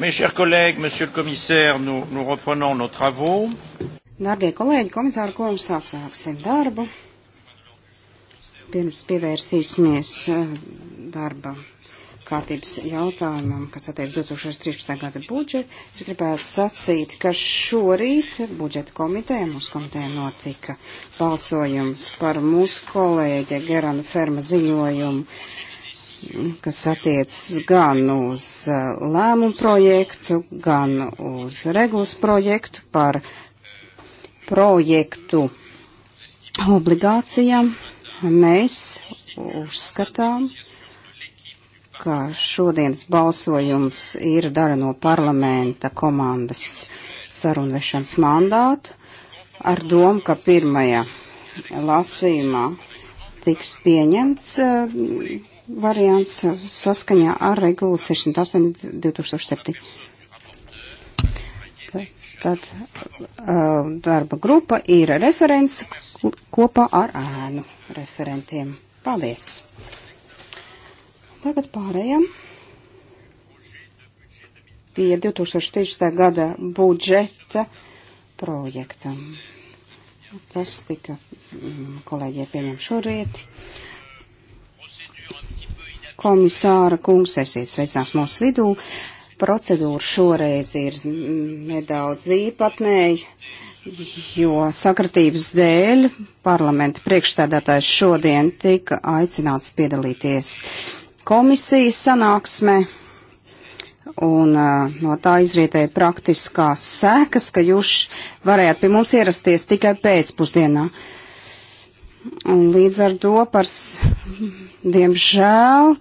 Mes chers collègues, monsieur le commissaire, nous, nous reprenons nos travaux. Dārgie kolēģi, komisāra kungs, sāksim darbu. Pirms pievērsīsimies eh, darba kārtības jautājumam, kas attiec 2013. gada budžetu, es gribētu sacīt, ka šorīt budžeta komiteja, mūsu komiteja notika balsojums par mūsu kolēģa Gerana Ferma ziņojumu kas attiec gan uz uh, lēmumu projektu, gan uz regulas projektu par projektu obligācijām, mēs uzskatām, ka šodienas balsojums ir dara no parlamenta komandas sarunvešanas mandātu ar domu, ka pirmajā lasījumā tiks pieņemts uh, variants saskaņā ar regulu 68.2007. Tad, tad uh, darba grupa ir referents kopā ar ēnu referentiem. Paldies! Tagad pārējām pie 2013. gada budžeta projektam. Tas tika mm, kolēģiem pieņem šorīt. Uh, Komisāra kungs, esiet sveicināts mūsu vidū. Procedūra šoreiz ir mm, nedaudz īpatnēji, jo sakratības dēļ parlamenta priekšstādātājs šodien tika aicināts piedalīties komisijas sanāksmē un uh, no tā izrietēja praktiskās sekas, ka jūs varējāt pie mums ierasties tikai pēcpusdienā. Uh, Un līdz ar to par, diemžēl,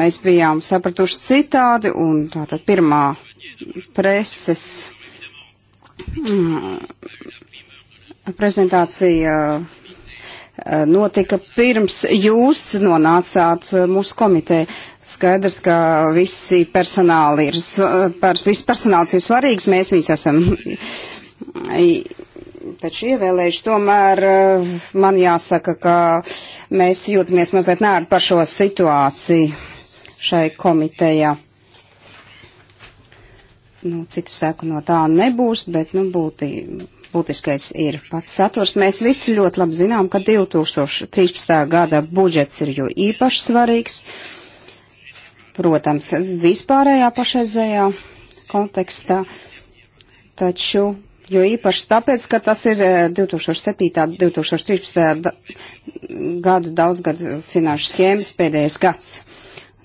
mēs bijām sapratuši citādi, un tātad pirmā preses mm, prezentācija eh, notika pirms jūs nonācāt eh, mūsu komiteja. Skaidrs, ka visi personāli ir, eh, par, viss personāls ir svarīgs, mēs viņus esam taču ievēlējuši. Tomēr eh, man jāsaka, ka mēs jūtamies mazliet nērti par šo situāciju šai komitejā. Nu, citu sēku no tā nebūs, bet nu, būtī, būtiskais ir pats saturs. Mēs visi ļoti labi zinām, ka 2013. gada budžets ir jo īpaši svarīgs. Protams, vispārējā pašreizējā kontekstā, taču jo īpaši tāpēc, ka tas ir 2007. Eh, 2013. gadu daudzgadu finanšu schēmas pēdējais gads.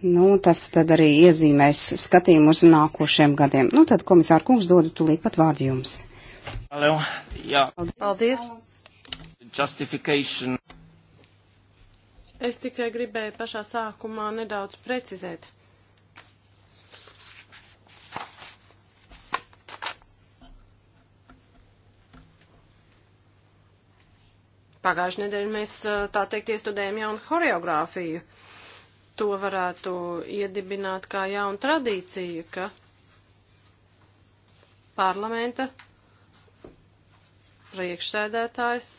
Nu, tas tad arī iezīmēs skatījumu uz nākošiem gadiem. Nu, tad komisāra kungs dodu tulīt pat vārdu jums. Hello. Jā. Paldies. Justification. Es tikai gribēju pašā sākumā nedaudz precizēt. Pagājušajā nedēļā mēs, eh, tā teikt, iestudējam jaunu horeogrāfiju. To varētu iedibināt kā jaunu tradīciju, ka parlamenta priekšsēdētājs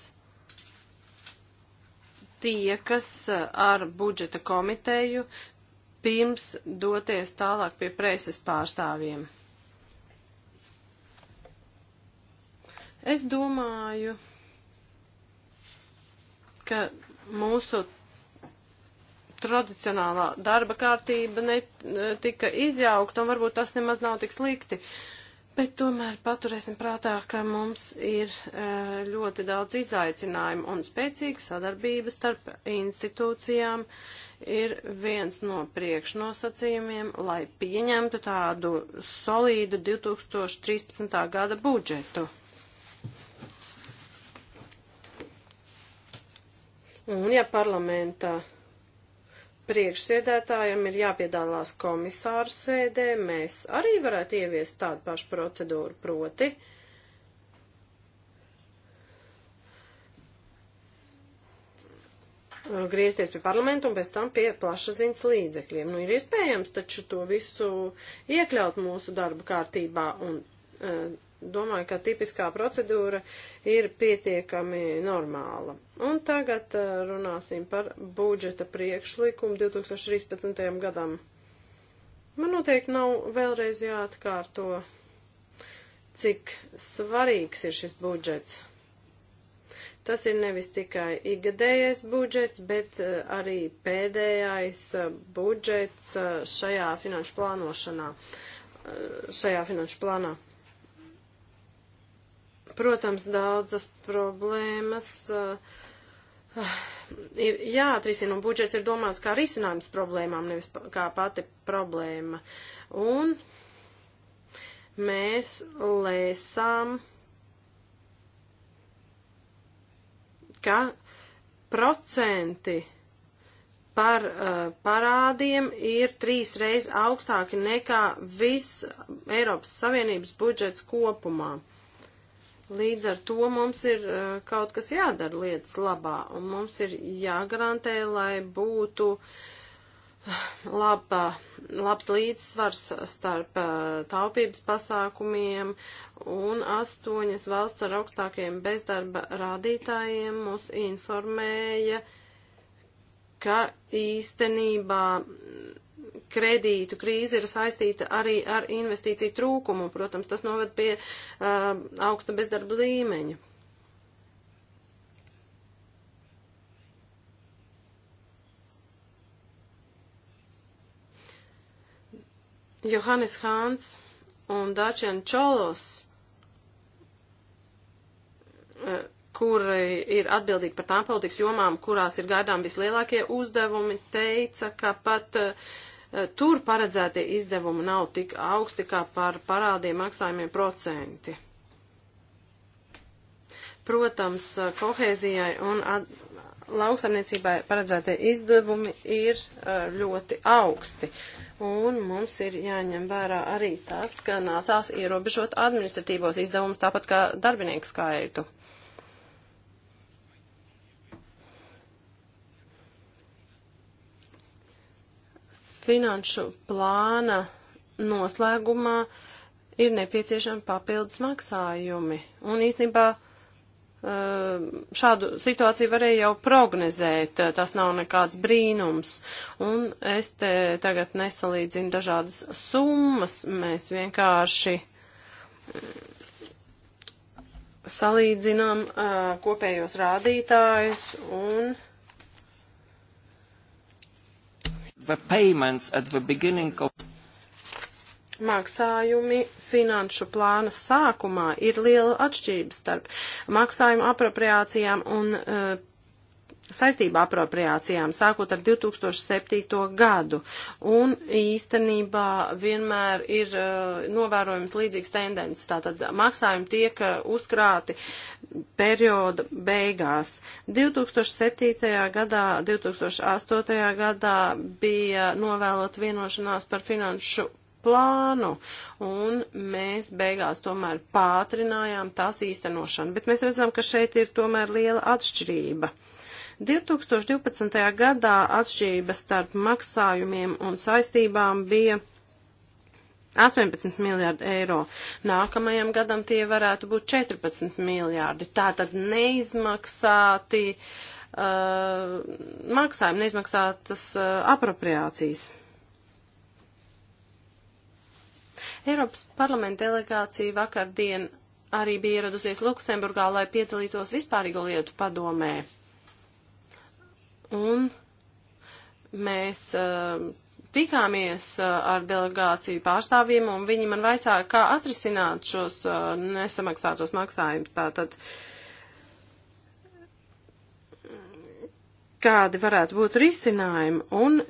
tiekas eh, ar budžeta komiteju pirms doties tālāk pie preses pārstāvjiem. Es domāju, ka mūsu tradicionālā darba kārtība netika e, izjaukta, un varbūt tas nemaz nav tik slikti. Bet tomēr paturēsim prātā, ka mums ir e, ļoti daudz izaicinājumu un spēcīga sadarbība starp institūcijām ir viens no priekšnosacījumiem, lai pieņemtu tādu solīdu 2013. gada budžetu. Un ja parlamentā priekšsēdētājam ir jāpiedalās komisāru sēdē, mēs arī varētu ieviest tādu pašu procedūru proti. Griezties pie parlamentu un pēc tam pie plašsaziņas līdzekļiem. Nu, ir iespējams taču to visu iekļaut mūsu darba kārtībā un uh, domāju, ka tipiskā procedūra ir pietiekami normāla. Un tagad uh, runāsim par budžeta priekšlikumu 2013. gadam. Man noteikti nav vēlreiz jāatkārto, cik svarīgs ir šis budžets. Tas ir nevis tikai ikgadējais budžets, bet uh, arī pēdējais uh, budžets šajā finanšu plānošanā, šajā finanšu plānā. Protams, daudzas problēmas uh, ir jāatrisina, un budžets ir domāts kā risinājums problēmām, nevis kā pati problēma. Un mēs lēsām, ka procenti par uh, parādiem ir trīs reizes augstāki nekā viss Eiropas Savienības budžets kopumā. Uh, Līdz ar to mums ir uh, kaut kas jādara lietas labā, un mums ir jāgarantē, lai būtu uh, laba, labs līdzsvars starp uh, taupības pasākumiem un astoņas valsts ar augstākiem bezdarba rādītājiem mūs informēja, ka īstenībā kredītu krīze ir saistīta arī ar investīciju trūkumu. Protams, tas noved pie uh, augsta bezdarba līmeņa. Johannes Hāns un Dačian Čolos, uh, kuri ir atbildīgi par tām politikas jomām, kurās ir gaidām vislielākie uzdevumi, teica, ka pat uh, Eh, tur paredzētie izdevumi nav tik augsti kā par parādiem maksājumiem procenti. Protams, eh, kohēzijai un lauksaimniecībai paredzētie izdevumi ir eh, ļoti augsti. Un mums ir jāņem vērā arī tas, ka nācās ierobežot administratīvos izdevumus tāpat kā darbinieku skaitu. finanšu plāna noslēgumā ir nepieciešami papildus maksājumi. Un īstenībā eh, šādu situāciju varēja jau prognozēt, eh, tas nav nekāds brīnums. Un es te tagad nesalīdzinu dažādas summas, mēs vienkārši eh, salīdzinām kopējos rādītājus un the payments at the beginning of maksājumi finanšu plāna sākumā ir liela atšķirība starp maksājumu apropriācijām un uh, saistībā apropriācijām, sākot ar 2007. gadu. Un īstenībā vienmēr ir uh, novērojams līdzīgs tendences. Tātad maksājumi tiek uh, uzkrāti perioda beigās. 2007. gadā, 2008. gadā bija novēlot vienošanās par finanšu plānu, un mēs beigās tomēr pātrinājām tās īstenošanu. Bet mēs redzam, ka šeit ir tomēr liela atšķirība. Uh, 2012. gadā atšķirība starp maksājumiem un saistībām bija 18 miljārdi eiro. Nākamajam gadam tie varētu būt 14 miljārdi. Tātad neizmaksāti uh, maksājumi, neizmaksātas uh, apropriācijas. Eiropas parlamenta delegācija vakardien arī bija ieradusies Luksemburgā, lai piedalītos vispārīgo lietu padomē. Un mēs uh, tikāmies uh, ar delegāciju pārstāvjiem, un viņi man vaicāja, kā atrisināt šos uh, nesamaksātos maksājumus. Tātad, kādi varētu būt risinājumi? Un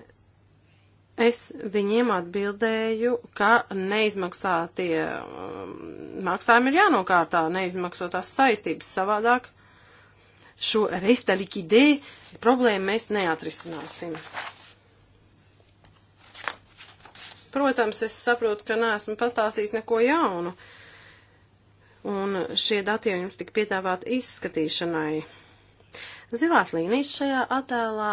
Es viņiem atbildēju, ka neizmaksātie um, maksājumi ir jānokārtā, neizmaksotās saistības savādāk. Uh, šo resta likidē problēmu mēs neatrisināsim. Protams, es saprotu, ka neesmu pastāstījis neko jaunu, un šie dati jau jums tik piedāvāti izskatīšanai. Zilās līnijas šajā attēlā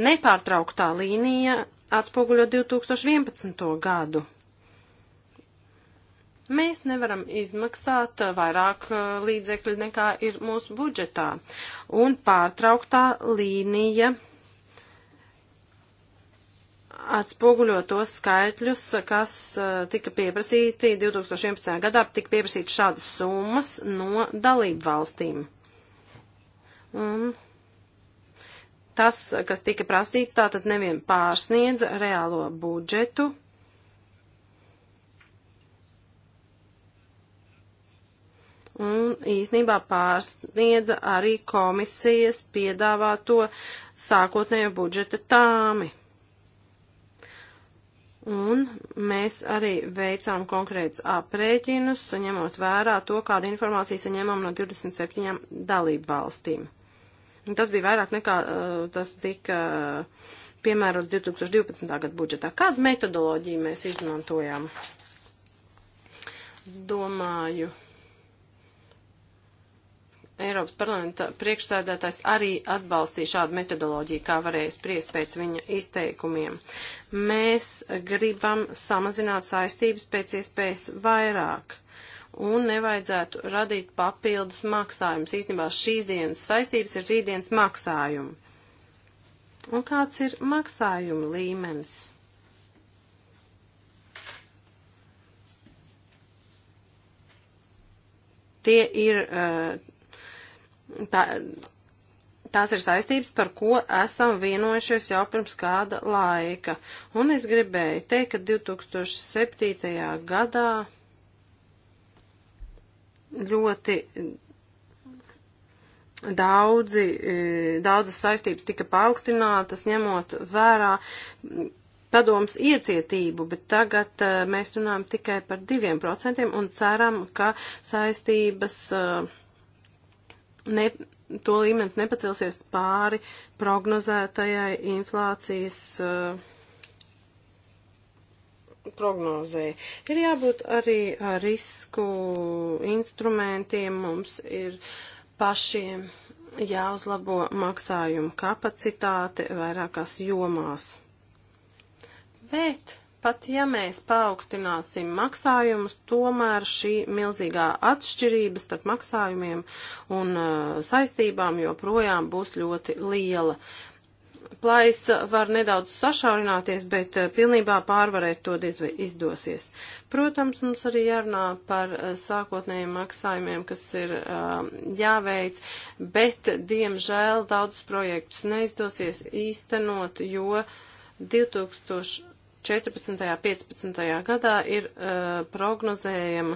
nepārtrauktā līnija atspoguļo 2011. gadu. Mēs nevaram izmaksāt vairāk uh, līdzekļu nekā ir mūsu budžetā. Un pārtrauktā līnija atspoguļo tos skaitļus, kas uh, tika pieprasīti 2011. gadā, tika pieprasīti šādas summas no dalību valstīm. Un tas, kas tika prasīts, tātad nevien pārsniedz reālo budžetu un īsnībā pārsniedza arī komisijas piedāvāto sākotnējo budžeta tāmi. Un mēs arī veicām konkrēts aprēķinus, saņemot vērā to, kādu informāciju saņemam no 27 dalību valstīm. Un tas bija vairāk nekā uh, tas tika uh, piemērots 2012. gada budžetā. Kādu metodoloģiju mēs izmantojām? Domāju Eiropas parlamenta priekšsēdētājs arī atbalstīja šādu metodoloģiju, kā varēja spriest pēc viņa izteikumiem. Mēs gribam samazināt saistības pēc iespējas vairāk un nevajadzētu radīt papildus maksājumus. Īstenībā šīs dienas saistības ir rītdienas maksājumi. Un kāds ir maksājuma līmenis? tie ir uh, tā, tās ir saistības, par ko esam vienojušies jau pirms kāda laika. Un es gribēju teikt, ka 2007. gadā ļoti daudzi, daudzas saistības tika paaugstinātas, ņemot vērā padoms iecietību, bet tagad uh, mēs runājam tikai par diviem procentiem un ceram, ka saistības uh, ne, to līmenis nepacelsies pāri prognozētajai inflācijas uh, eh, prognozēji. Ir jābūt arī ar eh, risku instrumentiem, mums ir pašiem jāuzlabo maksājumu kapacitāte vairākās jomās. Bet Pat ja mēs paaugstināsim maksājumus, tomēr šī milzīgā atšķirība starp maksājumiem un uh, saistībām joprojām būs ļoti liela. Plaisa var nedaudz sašaurināties, bet uh, pilnībā pārvarēt to diez vai izdosies. Protams, mums arī jārunā par uh, sākotnējiem maksājumiem, kas ir uh, jāveic, bet, diemžēl, daudz projektus neizdosies īstenot, jo 2000. 14. 15. gadā ir uh, prognozējama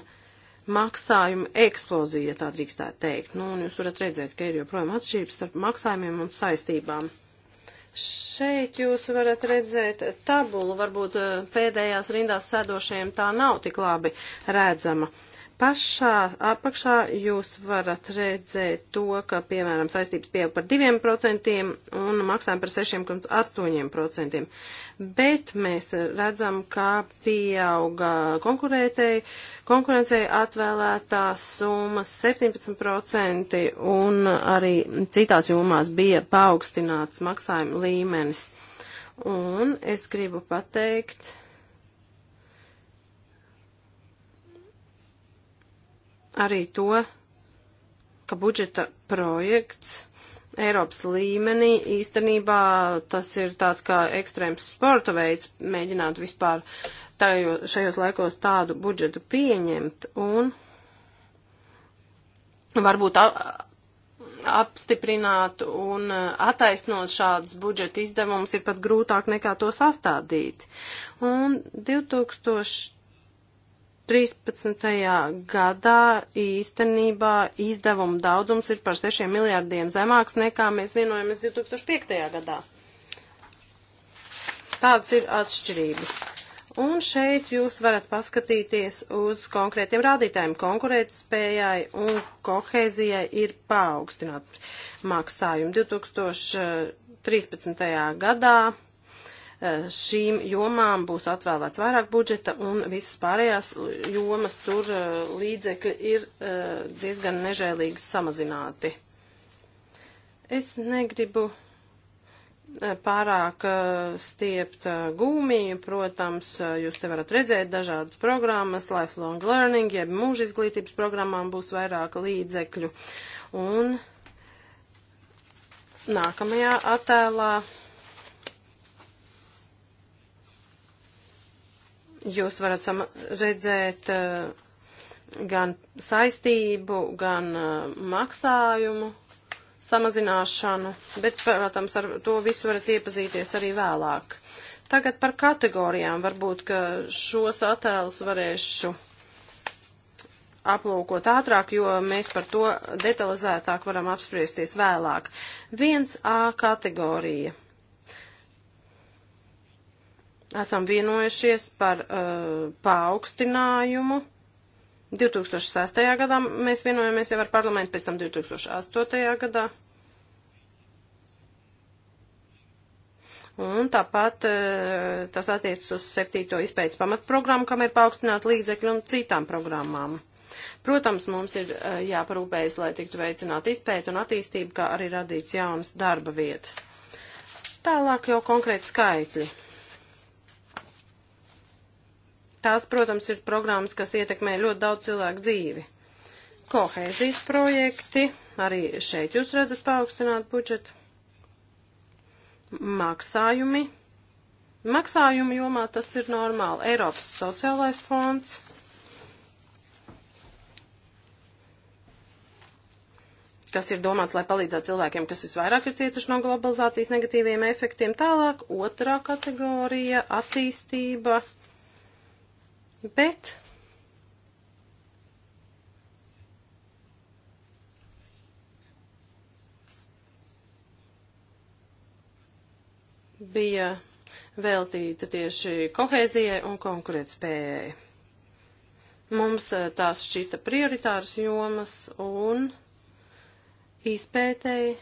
maksājuma eksplozija, ja tā drīkstētu teikt. Nu, un jūs varat redzēt, ka ir joprojām atšķirības starp maksājumiem un saistībām. Šeit jūs varat redzēt tabulu, varbūt uh, pēdējās rindās sēdošajiem tā nav tik labi redzama. Uh, pašā apakšā jūs varat redzēt to, ka, piemēram, saistības pieaug par 2% un maksājumi par 6,8%. Bet mēs redzam, ka pieauga konkurētei, konkurencei atvēlētās summas 17% un arī citās jomās bija paaugstināts maksājuma līmenis. Un es gribu pateikt, arī to, ka budžeta projekts Eiropas līmenī īstenībā tas ir tāds kā ekstrēms sporta veids, mēģināt vispār tajo, šajos laikos tādu budžetu pieņemt un varbūt apstiprināt un attaisnot šādas budžeta izdevumus ir pat grūtāk nekā to sastādīt. Un 2000. 13. gadā īstenībā izdevumu daudzums ir par 6 miljārdiem zemāks nekā mēs vienojamies 2005. gadā. Tāds ir atšķirības. Un šeit jūs varat paskatīties uz konkrētiem rādītājiem. Konkurētspējai un kohēzijai ir paaugstināt maksājumi 2013. gadā šīm jomām būs atvēlēts vairāk budžeta un visas pārējās jomas tur eh, līdzekļi ir eh, diezgan nežēlīgi samazināti. Es negribu eh, pārāk stiept gūmiju, protams, jūs te varat redzēt dažādas programmas, lifelong learning, jeb mūža izglītības programmām būs vairāk līdzekļu. Un nākamajā attēlā Jūs varat redzēt eh, gan saistību, gan eh, maksājumu samazināšanu, bet, protams, ar to visu varat iepazīties arī vēlāk. Tagad par kategorijām varbūt, ka šos attēlus varēšu aplūkot ātrāk, jo mēs par to detalizētāk varam apspriesties vēlāk. 1A kategorija esam vienojušies par uh, paaugstinājumu. 2006. gadā mēs vienojamies jau ar parlamentu, pēc tam 2008. gadā. Un tāpat uh, tas attiecas uz septīto izpējas pamatprogrammu, kam ir paaugstināti līdzekļi un citām programmām. Protams, mums ir uh, jāparūpējas, lai tiktu veicināta izpēta un attīstība, kā arī radīts jaunas darba vietas. Tālāk jau konkrēti skaitļi. Tās, protams, ir programmas, kas ietekmē ļoti daudz cilvēku dzīvi. Kohēzijas projekti, arī šeit jūs redzat paaugstināt budžetu. Maksājumi. Maksājumi jomā tas ir normāli. Eiropas sociālais fonds. kas ir domāts, lai palīdzētu cilvēkiem, kas visvairāk ir cietuši no globalizācijas negatīviem efektiem. Tālāk otrā kategorija - attīstība, bet bija veltīta tieši kohēzijai un konkurētspējai. Mums eh, tās šķita prioritāras jomas un izpētēji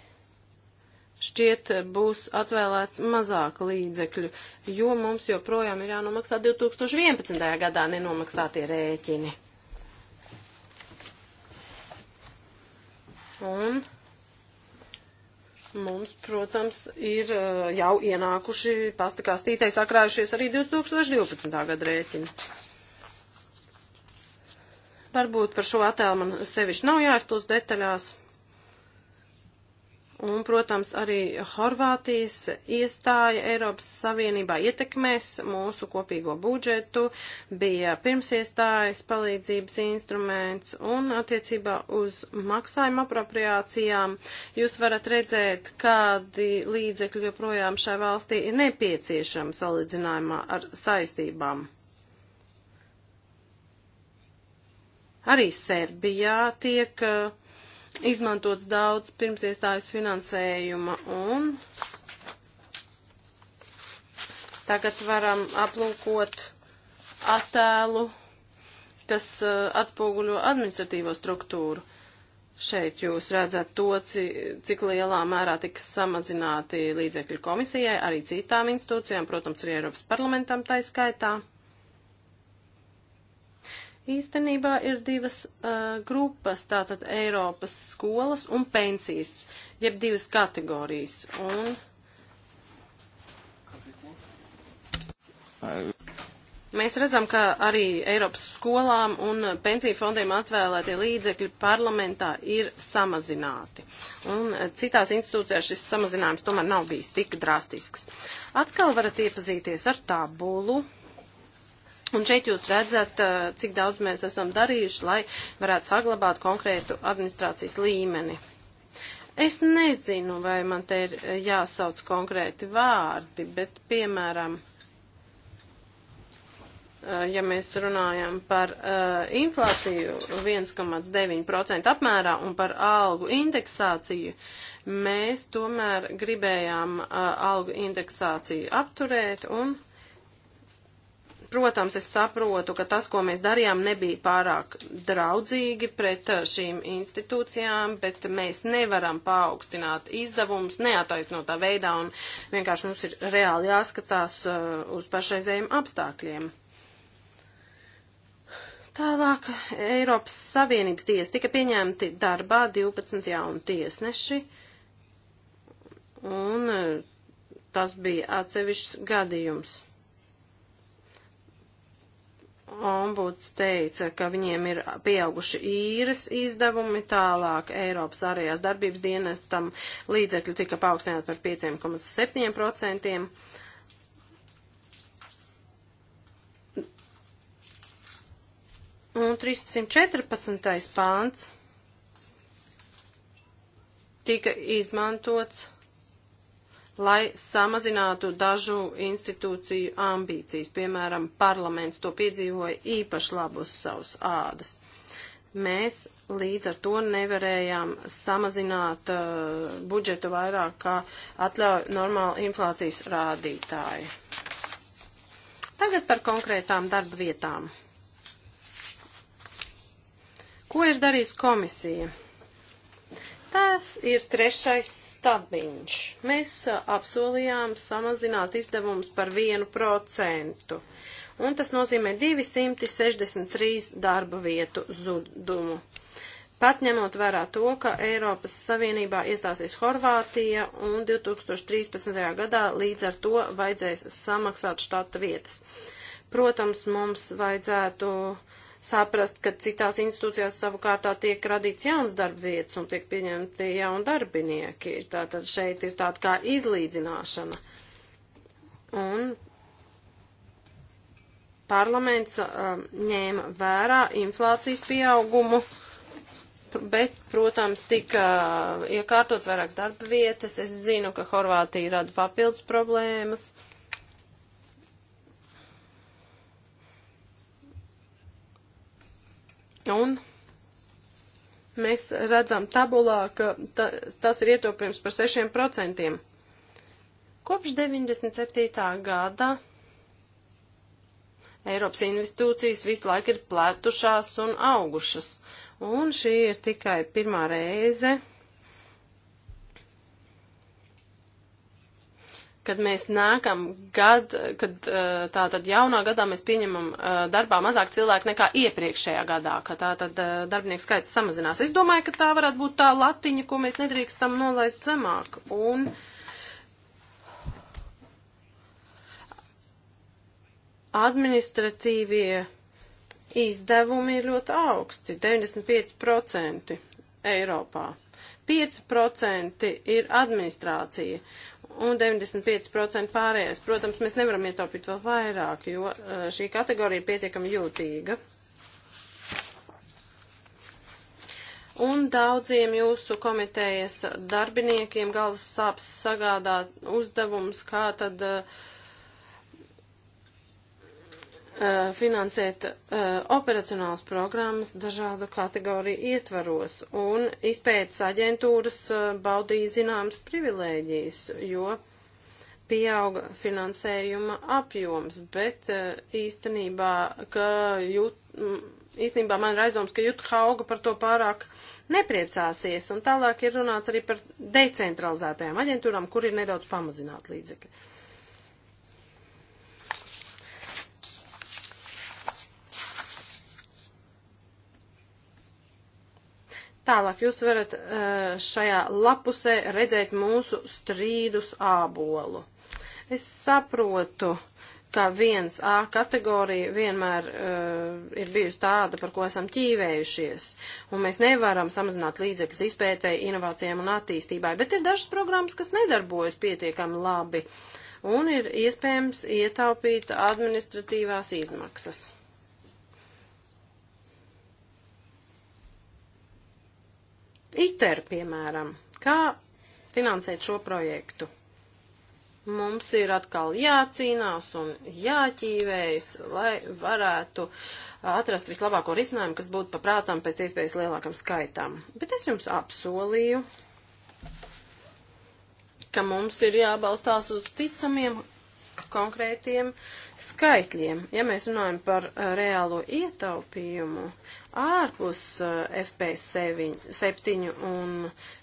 šķiet būs atvēlēts mazāk līdzekļu, jo mums joprojām ir jānomaksā 2011. gadā nenomaksātie rēķini. Un mums, protams, ir uh, jau ienākuši pastakāstītei sakrājušies arī 2012. gada rēķini. Varbūt par šo attēlu man sevišķi nav jāizplūst detaļās. Un, protams, arī Horvātijas iestāja Eiropas Savienībā ietekmēs mūsu kopīgo budžetu, bija pirms iestājas palīdzības instruments un attiecībā uz maksājuma apropriācijām. Jūs varat redzēt, kādi līdzekļi joprojām šai valstī ir nepieciešami salīdzinājumā ar saistībām. Arī Serbijā tiek uh, izmantots daudz pirms iestājas finansējuma un tagad varam aplūkot attēlu, kas eh, atspoguļo administratīvo struktūru. Šeit jūs redzat to, cik lielā mērā tika samazināti līdzekļi komisijai, arī citām institūcijām, protams, arī Eiropas parlamentam tā skaitā. Īstenībā ir divas uh, grupas, tātad Eiropas skolas un pensijas, jeb divas kategorijas. Un... Mēs redzam, ka arī Eiropas skolām un pensiju fondiem atvēlētie līdzekļi parlamentā ir samazināti. Un citās institūcijās šis samazinājums tomēr nav bijis tik drastisks. Atkal varat iepazīties ar tabulu. Tā Un šeit jūs redzat, cik daudz mēs esam darījuši, lai varētu saglabāt konkrētu administrācijas līmeni. Es nezinu, vai man te ir jāsauc konkrēti vārdi, bet, piemēram, ja mēs runājam par uh, inflāciju 1,9% apmērā un par algu indeksāciju, mēs tomēr gribējām uh, algu indeksāciju apturēt un Protams, es saprotu, ka tas, ko mēs darījām, nebija pārāk draudzīgi pret eh, šīm institūcijām, bet mēs nevaram paaugstināt izdevumus neataisnotā veidā un vienkārši mums ir reāli jāskatās eh, uz pašreizējiem apstākļiem. Tālāk Eiropas Savienības tiesa tika pieņemti darbā 12 jauni tiesneši, un eh, tas bija atsevišķs gadījums ombuds teica, ka viņiem ir pieauguši īres izdevumi, tālāk Eiropas ārējās darbības dienestam līdzekļi tika paaugstināti par 5,7%. Un 314. pāns tika izmantots lai samazinātu dažu institūciju ambīcijas. Piemēram, parlaments to piedzīvoja īpaši labi uz savas ādas. Mēs līdz ar to nevarējām samazināt uh, budžetu vairāk, kā atļauj normāli inflācijas rādītāji. Tagad par konkrētām darba vietām. Ko ir darījusi komisija? Tas ir trešais stabiņš. Mēs a, apsolījām samazināt izdevumus par vienu procentu. Un tas nozīmē 263 darba vietu zudumu. Pat ņemot vērā to, ka Eiropas Savienībā iestāsies Horvātija un 2013. gadā līdz ar to vajadzēs samaksāt štata vietas. Protams, mums vajadzētu uh, saprast, ka citās institūcijās savukārtā tiek radīts jauns darba vietas un tiek pieņemti jauni darbinieki. Tātad šeit ir tāda kā izlīdzināšana. Un parlaments uh, ņēma vērā inflācijas pieaugumu, bet, protams, tika uh, iekārtots vairākas darba vietas. Es zinu, ka Horvātija rada papildus problēmas. Uh, Un mēs redzam tabulā, ka ta, tas ir ietaupījums par 6%. Kopš 97. gada Eiropas institūcijas visu laiku ir plētušās un augušas, un šī ir tikai pirmā reize, kad mēs nākam gad, kad tā tad jaunā gadā mēs pieņemam darbā mazāk cilvēku nekā iepriekšējā gadā, ka tā tad darbinieku skaits samazinās. Es domāju, ka tā varētu būt tā latiņa, ko mēs nedrīkstam nolaist zemāk. Un administratīvie izdevumi ir ļoti augsti, 95% Eiropā. 5% ir administrācija un 95% pārējais. Protams, mēs nevaram ietaupīt vēl vairāk, jo eh, šī kategorija ir pietiekami jūtīga. Un daudziem jūsu komitejas darbiniekiem galvas sāps sagādāt uzdevums, kā tad uh, Uh, finansēt uh, operacionālas programmas dažādu kategoriju ietvaros, un izpētes aģentūras uh, baudīja zināmas privilēģijas, jo pieauga finansējuma apjoms, bet uh, īstenībā, ka jūt, īstenībā man ir aizdoms, ka Juta Hauga par to pārāk nepriecāsies, un tālāk ir runāts arī par decentralizētajām aģentūrām, kur ir nedaudz pamazināt līdzekļi. Tālāk jūs varat e, šajā lapusē redzēt mūsu strīdus ābolu. Es saprotu, ka viens A kategorija vienmēr uh, ir bijusi tāda, par ko esam ķīvējušies, un mēs nevaram samazināt līdzekļus izpētēji, inovācijām un attīstībai, bet ir dažas programmas, kas nedarbojas pietiekami labi, un ir iespējams ietaupīt administratīvās izmaksas. ITER, piemēram, kā finansēt šo projektu? Mums ir atkal jācīnās un jāķīvējas, lai varētu atrast vislabāko risinājumu, kas būtu paprātām pēc iespējas lielākam skaitam. Bet es jums apsolīju, ka mums ir jābalstās uz ticamiem konkrētiem skaitļiem. Ja mēs runājam par eh, reālo ietaupījumu ārpus eh, FP7 un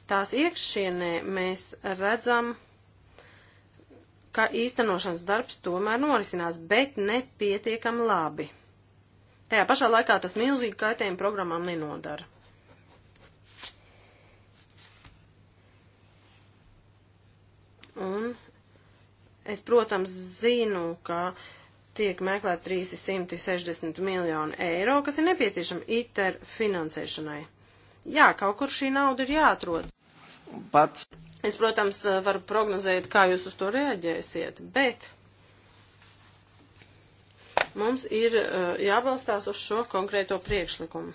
tās iekšienē, mēs redzam, ka īstenošanas darbs tomēr norisinās, bet nepietiekam labi. Tajā pašā laikā tas milzīgi kaitējumu programmām nenodara. Un Es, protams, zinu, ka tiek meklēt 360 miljonu eiro, kas ir nepieciešama ITER finansēšanai. Jā, kaut kur šī nauda ir jāatrod. Pats. Es, protams, varu prognozēt, kā jūs uz to reaģēsiet, bet mums ir eh, jābalstās uz šo konkrēto priekšlikumu.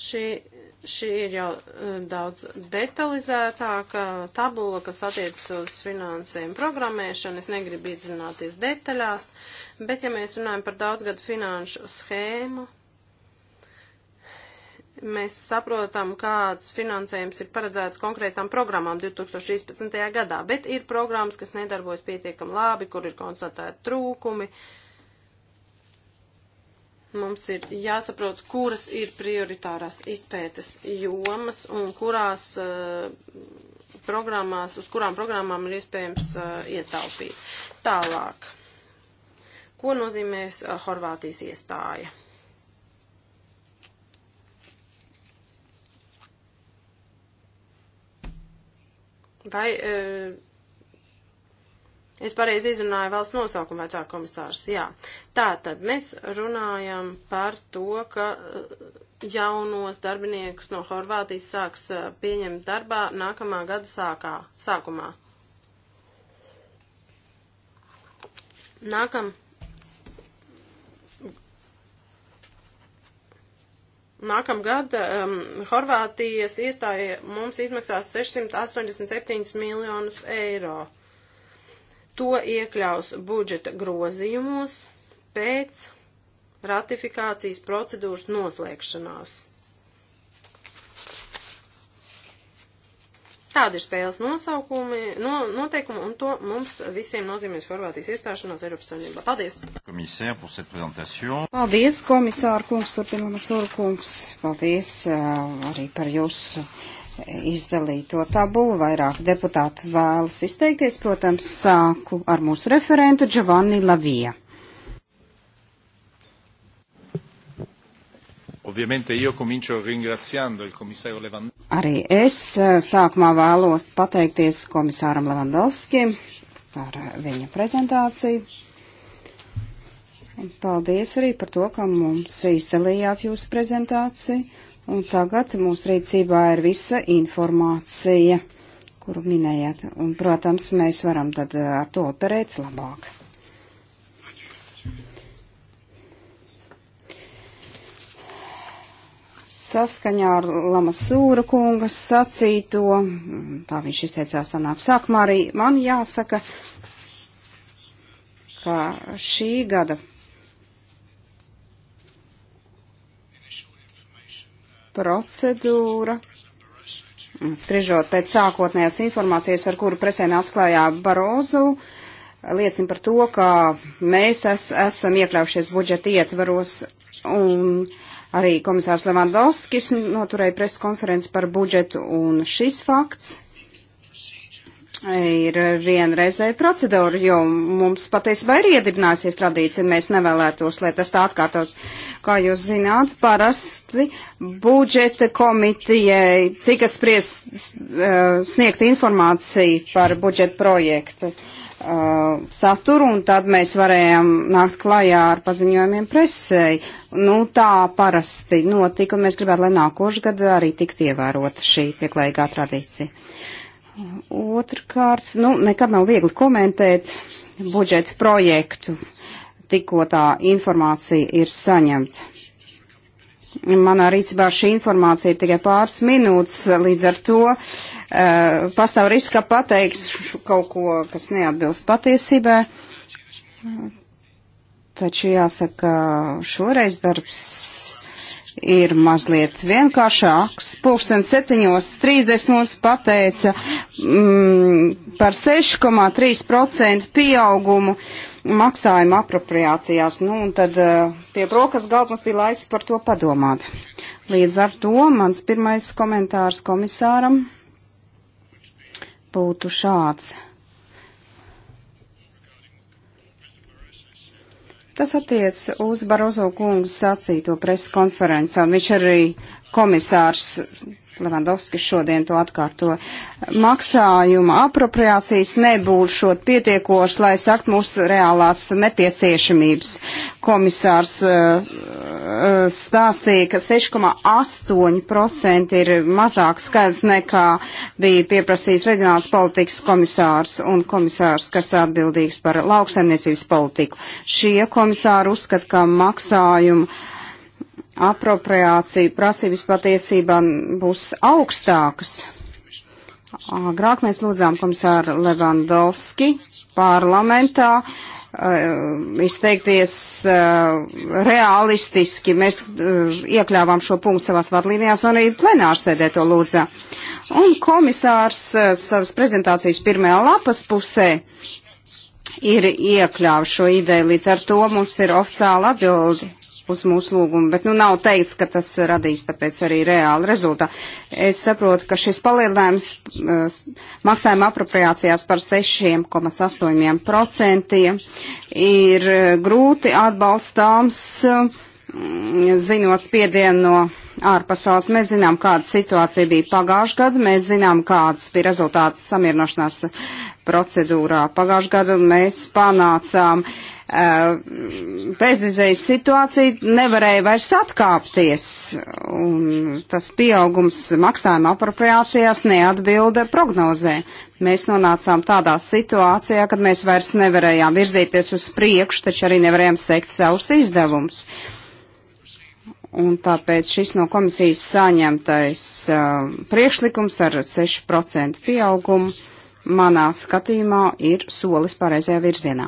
Šī Šī ir jau eh, daudz detalizētāka tabula, kas attiecas uz finansējumu programmēšanu. Es negribu iedzināties detaļās, bet ja mēs runājam par daudzgadu finanšu schēmu, mēs saprotam, kāds finansējums ir paredzēts konkrētām programmām 2016. gadā, bet ir programmas, kas nedarbojas pietiekam labi, kur ir konstatēti trūkumi. Uh, Mums ir jāsaprot, kuras ir prioritārās izpētes jomas un kurās uh, programmās, uz kurām programmām ir iespējams uh, ietaupīt. Tālāk. Ko nozīmēs uh, Horvātijas iestāja? Vai uh, Es pareizi izrunāju valsts nosaukumu vecā komisārs, jā. Tātad mēs runājam par to, ka uh, jaunos darbiniekus no Horvātijas sāks uh, pieņemt darbā nākamā gada sākā, sākumā. Nākam. Nākamgad um, Horvātijas iestāja mums izmaksās 687 miljonus eiro. To iekļaus budžeta grozījumos pēc ratifikācijas procedūras noslēgšanās. Tāda ir spēles nosaukumi, no, noteikumi, un to mums visiem nozīmēs Horvātijas iestāšanās Eiropas Savienībā. Paldies! Paldies, komisāra kungs, turpinām Sorkungs. Paldies uh, arī par jūsu. Uh, izdalīto tabulu. Vairāk deputāti vēlas izteikties. Protams, sāku ar mūsu referentu Giovanni Lavija. Ovviamente io comincio ringraziando il commissario Lewandowski. Arī es eh, sākumā vēlos pateikties komisāram Lewandowskim par eh, viņa prezentāciju. Un paldies arī par to, ka mums izdalījāt jūsu prezentāciju. Un tagad mūsu rīcībā ir visa informācija, kuru minējāt. Un, protams, mēs varam tad eh, ar to operēt labāk. saskaņā ar Lamasūra kunga sacīto, tā viņš izteicās sanāk sākumā arī, man jāsaka, ka šī gada procedūra. Spriežot pēc sākotnējās informācijas, ar kuru presēni atklājā Barozu, liecina par to, ka mēs es, esam iekļaušies budžeta ietvaros un arī komisārs Levandovskis noturēja preskonferenci par budžetu un šis fakts ir vienreizēja procedūra, jo mums patiesībā ir iedibināsies tradīcija, mēs nevēlētos, lai tas tā atkārtos. Kā jūs zināt, parasti budžeta komitijai tika spries eh, sniegt informāciju par budžeta projektu eh, saturu, un tad mēs varējām nākt klajā ar paziņojumiem presēji. Nu, tā parasti notika, un mēs gribētu, lai nākošu gadu arī tiktu ievērota šī pieklājīgā tradīcija. Uh, Otrkārt, nu, nekad nav viegli komentēt budžeta projektu, tikko tā informācija ir saņemta. Manā rīcībā šī informācija ir tikai pāris minūtes, līdz ar to uh, pastāv risks, ka pateiks kaut ko, kas neatbilst patiesībai. Taču jāsaka, šoreiz darbs ir mazliet vienkāršāks. Pūkstens 7.30 mums pateica mm, par 6,3% pieaugumu maksājuma apropriācijās. Nu, un tad eh, pie brokas galda mums bija laiks par to padomāt. Līdz ar to mans pirmais komentārs komisāram būtu šāds. Tas attiec uz Barozo kungu sacīto preskonferencē, un viņš arī komisārs Levandovskis šodien to atkārtoja. Maksājuma apropriācijas nebūšot pietiekoši, lai sakt mūsu reālās nepieciešamības. Komisārs uh, stāstīja, ka 6,8% ir mazāk skaidrs nekā bija pieprasījis reģionāls politikas komisārs un komisārs, kas atbildīgs par lauksaimniecības politiku. Šie komisāri uzskata, ka maksājumu apropriācija prasības patiesībā būs augstākas. Agrāk mēs lūdzām komisāru Levandovski parlamentā. Uh, Uh, izteikties uh, realistiski. Mēs uh, iekļāvām šo punktu savās vadlīnijās un arī plenārsēdē to lūdzā. Un komisārs savas prezentācijas pirmajā lapas pusē ir iekļāvis šo ideju, līdz ar to mums ir oficiāla atbildi uz mūsu lūgumu, bet nu nav teiks, ka tas radīs tāpēc arī reāli rezultātu. Es saprotu, ka šis palielinājums uh, maksājuma apropriācijās par 6,8% ir uh, grūti atbalstāms. Uh, Mm, zinot spiedienu no ārpasaules. Mēs zinām, kāda situācija bija pagājušajā gadā, mēs zinām, kāds bija rezultāts samierināšanās procedūrā pagājušajā gadā, un mēs panācām uh, bezizējas situāciju, nevarēja vairs atkāpties, un tas pieaugums maksājuma apropriācijās neatbilda prognozē. Mēs nonācām tādā situācijā, kad mēs vairs nevarējām virzīties uz priekšu, taču arī nevarējām sekt savus izdevumus. Uh, Un tāpēc šis no komisijas saņemtais uh, priekšlikums ar 6% pieaugumu manā skatījumā ir solis pareizajā virzienā.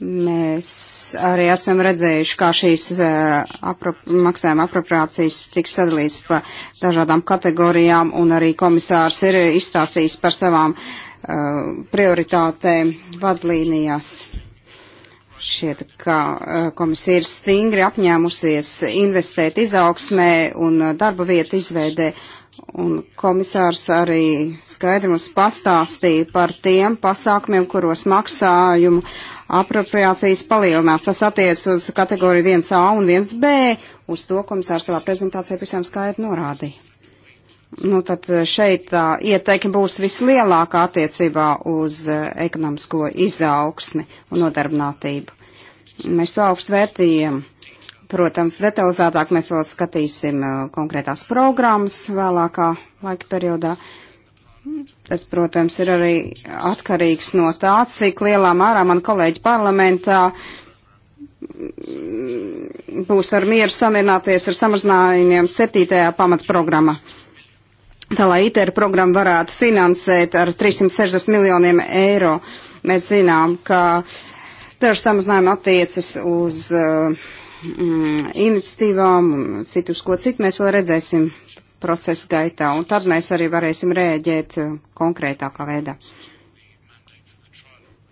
Mēs arī esam redzējuši, kā šīs uh, aprop, maksājuma apropriācijas tiks sadalīts pa dažādām kategorijām, un arī komisārs ir izstāstījis par savām uh, prioritātēm vadlīnijās Šķiet, ka eh, komisija ir stingri apņēmusies investēt izaugsmē un eh, darba vietu izveidē, un komisārs arī skaidri mums pastāstīja par tiem pasākumiem, kuros maksājumu apropriācijas palielinās. Tas attiec uz kategoriju 1A un 1B, uz to komisārs savā prezentācijā visiem skaidri norādīja. Nu, tad šeit tā ieteikuma būs vislielākā attiecībā uz ekonomisko izaugsmi un nodarbinātību. Mēs to augstu vērtījam. Protams, detalizētāk mēs vēl skatīsim konkrētās programmas vēlākā laika periodā. Tas, protams, ir arī atkarīgs no tā, cik lielā mērā man kolēģi parlamentā būs ar mieru samierināties ar samazinājumiem septītajā pamatprogrammā tā lai ITER programma varētu finansēt ar 360 miljoniem eiro. Mēs zinām, ka dažs samazinājumi attiecas uz uh, mm, iniciatīvām un citus, ko citu mēs vēl redzēsim procesa gaitā, un tad mēs arī varēsim rēģēt uh, konkrētākā veidā.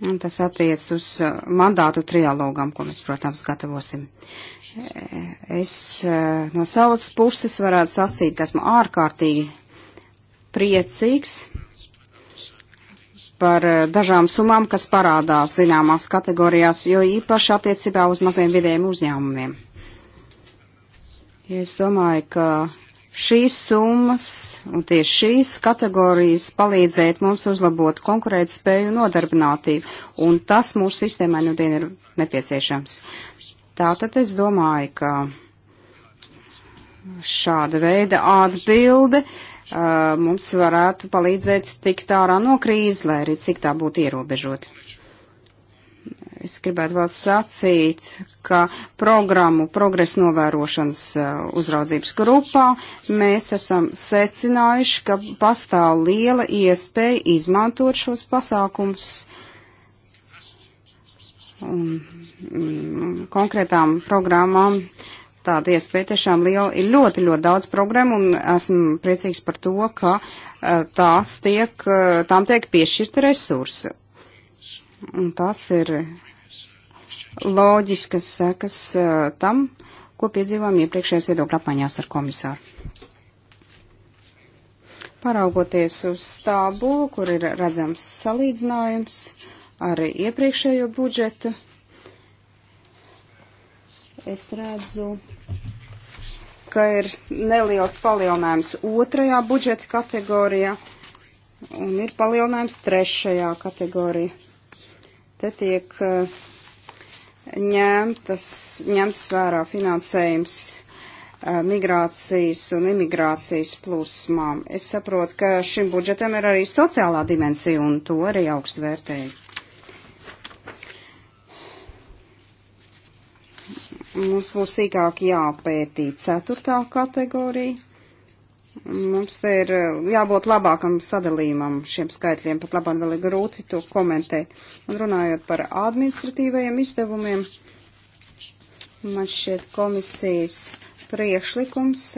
Un tas attiec uz uh, mandātu trialogam, ko mēs, protams, gatavosim. Es uh, no savas puses varētu sacīt, ka esmu ārkārtīgi priecīgs par eh, dažām summām, kas parādās zināmās kategorijās, jo īpaši attiecībā uz maziem vidējiem uzņēmumiem. Ja es domāju, ka šīs summas un tieši šīs kategorijas palīdzēt mums uzlabot konkurēt spēju un nodarbinātību, un tas mūsu sistēmai nu dien ir nepieciešams. Tātad es domāju, ka šāda veida atbilde uh, Uh, mums varētu palīdzēt tikt ārā no krīzes, lai arī cik tā būtu ierobežot. Es gribētu vēl sacīt, ka programmu progresa novērošanas uh, uzraudzības grupā mēs esam secinājuši, ka pastāv liela iespēja izmantot šos pasākums un, un mm, konkrētām programmām uh, tāda iespēja tiešām liela. Ir ļoti, ļoti daudz programmu un esmu priecīgs par to, ka eh, tās tiek, eh, tām tiek piešķirta resursi. Un tās ir loģiskas sekas eh, tam, ko piedzīvām iepriekšējās viedokļa apmaiņās ar komisāru. Paraugoties uz tā būvu, kur ir redzams salīdzinājums ar iepriekšējo budžetu, es redzu, ka ir neliels palielinājums otrajā budžeta kategorijā un ir palielinājums trešajā kategorijā. Te tiek eh, ņemtas, ņemts vērā finansējums eh, migrācijas un imigrācijas plūsmām. Es saprotu, ka šim budžetam ir arī sociālā dimensija, un to arī augstu vērtēju. mums būs sīkāk jāpētī ceturtā kategorija. Mums te ir eh, jābūt labākam sadalījumam šiem skaitļiem, pat labāk vēl ir grūti to komentēt. Un runājot par administratīvajiem izdevumiem, man šķiet komisijas priekšlikums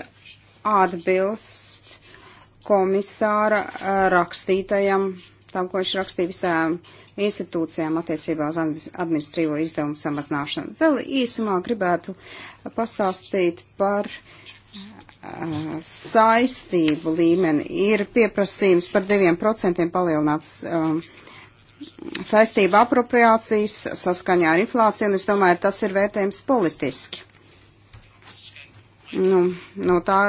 atbilst komisāra eh, rakstītajam tam, ko viņš rakstīja visām institūcijām attiecībā uz administrīvo izdevumu samazināšanu. Vēl īsumā gribētu pastāstīt par uh, saistību līmeni. Ir pieprasījums par 2% palielināts um, saistība apropriācijas saskaņā ar inflāciju, un es domāju, tas ir vērtējums politiski. Nu, no tā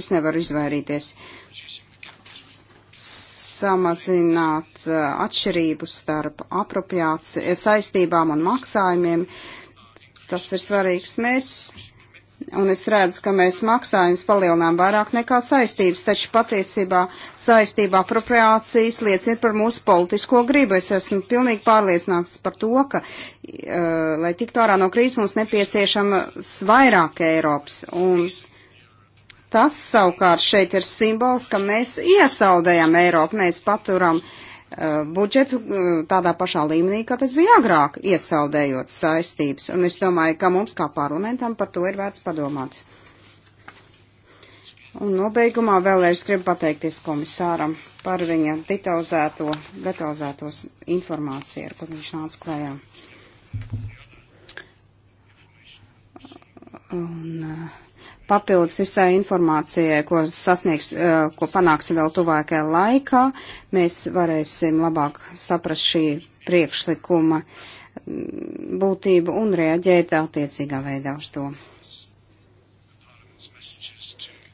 es nevaru izvairīties. Uh, samazināt eh, atšķirību starp apropriāciju, eh, saistībām un maksājumiem. Tas ir svarīgs mērķis. Un es redzu, ka mēs maksājumus palielinām vairāk nekā saistības, taču patiesībā saistībā apropriācijas liecina par mūsu politisko gribu. Es esmu pilnīgi pārliecināts par to, ka, uh, lai tiktu ārā no krīzes, mums nepieciešama vairāk Eiropas. Un Tas savukārt šeit ir simbols, ka mēs iesaldējam Eiropu, mēs paturam uh, budžetu uh, tādā pašā līmenī, kā tas bija agrāk, iesaldējot saistības. Un es domāju, ka mums kā parlamentam par to ir vērts padomāt. Un nobeigumā vēlreiz gribu pateikties komisāram par viņa detalizēto, detalizētos informāciju, ar kur viņš nāca klējā. Un, uh, papildus visai informācijai, ko sasniegs, eh, ko panāksim vēl tuvākajā laikā, mēs varēsim labāk saprast šī priekšlikuma mm, būtību un reaģēt attiecīgā veidā uz to.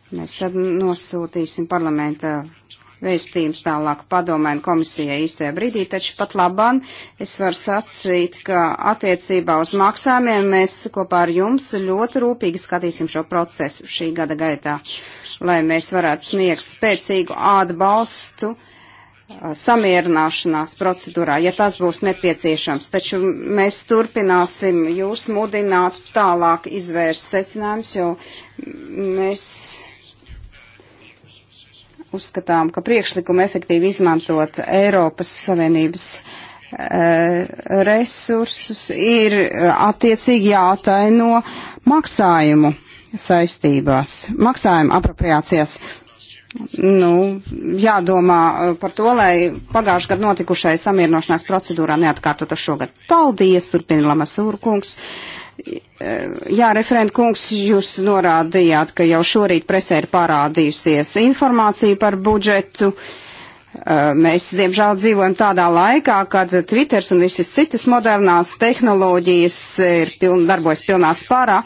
Mēs tad nosūtīsim parlamenta vēstījums tālāk padomēn komisijai īstajā brīdī, taču pat labāk es varu sacīt, ka attiecībā uz maksājumiem mēs kopā ar jums ļoti rūpīgi skatīsim šo procesu šī gada gaitā, lai mēs varētu sniegt spēcīgu atbalstu samierināšanās procedūrā, ja tas būs nepieciešams. Taču mēs turpināsim jūs mudināt tālāk izvērst secinājumus, jo mēs uzskatām, ka priekšlikumu efektīvi izmantot Eiropas Savienības eh, resursus ir eh, attiecīgi jātaino maksājumu saistībās, maksājumu apropriācijās. Nu, jādomā eh, par to, lai pagājušajā gadā notikušai samierinošanās procedūrā neatkārtotu šogad. Paldies, turpina Lamasūra kungs. Uh, Jā, referent kungs, jūs norādījāt, ka jau šorīt presē ir parādījusies informācija par budžetu. Mēs, diemžēl, dzīvojam tādā laikā, kad Twitters un visas citas modernās tehnoloģijas ir piln, darbojas pilnā spārā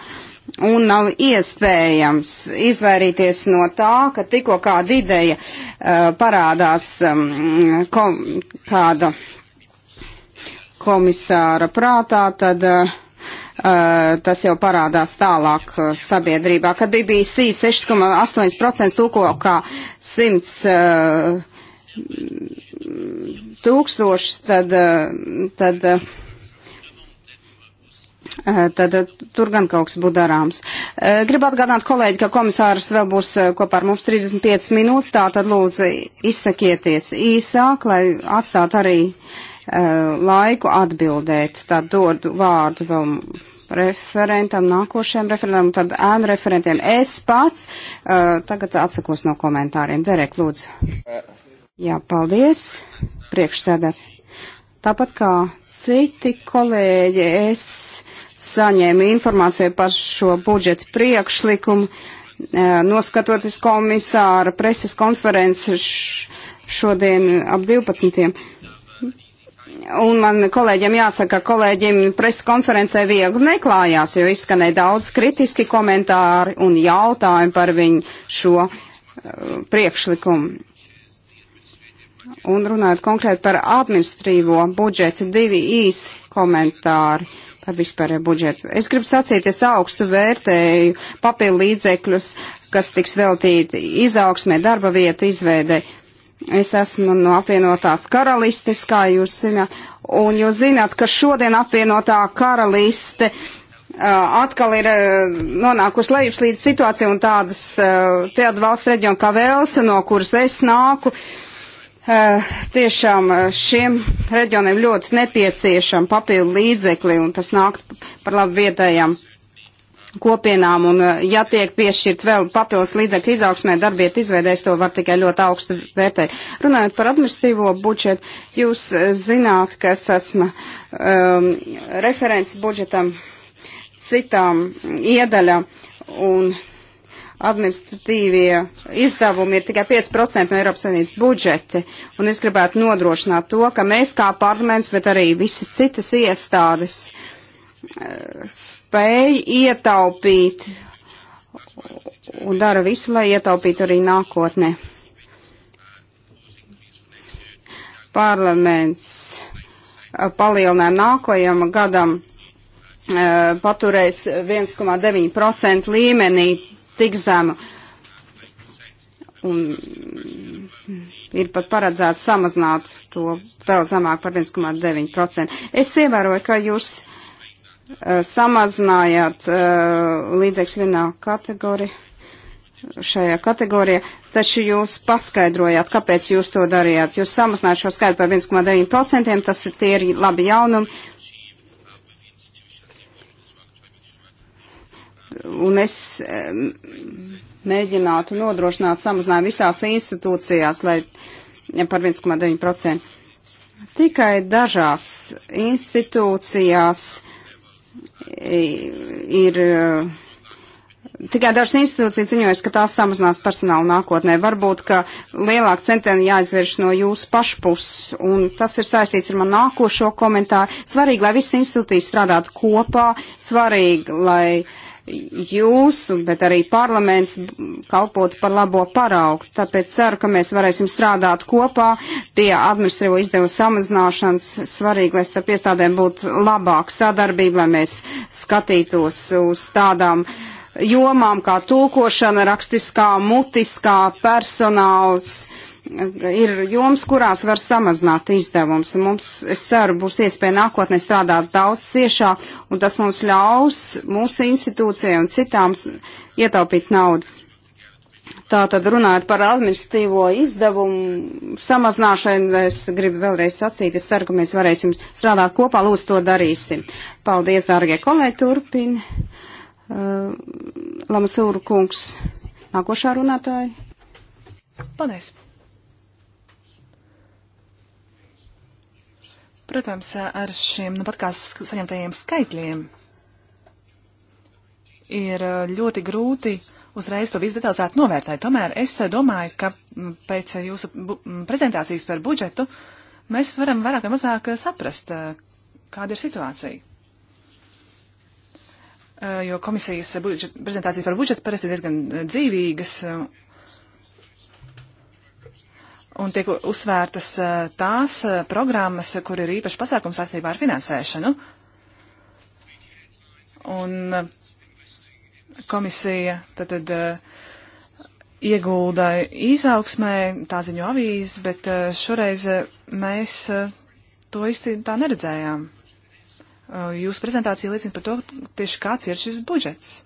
un nav iespējams izvairīties no tā, ka tikko kāda ideja uh, parādās um, kom, kāda komisāra prātā, tad uh, Eh, tas jau parādās tālāk eh, sabiedrībā, kad BBC 6,8% tūko kā 100 eh, tūkstošus, tad, tad, tad tur gan kaut kas būtu darāms. Gribu atgādināt kolēģi, ka komisārs vēl būs kopā ar mums 35 minūtes, tā tad lūdzu izsakieties īsāk, lai atstātu arī laiku atbildēt. Tad dodu vārdu vēl referentam, nākošajam referentam, tad ēnu referentiem. Es pats uh, tagad atsakos no komentāriem. Derek, lūdzu. Jā, paldies. Priekšsēdē. Tāpat kā citi kolēģi, es saņēmu informāciju par šo budžetu priekšlikumu, uh, noskatoties komisāra preses konferences šodien ap 12. Un man kolēģiem jāsaka, ka kolēģiem preskonferencē viegli neklājās, jo izskanēja daudz kritiski komentāri un jautājumi par viņu šo uh, priekšlikumu. Un runājot konkrēti par administrīvo budžetu, divi īsi komentāri par vispārēju budžetu. Es gribu sacīt, es augstu vērtēju papildu līdzekļus, kas tiks veltīti izaugsmē, darba vietu izveidē. Es esmu no apvienotās karalistes, kā jūs zināt, un jūs zināt, ka šodien apvienotā karaliste uh, atkal ir uh, nonākusi lejups līdz situācijai un tādas, uh, tāda valsts reģiona kā Velsa, no kuras es nāku, tiešām šiem reģioniem ļoti nepieciešama papildu līdzekli un tas nākt par labu vietējām kopienām, un eh, ja tiek piešķirt vēl papildus līdzekļu izaugsmē, darbiet izveidēs to var tikai ļoti augstu vērtēt. Runājot par administrīvo budžetu, jūs eh, zināt, ka es esmu um, referents budžetam citām iedaļām, un administratīvie izdevumi ir tikai 5% no Eiropas Savienības budžeti, un es gribētu nodrošināt to, ka mēs kā parlaments, bet arī visas citas iestādes, uh, spēj ietaupīt un dara visu, lai ietaupītu arī nākotnē. Parlaments uh, palielinājumu nākojam gadam uh, paturēs 1,9% līmenī tik zemu. Un ir pat paredzēts samazināt to vēl zemāk par 1,9%. Es ievēroju, ka jūs Eh, samazinājāt eh, līdzekļus vienā kategorijā, šajā kategorijā, taču jūs paskaidrojāt, kāpēc jūs to darījāt. Jūs samazinājāt šo skaitu par 1,9%, tas ir tie ir labi jaunumi. Un es mēģinātu nodrošināt samazinājumu visās institūcijās, lai par 1,9%. Tikai dažās institūcijās uh, ir eh, tikai dažas institūcijas ziņojas, ka tās samazinās personālu nākotnē. Varbūt, ka lielāk centieni jāizvērš no jūsu pašpuses, un tas ir saistīts ar man nākošo komentāru. Svarīgi, lai visas institūcijas strādātu kopā, svarīgi, lai uh, jūsu, bet arī parlaments kalpot par labo paraugu. Tāpēc ceru, ka mēs varēsim strādāt kopā pie administratīvo izdevu samazināšanas. Svarīgi, lai starp iestādēm būtu labāka sadarbība, lai mēs skatītos uz tādām jomām kā tulkošana, rakstiskā, mutiskā, personāls. Uh, ir joms, kurās var samazināt izdevums. Mums, es ceru, būs iespēja nākotnē strādāt daudz ciešāk, un tas mums ļaus mūsu institūcijai un citām ietaupīt naudu. Tātad runājot par administratīvo izdevumu samazināšanu, es gribu vēlreiz sacīt, es ceru, ka mēs varēsim strādāt kopā, lūdzu to darīsim. Paldies, dārgie kolēģi, turpin. Uh, Lamasūru kungs, nākošā runātāja. Paldies. Protams, ar šiem nu pat kā saņemtajiem skaitļiem ir uh, ļoti grūti uzreiz to visu detalizēt novērtēt. Tomēr es uh, domāju, ka mm, pēc uh, jūsu mm, prezentācijas par budžetu mēs varam vairāk vai mazāk saprast, kāda ir situācija. Jo komisijas budžet, prezentācijas par budžetu parasti diezgan dzīvīgas un tiek uzsvērtas eh, tās eh, programmas, kur ir īpaši pasākums saistībā ar finansēšanu. Un eh, komisija tad, tad iegulda izaugsmē, tā ziņo avīzes, bet šoreiz mēs to īsti tā neredzējām. Jūsu prezentācija liecina par to, tieši kāds ir šis budžets.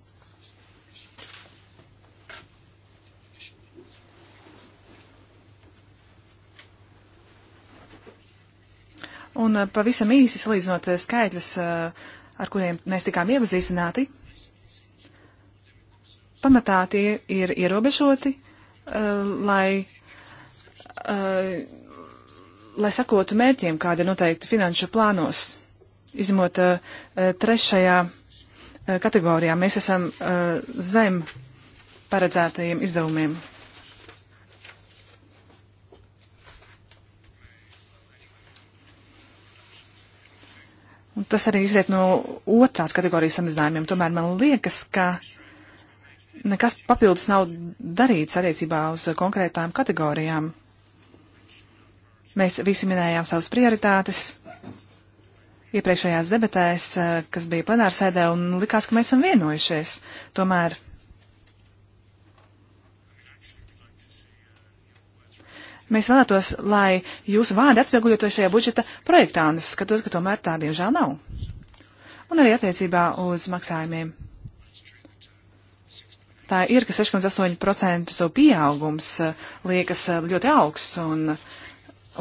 Un eh, pavisam īsi salīdzinot eh, skaitļus, eh, ar kuriem mēs tikām iepazīstināti, pamatā tie ir ierobežoti, lai, lai sakotu mērķiem, kāda ir noteikti finanšu plānos. Izņemot trešajā kategorijā, mēs esam zem paredzētajiem izdevumiem. Un tas arī iziet no otrās kategorijas samazinājumiem. Tomēr man liekas, ka nekas papildus nav darīts attiecībā uz konkrētām kategorijām. Mēs visi minējām savas prioritātes iepriekšējās debatēs, eh, kas bija plenārsēdē, un likās, ka mēs esam vienojušies. Tomēr Mēs vēlētos, lai jūsu vārdi atspoguļotos šajā budžeta projektā, un es skatos, ka tomēr tā diemžēl nav. Un arī attiecībā uz maksājumiem. Tā ir, ka 6,8% pieaugums eh, liekas eh, ļoti augsts, un,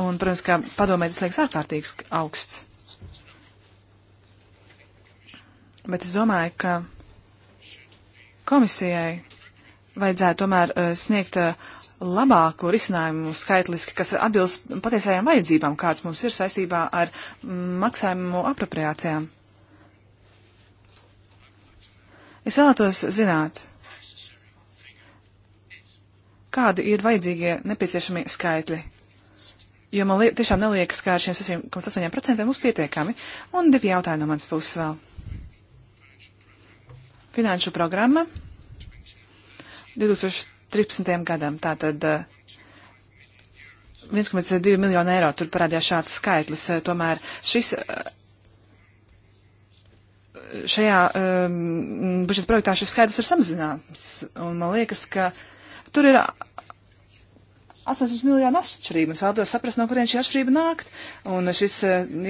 un protams, ka padomē tas liekas ārkārtīgs augsts. Bet es domāju, ka komisijai vajadzētu tomēr eh, sniegt labāko risinājumu skaitliski, kas atbilst patiesajām vajadzībām, kāds mums ir saistībā ar maksājumu apropriācijām. Es vēlētos zināt, kādi ir vajadzīgie nepieciešamie skaitļi. Jo man liek, tiešām neliekas, ka ar šiem 6,8% mums pietiekami. Un divi jautājumi no manas puses vēl. Finanšu programma 2000. 13. gadam. Tātad 1,2 eh, miljonu eiro tur parādījās šāds skaitlis. Eh, tomēr šis, eh, šajā um, budžeta projektā šis skaitlis ir samazināts. Un man liekas, ka tur ir 800 miljonu atšķirība. Es vēlos saprast, no kurien šī atšķirība nākt. Un šis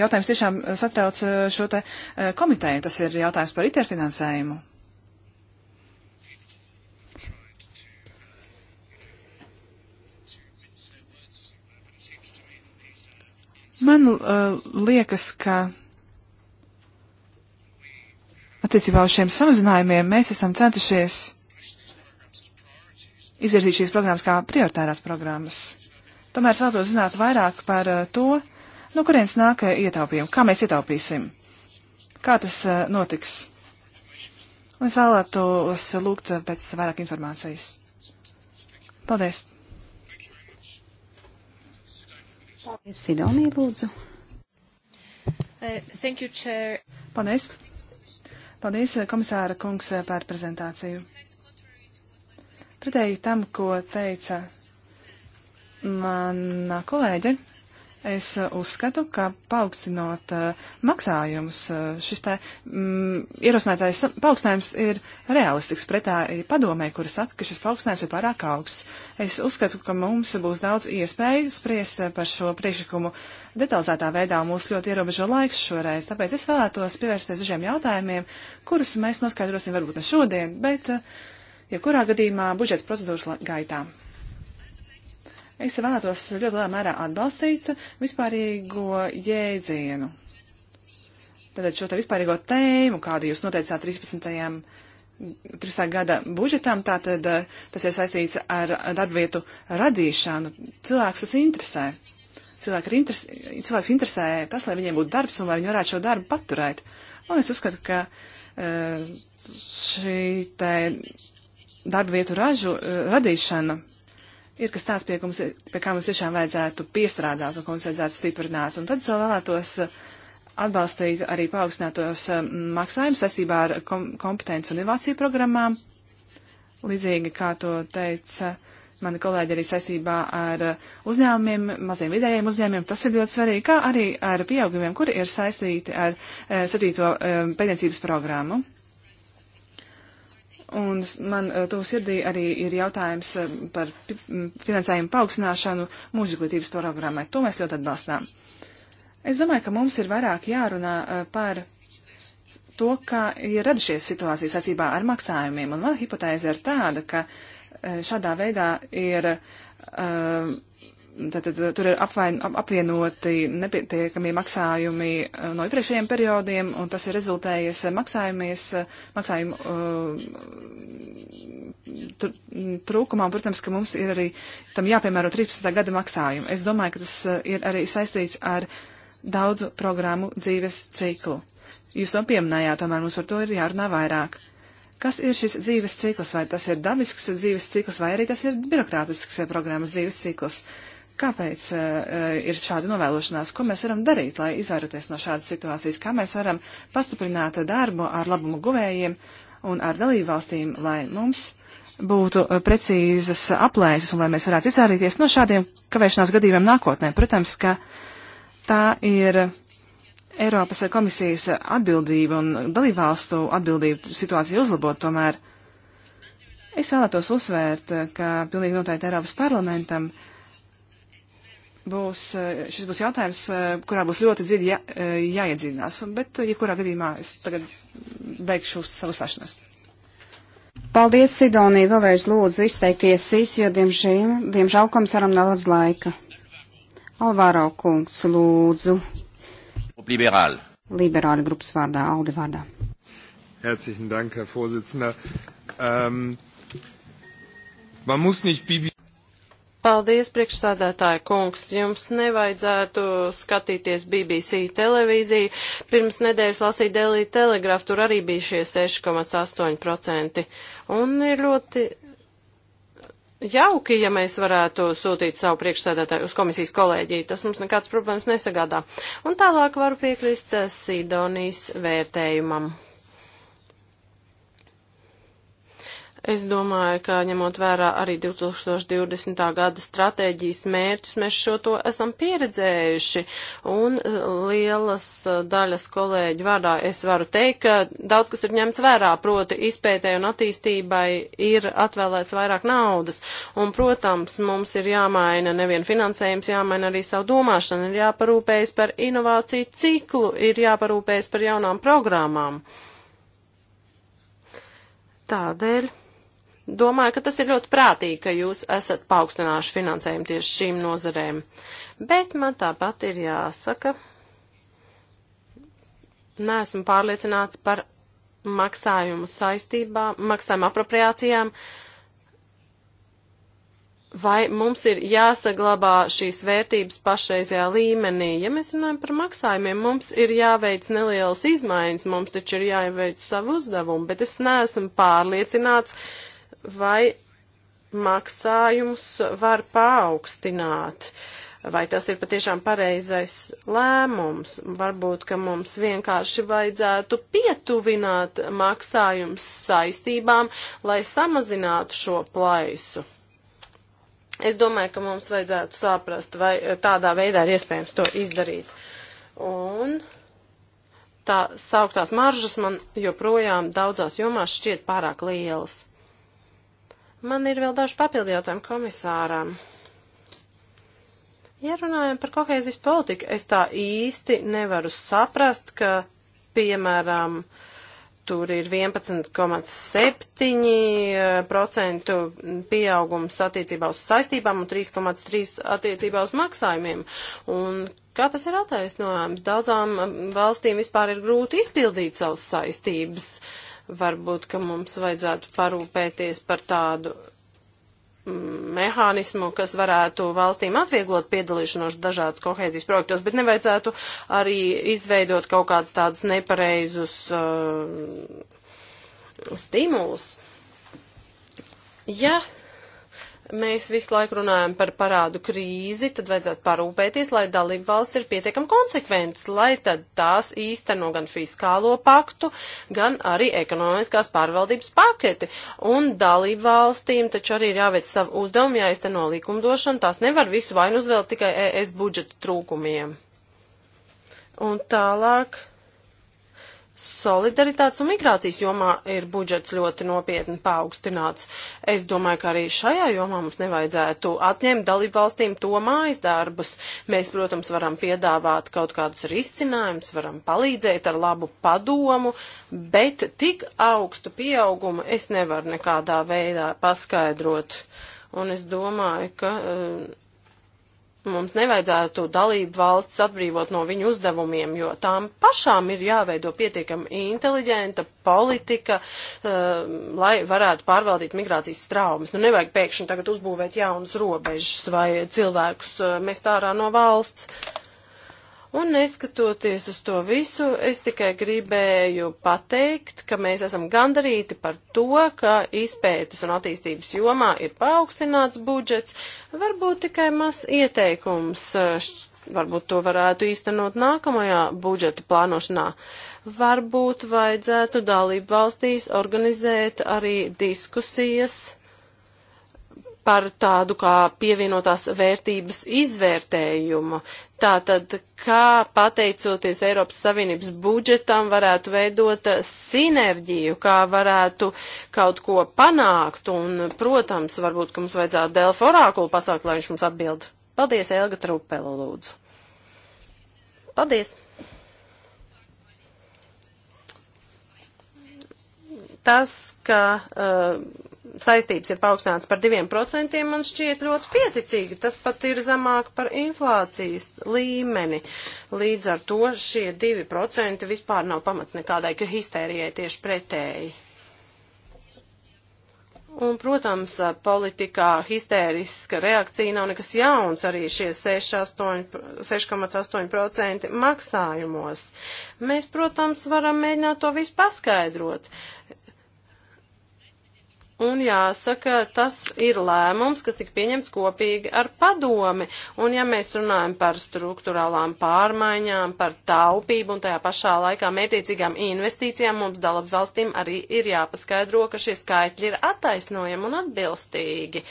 jautājums tiešām satrauc šo te komiteju. Tas ir jautājums par interfinansējumu. Man uh, liekas, ka attiecībā uz šiem samazinājumiem mēs esam centušies izvirzīt šīs programmas kā prioritārās programmas. Tomēr es vēlos zināt vairāk par uh, to, no kurienes nāk uh, ietaupījumi, kā mēs ietaupīsim, kā tas uh, notiks. Un es vēlētos uh, lūgt uh, pēc vairāk informācijas. Paldies! Paldies, Sidonija, lūdzu. Uh, thank you, Chair. Paldies. Paldies, uh, komisāra kungs, uh, par prezentāciju. Pretēji tam, ko teica mana kolēģe, Es eh, uzskatu, ka paaugstinot eh, maksājumus, eh, šis tā mm, ierosinātais paaugstinājums ir realistisks pretā padomē, kura saka, ka šis paaugstinājums ir pārāk augsts. Es uzskatu, ka mums būs daudz iespēju spriest par šo priekšlikumu detalizētā veidā, un mūs ļoti ierobežo laiks šoreiz, tāpēc es vēlētos pievērsties dažiem jautājumiem, kurus mēs noskaidrosim varbūt ne šodien, bet jebkurā ja gadījumā budžeta procedūras gaitā. Es vēlētos ļoti lielā mērā atbalstīt vispārīgo jēdzienu. Tātad šo te vispārīgo tēmu, kādu jūs noteicāt 13. 13. gada budžetam, tātad eh, tas ir saistīts ar darbvietu radīšanu. Cilvēks tas interesē. Cilvēks, interes, cilvēks interesē tas, lai viņiem būtu darbs un lai viņi varētu šo darbu paturēt. Un es uzskatu, ka eh, šī te darba vietu ražu, eh, radīšana ir kas tāds, pie, mums, pie kā mums tiešām vajadzētu piestrādāt un ko mums vajadzētu stiprināt. Un tad es vēl vēlētos atbalstīt arī paaugstinātos um, maksājumus saistībā ar kom kompetenci un inovāciju programmām, līdzīgi kā to teica mani kolēģi arī saistībā ar uzņēmumiem, maziem vidējiem uzņēmumiem. Tas ir ļoti svarīgi, kā arī ar pieaugumiem, kuri ir saistīti ar 7. Eh, eh, pēdniecības programmu. Un man eh, tuvu sirdī arī ir jautājums eh, par finansējumu paaugstināšanu mūža izglītības programmai. To mēs ļoti atbalstām. Es domāju, ka mums ir vairāk jārunā eh, par to, kā ir radušies situācijas saistībā ar maksājumiem. Un man hipotēze ir tāda, ka šādā veidā ir uh, Tātad tur ir apvain, ap, apvienoti nepietiekamie maksājumi eh, no iepriekšējiem periodiem, un tas ir rezultējies maksājumies, maksājumu uh, trūkumā, un, protams, ka mums ir arī tam jāpiemēro 13. gada maksājumi. Es domāju, ka tas eh, ir arī saistīts ar daudzu programmu dzīves ciklu. Jūs to pieminējāt, tomēr mums par to ir jārunā vairāk. Kas ir šis dzīves cikls? Vai tas ir dabisks dzīves cikls, vai arī tas ir birokrātisks programmas dzīves cikls? Uh, Kāpēc uh, ir šāda novēlošanās? Ko mēs varam darīt, lai izvairoties no šādas situācijas? Kā mēs varam pastiprināt darbu ar labumu guvējiem un ar dalībvalstīm, lai mums būtu eh, precīzas aplēses un lai mēs varētu izvairīties no šādiem kavēšanās gadījumiem nākotnē? Protams, ka tā ir. Eiropas komisijas atbildība un dalībvalstu atbildība situāciju uzlabot tomēr. Es vēlētos uzsvērt, ka pilnīgi noteikti Eiropas parlamentam uh, būs, eh, šis būs jautājums, eh, kurā būs ļoti dziļi jā, eh, jāiedzīvinās, bet jebkurā ja gadījumā es tagad beigšu savu sašanos. Paldies, Sidonija, vēlreiz lūdzu izteikties īs, jo diemžēl, diemžēl komisaram nav daudz laika. Alvaro kungs, lūdzu. Liberāli. Liberāli grupas vārdā, Aldi vārdā. Herzlichen Dank, Herr Vorsitzender. Um, man muss nicht Bibi Paldies, priekšsādātāja kungs. Jums nevajadzētu skatīties BBC televīziju. Pirms nedēļas lasīju Delī telegrāfu, tur arī bija šie 6,8%. Un ir ļoti jauki, ja mēs varētu sūtīt savu priekšsēdētāju uz komisijas kolēģiju. Tas mums nekāds problēmas nesagādā. Un tālāk varu piekrist Sidonijas vērtējumam. Es domāju, ka ņemot vērā arī 2020. gada stratēģijas mērķus, mēs šo to esam pieredzējuši. Un eh, lielas eh, daļas kolēģu vārdā es varu teikt, ka daudz kas ir ņemts vērā, proti izpētē un attīstībai ir atvēlēts vairāk naudas. Un, protams, mums ir jāmaina nevien finansējums, jāmaina arī savu domāšanu, ir jāparūpējas par inovāciju ciklu, ir jāparūpējas par jaunām programmām. Tādēļ Domāju, ka tas ir ļoti prātīgi, ka jūs esat paaugstinājuši finansējumu tieši šīm nozarēm. Bet man tāpat ir jāsaka, neesmu pārliecināts par maksājumu saistībām, maksājumu apropriācijām, vai mums ir jāsaglabā šīs vērtības pašreizajā līmenī. Ja mēs runājam par maksājumiem, mums ir jāveic nelielas izmaiņas, mums taču ir jāveic savu uzdevumu, bet es neesmu pārliecināts, vai maksājumus var paaugstināt. Vai tas ir patiešām pareizais lēmums? Varbūt, ka mums vienkārši vajadzētu pietuvināt maksājums saistībām, lai samazinātu šo plaisu. Es domāju, ka mums vajadzētu saprast, vai tādā veidā ir iespējams to izdarīt. Un tā sauktās maržas man joprojām daudzās jomās šķiet pārāk lielas. Man ir vēl daži papildi jautājumi komisāram. Ja runājam par kohēzijas politiku, es tā īsti nevaru saprast, ka, piemēram, tur ir 11,7% eh, pieaugums attiecībā uz saistībām un 3,3% attiecībā uz maksājumiem. Un kā tas ir attaisnojams? Daudzām mm, valstīm vispār ir grūti izpildīt savas saistības. Uh, Varbūt, ka mums vajadzētu parūpēties par tādu mm, mehānismu, kas varētu valstīm atvieglot piedalīšanos dažādas kohēzijas projektos, bet nevajadzētu arī izveidot kaut kādus tādus nepareizus uh, stimulus. Ja mēs visu laiku runājam par parādu krīzi, tad vajadzētu parūpēties, lai dalību valsts ir pietiekami konsekventas, lai tad tās īsteno gan fiskālo paktu, gan arī ekonomiskās pārvaldības paketi. Un dalību valstīm taču arī ir jāveic savu uzdevumu, jāizteno likumdošanu, tās nevar visu vainu uzvēlt tikai ES budžeta trūkumiem. Un tālāk Solidaritātes un migrācijas jomā ir budžets ļoti nopietni paaugstināts. Es domāju, ka arī šajā jomā mums nevajadzētu atņemt dalību valstīm to mājas darbus. Mēs, protams, varam piedāvāt kaut kādus risinājumus, varam palīdzēt ar labu padomu, bet tik augstu pieaugumu es nevaru nekādā veidā paskaidrot. Un es domāju, ka. Uh, Mums nevajadzētu dalību valsts atbrīvot no viņu uzdevumiem, jo tām pašām ir jāveido pietiekami inteliģenta politika, uh, lai varētu pārvaldīt migrācijas traumas. Nu, nevajag pēkšņi tagad uzbūvēt jaunas robežas vai cilvēkus uh, mest ārā no valsts. Uh, Un neskatoties uz to visu, es tikai gribēju pateikt, ka mēs esam gandarīti par to, ka izpētes un attīstības jomā ir paaugstināts budžets. Varbūt tikai maz ieteikums, eh, varbūt to varētu īstenot nākamajā budžeta plānošanā. Varbūt vajadzētu dalību valstīs organizēt arī diskusijas par tādu kā pievienotās vērtības izvērtējumu. Tātad, kā pateicoties Eiropas Savienības budžetam varētu veidot sinerģiju, kā varētu kaut ko panākt, un, protams, varbūt, ka mums vajadzētu Delfa orākulu pasaukt, lai viņš mums atbild. Paldies, Elga Trupelo, lūdzu. Paldies! Tas, ka uh, saistības ir paaugstināts par 2%, man šķiet ļoti pieticīgi. Tas pat ir zemāk par inflācijas līmeni. Līdz ar to šie 2% vispār nav pamats nekādai histērijai tieši pretēji. Un, protams, politikā histēriska reakcija nav nekas jauns arī šie 6,8% maksājumos. Mēs, protams, varam mēģināt to visu paskaidrot. Uh, Un jāsaka, tas ir lēmums, kas tika pieņemts kopīgi ar padomi. Un ja mēs runājam par struktūrālām pārmaiņām, par taupību un tajā pašā laikā mērķiecīgām investīcijām, mums dalību valstīm arī ir jāpaskaidro, ka šie skaitļi ir attaisnojami un atbilstīgi.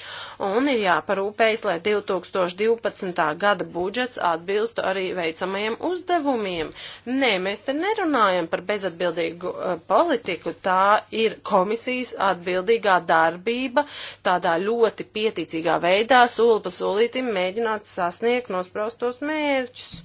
Un ir jāparūpējas, lai 2012. gada budžets atbilstu arī veicamajiem uzdevumiem. Nē, mēs te nerunājam par bezatbildīgu uh, politiku. Tā ir komisijas atbildīgā šā darbība tādā ļoti pieticīgā veidā soli pa solītim mēģināt sasniegt nospraustos mērķus.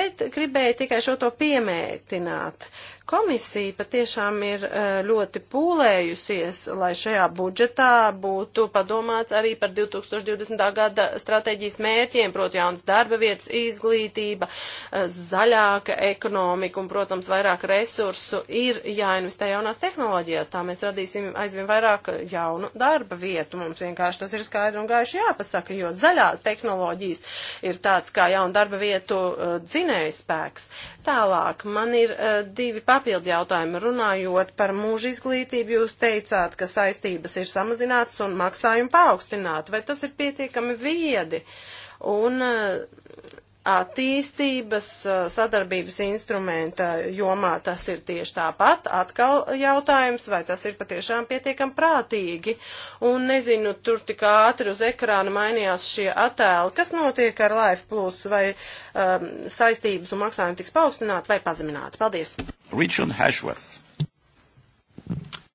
Bet gribēju tikai šo to piemētināt. Uh, Komisija patiešām ir eh, ļoti pūlējusies, lai šajā budžetā būtu padomāts arī par 2020. gada stratēģijas mērķiem, proti jaunas darba vietas, izglītība, eh, zaļāka ekonomika un, protams, vairāk resursu ir jāinvestē jaunās tehnoloģijās. Tā mēs radīsim aizvien vairāk jaunu darba vietu. Mums vienkārši tas ir skaidri un gaiši jāpasaka, jo zaļās tehnoloģijas ir tāds kā jaunu darba vietu eh, dzinējspēks. Tālāk man ir divi pārējie papildu jautājumu runājot par mūža izglītību. Jūs teicāt, ka saistības ir samazinātas un maksājumi paaugstināti. Vai tas ir pietiekami viedi? Un attīstības sadarbības instrumenta jomā tas ir tieši tāpat. Atkal jautājums, vai tas ir patiešām pietiekam prātīgi. Un nezinu, tur tik ātri uz ekrāna mainījās šie attēli. Kas notiek ar Life Plus? Vai um, saistības un maksājumi tiks paaugstināti vai pazemināti? Paldies! Richard Hashworth.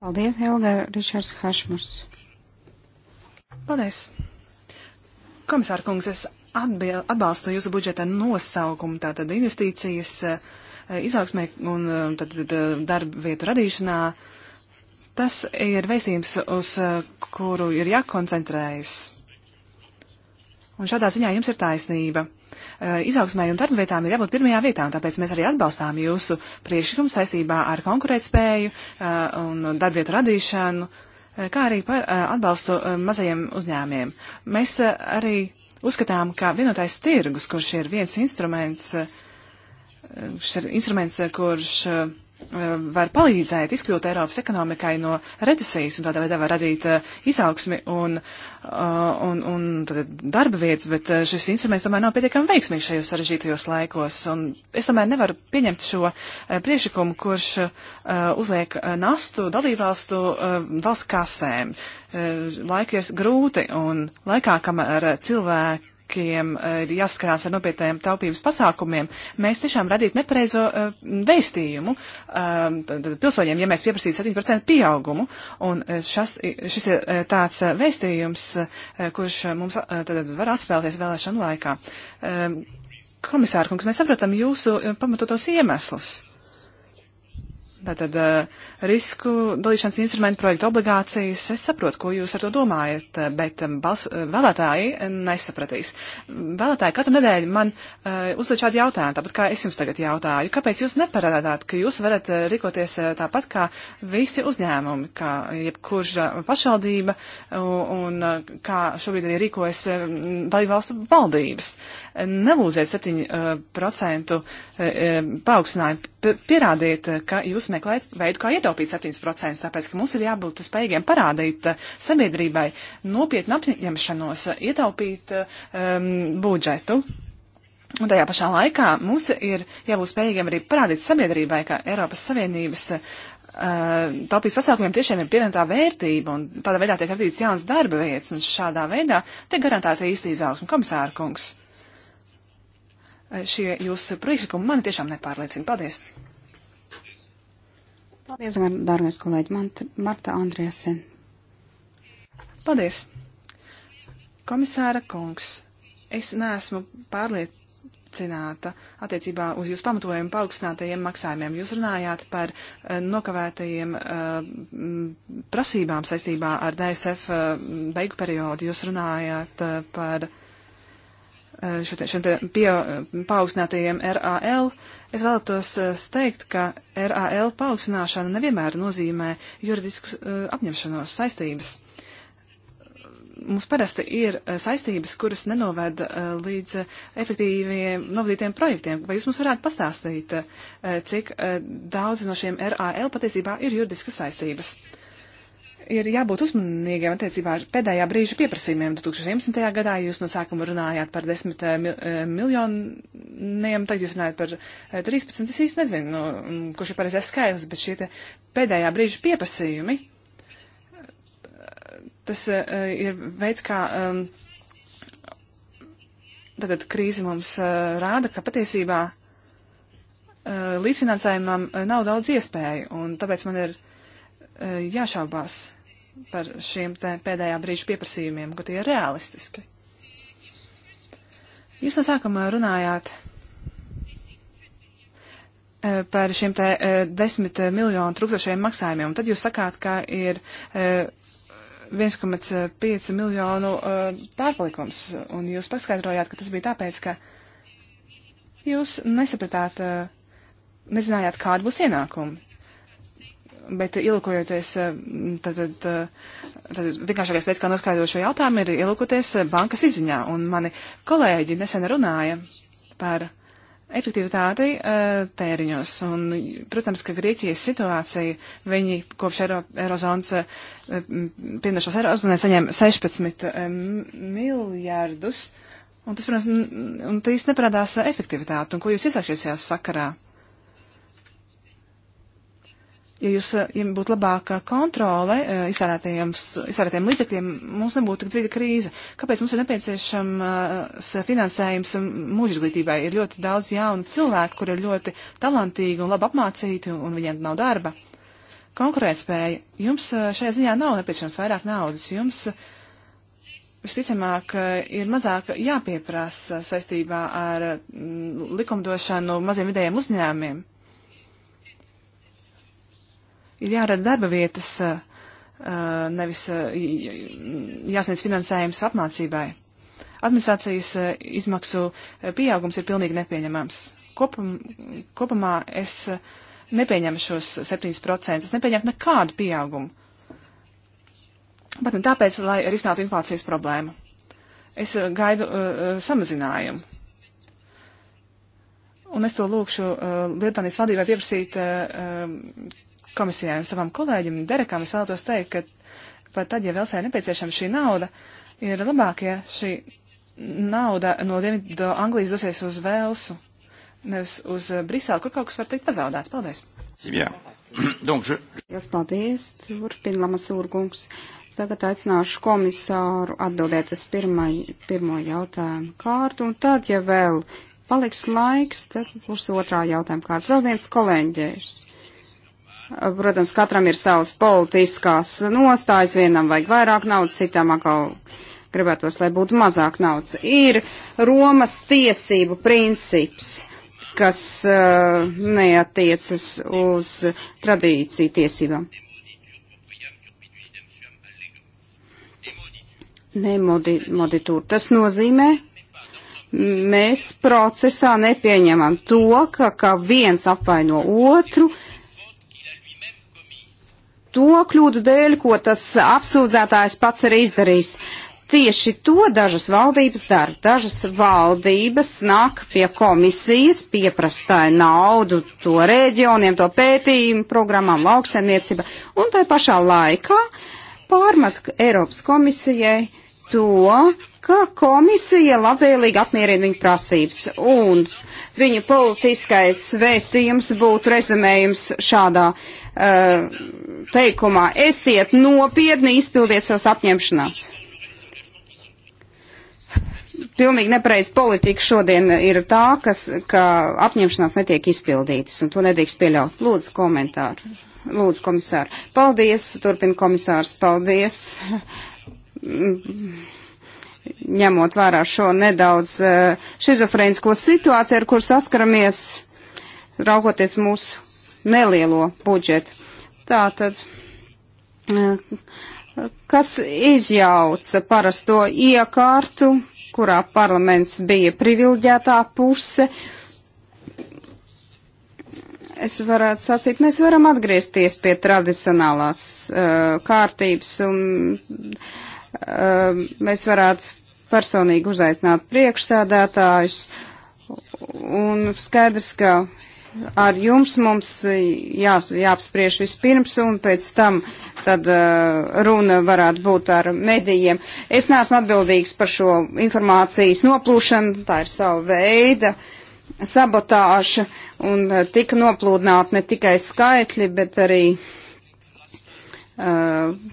Paldies, Helga Ričards Hašmurs. Paldies. Komisārkungs, es atbil, atbalstu jūsu budžeta nosaukumu, tātad investīcijas eh, izaugsmē un tātad eh, eh, darba vietu radīšanā. Tas ir veistījums, uz kuru ir jākoncentrējas. Un šādā ziņā jums ir taisnība. Izaugsmai un darba vietām ir jābūt pirmajā vietā, un tāpēc mēs arī atbalstām jūsu priekšlikumu saistībā ar konkurētspēju un darbvietu radīšanu, kā arī par atbalstu mazajiem uzņēmiem. Mēs arī uzskatām, ka vienotais tirgus, kurš ir viens instruments, eh, šis ir instruments, kurš eh, Um, var palīdzēt izkļūt Eiropas ekonomikai no recesijas un tādā veidā var radīt uh, izaugsmi un, uh, un, un darba vietas, bet uh, šis instruments tomēr nav pietiekami veiksmīgs šajos sarežģītajos laikos. Un es tomēr nevaru pieņemt šo priešakumu, kurš uzliek nastu dalībvalstu valsts kasēm. Laika ir grūti un laikā, kamēr cilvēki cilvēkiem eh, ir jāskarās ar nopietniem taupības pasākumiem, mēs tiešām radītu nepareizo uh, eh, veistījumu uh, eh, pilsoņiem, ja mēs pieprasītu 7% pieaugumu. Un šas, šis ir tāds veistījums, uh, kurš mums uh, var atspēlēties vēlēšanu laikā. Uh, Komisārkungs, mēs saprotam jūsu pamatotos iemeslus. Tātad uh, risku dalīšanas instrumentu projektu obligācijas. Es saprotu, ko jūs ar to domājat, bet um, balsu, uh, vēlētāji nesapratīs. Vēlētāji katru nedēļu man uh, uzdod šādu jautājumu, tāpat kā es jums tagad jautāju. Kāpēc jūs neparādāt, ka jūs varat uh, rīkoties uh, tāpat kā visi uzņēmumi, kā jebkurš pašvaldība un, un kā šobrīd arī rīkojas um, dalību valstu valdības? Nelūdziet 7% um, paaugstinājumu. Pierādiet, ka jūs meklējat veidu, kā iedomāties ietaupīt 7%, tāpēc, ka mums ir jābūt spējīgiem parādīt eh, sabiedrībai nopietnu apņemšanos ietaupīt um, budžetu. Un tajā pašā laikā mums ir jābūt spējīgiem arī parādīt sabiedrībai, ka Eiropas Savienības uh, taupības pasākumiem tiešām ir pievienotā vērtība, un tādā veidā tiek radīts jauns darba vietas, un šādā veidā tiek garantēta īsta izaugsme komisāra kungs. Šie jūsu priekšlikumi mani tiešām nepārliecina. Paldies! Paldies, dārgais kolēģi, man Marta Andriesen. Paldies. Komisāra kungs, es neesmu pārliecināta attiecībā uz jūsu pamatojumu paaugstinātajiem maksājumiem. Jūs runājāt par eh, nokavētajiem eh, prasībām saistībā ar DSF eh, beigu periodu. Jūs runājāt par šiem paaugstinātajiem RAL Es vēlētos eh, teikt, ka RAL paaugstināšana nevienmēr nozīmē juridisku uh, apņemšanos saistības. Mums parasti ir uh, saistības, kuras nenoveda uh, līdz efektīviem novadītiem projektiem. Vai jūs mums varētu pastāstīt, cik daudz no šiem RAL patiesībā ir juridiskas saistības? Uh, ir jābūt uzmanīgiem attiecībā ar pēdējā brīža pieprasījumiem. 2011. gadā jūs no sākuma runājāt par 10 eh, eh, miljoniem, tagad jūs runājat par 13. Eh, es īsti nezinu, nu, mm, kurš ir pareizais skaidrs, bet šie pēdējā brīža pieprasījumi, tas ir veids, kā. Um, tātad krīze mums rāda, ka patiesībā līdzfinansējumam nav daudz iespēju, un tāpēc man ir jāšaubās par šiem pēdējā brīža pieprasījumiem, ka tie ir realistiski. Jūs no sākuma runājāt e, par šiem te e, desmit miljonu trūkstošajiem maksājumiem, tad jūs sakāt, ka ir 1,5 e, miljonu pārpalikums, un jūs paskaidrojāt, ka tas bija tāpēc, ka jūs nesapratāt, nezinājāt, kāda būs ienākuma bet ielūkojoties, eh, tad, tad, eh, tad vienkāršākais veids, kā noskaidrot šo jautājumu, ir ielūkoties eh, bankas izziņā. Un mani kolēģi nesen runāja par efektivitāti tēriņos. Un, protams, ka Grieķijas situācija, viņi kopš Eiro, Eirozonas, pirmdašos Eirozonai saņēma 16 miljārdus. Un tas, protams, un tas īsti neparādās efektivitāti. Un ko jūs iesākšies šajā sakarā? ja jūs eh, ja būtu labāka kontrole eh, izsērētajiem līdzekļiem, mums nebūtu tik dziļa krīze. Kāpēc mums ir nepieciešams eh, finansējums mūža izglītībai? Ir ļoti daudz jaunu cilvēku, kuri ir ļoti talantīgi un labi apmācīti, un viņiem nav darba. Konkurētspēja. Jums šajā ziņā nav nepieciešams vairāk naudas. Jums visticamāk ir mazāk jāpieprasa saistībā ar mm, likumdošanu maziem vidējiem uzņēmumiem ir jārada darba vietas, nevis jāsniedz finansējums apmācībai. Administrācijas izmaksu pieaugums ir pilnīgi nepieņemams. Kopum, kopumā es nepieņemu šos 7%, es nepieņemu nekādu pieaugumu. Bet ne tāpēc, lai risinātu inflācijas problēmu. Es gaidu uh, samazinājumu. Un es to lūkšu uh, Lietuvānijas valdībai pieprasīt uh, komisijai un savam kolēģim Derekam es vēlētos teikt, ka pat tad, ja Velsē nepieciešama šī nauda, ir labāk, ja šī nauda no Dienvidu Anglijas dosies uz Velsu, nevis uz eh, Briselu, kur kaut kas var tikt pazaudēts. Paldies! Jūs paldies, turpina Lamas Urgungs. Tagad aicināšu komisāru atbildēt uz pirmai, pirmo jautājumu kārtu, un tad, ja vēl paliks laiks, tad būs otrā jautājuma kārta. Vēl viens kolēģis. Protams, katram ir savas politiskās nostājas, vienam vajag vairāk naudas, citam atkal gribētos, lai būtu mazāk naudas. Ir Romas tiesību princips, kas uh, neatiecas uz tradīciju tiesībām. Nemoditūra. Tas nozīmē, mēs procesā nepieņemam to, ka, ka viens apvaino otru, uh, to kļūdu dēļ, ko tas apsūdzētājs pats ir izdarījis. Tieši to dažas valdības dara. Dažas valdības nāk pie komisijas, pieprastāja naudu to reģioniem, to pētījumu programmām, lauksaimniecība, un tai pašā laikā pārmet Eiropas komisijai to, ka komisija labvēlīgi apmierina viņu prasības, un viņu politiskais vēstījums būtu rezumējums šādā. Uh, teikumā esiet nopietni, izpildiet savas apņemšanās. Pilnīgi nepareiz politika šodien ir tā, kas, ka apņemšanās netiek izpildītas, un to nedrīkst pieļaut. Lūdzu komentāru. Lūdzu komisāru. Paldies, turpina komisārs, paldies. Ņemot vērā šo nedaudz eh, šizofrēnisko situāciju, ar kur saskaramies, raugoties mūsu nelielo budžetu. Tātad, eh, kas izjauca parasto iekārtu, kurā parlaments bija privileģētā puse, es varētu sacīt, mēs varam atgriezties pie tradicionālās uh, kārtības un uh, mēs varētu personīgi uzaicināt priekšsēdētājus. Un skaidrs, ka ar jums mums jā, jāapspriež vispirms un pēc tam tad uh, runa varētu būt ar medijiem. Es neesmu atbildīgs par šo informācijas noplūšanu, tā ir sava veida sabotāža un uh, tika noplūdināti ne tikai skaitļi, bet arī uh,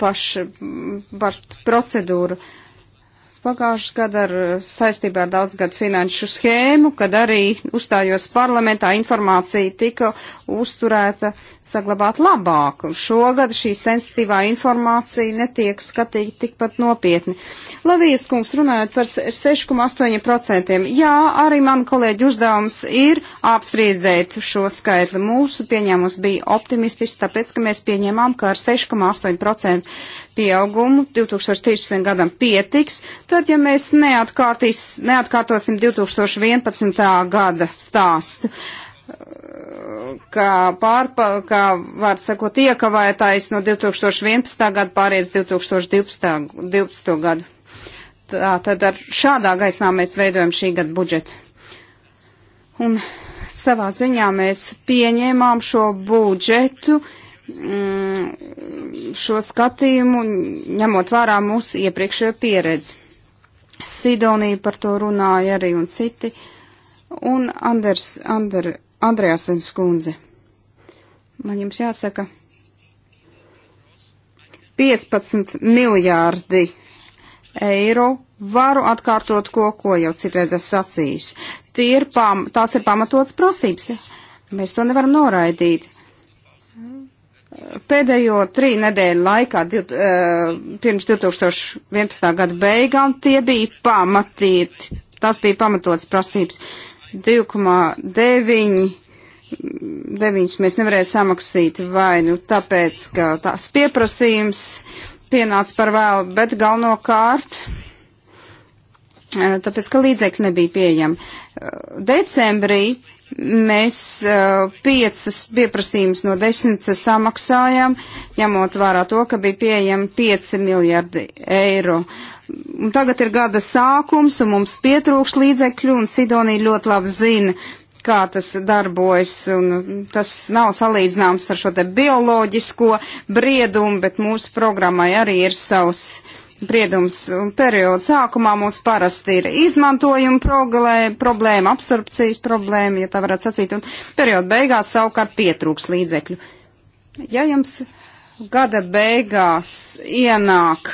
paša, paša procedūra. Uh, pagājušajā gadā ar, saistībā ar daudzgadu finanšu schēmu, kad arī uzstājos parlamentā, informācija tika uzturēta saglabāt labāk. Un šogad šī sensitīvā informācija netiek skatīta tikpat nopietni. Lavijas kungs runājot par 6,8%. Jā, arī man kolēģi uzdevums ir apstrīdēt šo skaitli. Mūsu pieņēmums bija optimistisks, tāpēc, ka mēs pieņēmām, ka ar 6,8% pieaugumu 2013. gadam pietiks Tad, ja mēs neatkārtosim 2011. gada stāstu, kā, pārpa, kā var sakot, iekavētājs no 2011. gada pārēc 2012. 12. gadu. Tā, tad ar šādā gaisnā mēs veidojam šī gada budžetu. Un savā ziņā mēs pieņēmām šo budžetu, mm, šo skatījumu, ņemot vērā mūsu iepriekšējo pieredzi. Sidonija par to runāja arī un citi, un Anders, Ander, Andrejasens kundze. Man jums jāsaka, 15 miljārdi eiro varu atkārtot ko, ko jau citreiz esmu sacījis. Tie ir pam, tās ir pamatots prasības. Mēs to nevaram noraidīt pēdējo trīs nedēļu laikā, div, uh, pirms 2011. gada beigām, tie bija pamatīti, tas bija pamatots prasības. 2,9 deviņus mēs nevarējām samaksīt vai nu tāpēc, ka tās pieprasījums pienāca par vēlu, bet galvenokārt eh, tāpēc, ka līdzekļi nebija pieejami. Eh, decembrī Mēs uh, piecus pieprasījumus no desmit samaksājām, ņemot vērā to, ka bija pieejami 5 miljardi eiro. Un tagad ir gada sākums, un mums pietrūks līdzekļu, un Sidonija ļoti labi zina, kā tas darbojas, un tas nav salīdzināms ar šo te bioloģisko briedumu, bet mūsu programmai arī ir savs briedums un perioda sākumā mums parasti ir izmantojuma proglē, problēma, absorpcijas problēma, ja tā varētu sacīt, un perioda beigās savukārt pietrūks līdzekļu. Ja jums gada beigās ienāk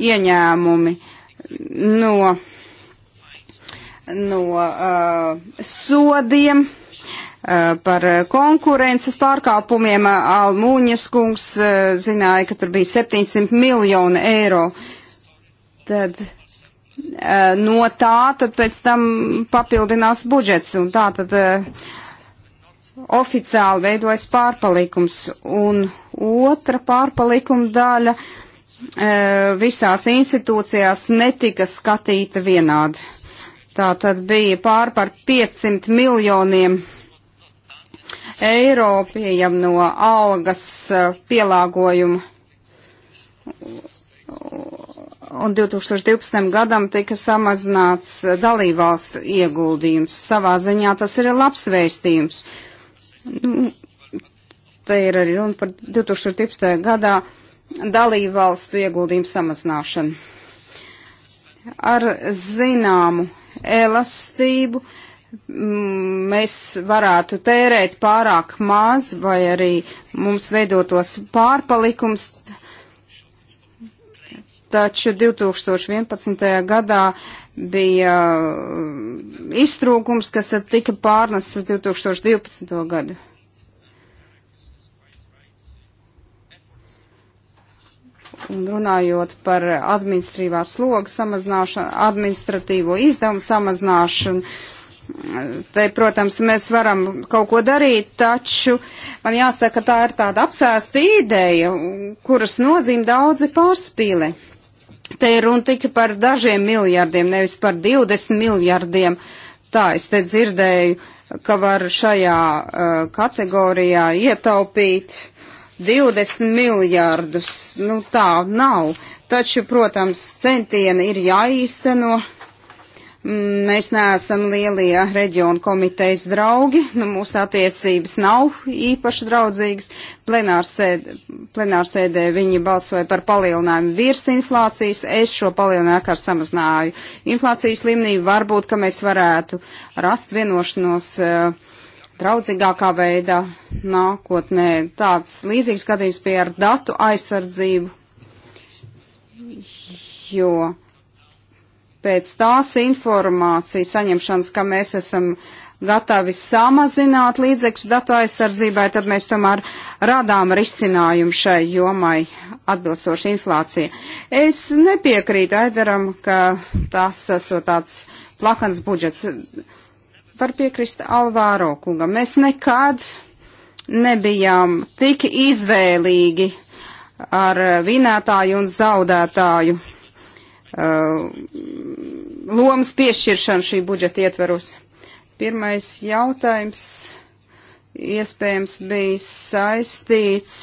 ieņēmumi no, no uh, sodiem, uh, par konkurences pārkāpumiem Almūņas kungs uh, zināja, ka tur bija 700 miljoni eiro tad uh, no tā tad pēc tam papildinās budžets un tā tad uh, oficiāli veidojas pārpalikums. Un otra pārpalikuma daļa uh, visās institūcijās netika skatīta vienādi. Tā tad bija pār par 500 miljoniem eiro pieejam no algas pielāgojuma un 2012. gadam tika samazināts eh, dalībvalstu ieguldījums. Savā ziņā tas ir labs vēstījums. Nu, te ir arī runa par 2012. gadā dalībvalstu ieguldījumu samazināšanu. Ar zināmu elastību mm, mēs varētu tērēt pārāk maz vai arī mums veidotos pārpalikums taču 2011. gadā bija uh, iztrūkums, kas tad tika pārnests uz 2012. gadu. Un runājot par administrīvā sloga samazināšanu, administratīvo izdevumu samazināšanu, te, protams, mēs varam kaut ko darīt, taču man jāsaka, tā ir tāda apsēsta ideja, kuras nozīme daudzi pārspīlē. Te ir runa tikai par dažiem miljardiem, nevis par 20 miljardiem. Tā es te dzirdēju, ka var šajā uh, kategorijā ietaupīt 20 miljardus. Nu tā nav. Taču, protams, centieni ir jāīsteno. No Mēs neesam lielie reģionu komitejas draugi, nu, mūsu attiecības nav īpaši draudzīgas. Plenārsēdē, plenārsēdē viņi balsoja par palielinājumu virs inflācijas, es šo palielinājumu kā samazināju inflācijas līmenī. Varbūt, ka mēs varētu rast vienošanos eh, draudzīgākā veidā nākotnē. Tāds līdzīgs gadījums bija ar datu aizsardzību, jo pēc tās informācijas saņemšanas, ka mēs esam gatavi samazināt līdzekļus datu aizsardzībai, tad mēs tomēr radām risinājumu šai jomai atbilstoši inflācija. Es nepiekrītu Aidaram, ka tas esot tāds plakans budžets. Var piekrist Alvāro kungam. Mēs nekad nebijām tik izvēlīgi ar vinētāju un zaudētāju Uh, lomas piešķiršanu šī budžeta ietveros. Pirmais jautājums iespējams bija saistīts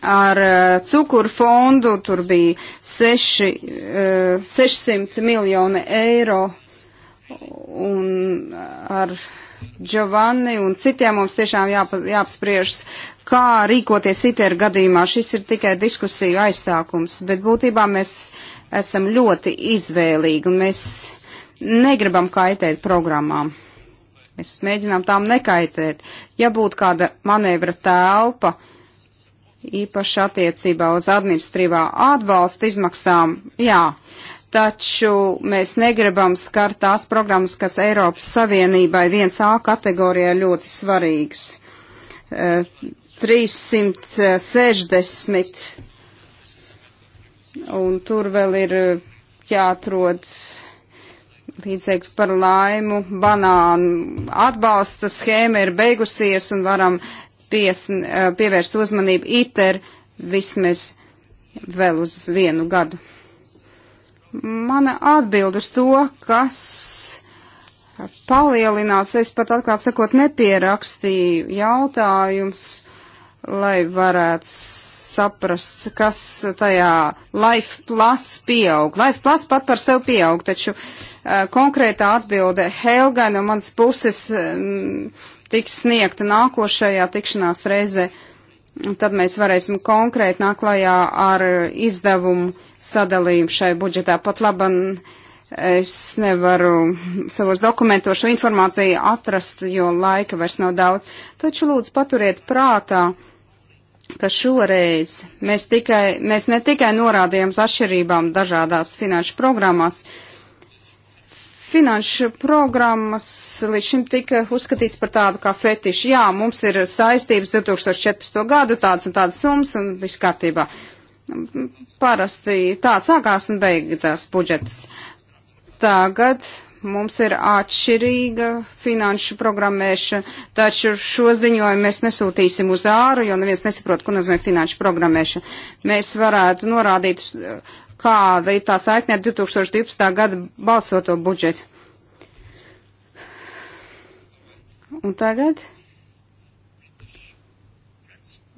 ar uh, cukuru fondu, tur bija 6, 600 uh, miljoni eiro un ar Giovanni un citiem mums tiešām jāpa, jāapspriežas, kā rīkoties ITER gadījumā. Šis ir tikai diskusija aizsākums, bet būtībā mēs esam ļoti izvēlīgi un mēs negribam kaitēt programmām. Mēs mēģinām tām nekaitēt. Ja būtu kāda manevra telpa, īpaši attiecībā uz administrīvā atbalsta izmaksām, jā, uh, taču mēs negribam skart tās programmas, kas Eiropas Savienībai 1A kategorijā ļoti svarīgas. 360 eh, un tur vēl ir eh, jāatrod līdzekļu par laimu. Banānu atbalsta schēma ir beigusies un varam pies, eh, pievērst uzmanību ITER vismaz vēl uz vienu gadu. Mana atbild uz to, kas palielināts, es pat atklāt sakot nepierakstīju jautājums, lai varētu saprast, kas tajā life plus pieaug. Life plus pat par sevi pieaug, taču uh, konkrētā atbilde Helga no manas puses uh, tiks sniegta nākošajā tikšanās reizē. Tad mēs varēsim konkrēti nāklājā ar izdevumu sadalījumu šai budžetā. Pat laban es nevaru savos dokumentos šo informāciju atrast, jo laika vairs nav daudz. Taču lūdzu paturiet prātā, ka šoreiz mēs, tikai, mēs ne tikai norādījām uz atšķirībām dažādās finanšu programmās, finanšu programmas līdz šim tika uzskatīts par tādu kā fetišu. Jā, mums ir saistības 2014. gadu, tādas un tādas summas un viss kārtībā. Parasti tā sākās un beidzās budžets. Tagad mums ir atšķirīga finanšu programmēšana, taču šo ziņojumu mēs nesūtīsim uz āru, jo neviens nesaprot, ko nozīmē finanšu programmēšana. Mēs varētu norādīt, kāda ir tā saikne ar 2012. gada balsoto budžetu. Un tagad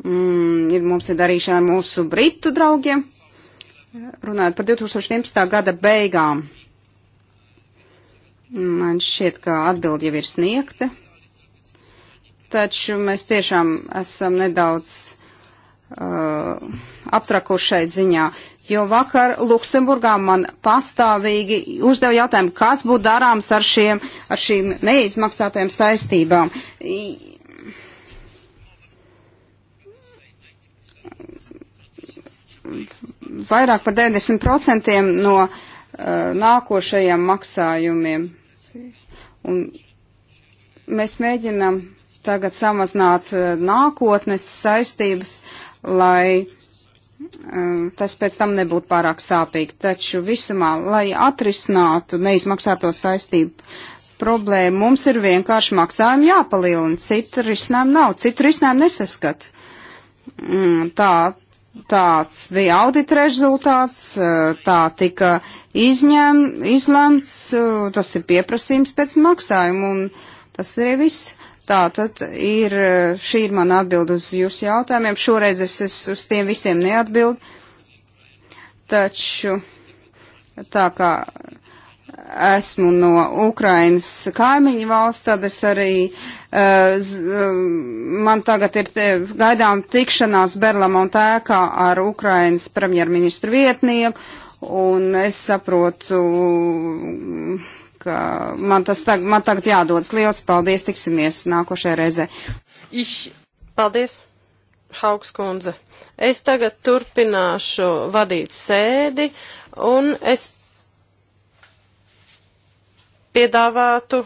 mm, ir, mums ir darīšana mūsu britu draugiem, runājot par 2011. gada beigām. Man šķiet, ka atbildi jau ir sniegta, taču mēs tiešām esam nedaudz uh, aptrakušai ziņā, jo vakar Luksemburgā man pastāvīgi uzdeva jautājumu, kas būtu darāms ar, šiem, ar šīm neizmaksātajām saistībām. I, vairāk par 90% no uh, nākošajiem maksājumiem. Un mēs mēģinam tagad samazināt uh, nākotnes saistības, lai um, tas pēc tam nebūtu pārāk sāpīgi. Taču visumā, lai atrisinātu neizmaksāto saistību problēmu, mums ir vienkārši maksājumi jāpalielina, citu risinājumu nav, citu risinājumu nesaskat. Mm, tā tāds bija audita rezultāts, tā tika izņem, izlemts, tas ir pieprasījums pēc maksājuma, un tas ir viss. Tā tad ir, šī ir mana atbilda uz jūsu jautājumiem. Šoreiz es, es uz tiem visiem neatbildu. Taču tā kā esmu no Ukrainas kaimiņu valsts, tad es arī uh, Eh, eh, man tagad ir eh, gaidām tikšanās Berlamonta ēkā ar Ukrainas premjerministru vietnieku, un es saprotu, ka man, tas tag, man tagad jādodas. Liels paldies, tiksimies nākošajā reizē. Ich. Paldies, Haugskundze. Es tagad turpināšu vadīt sēdi, un es piedāvātu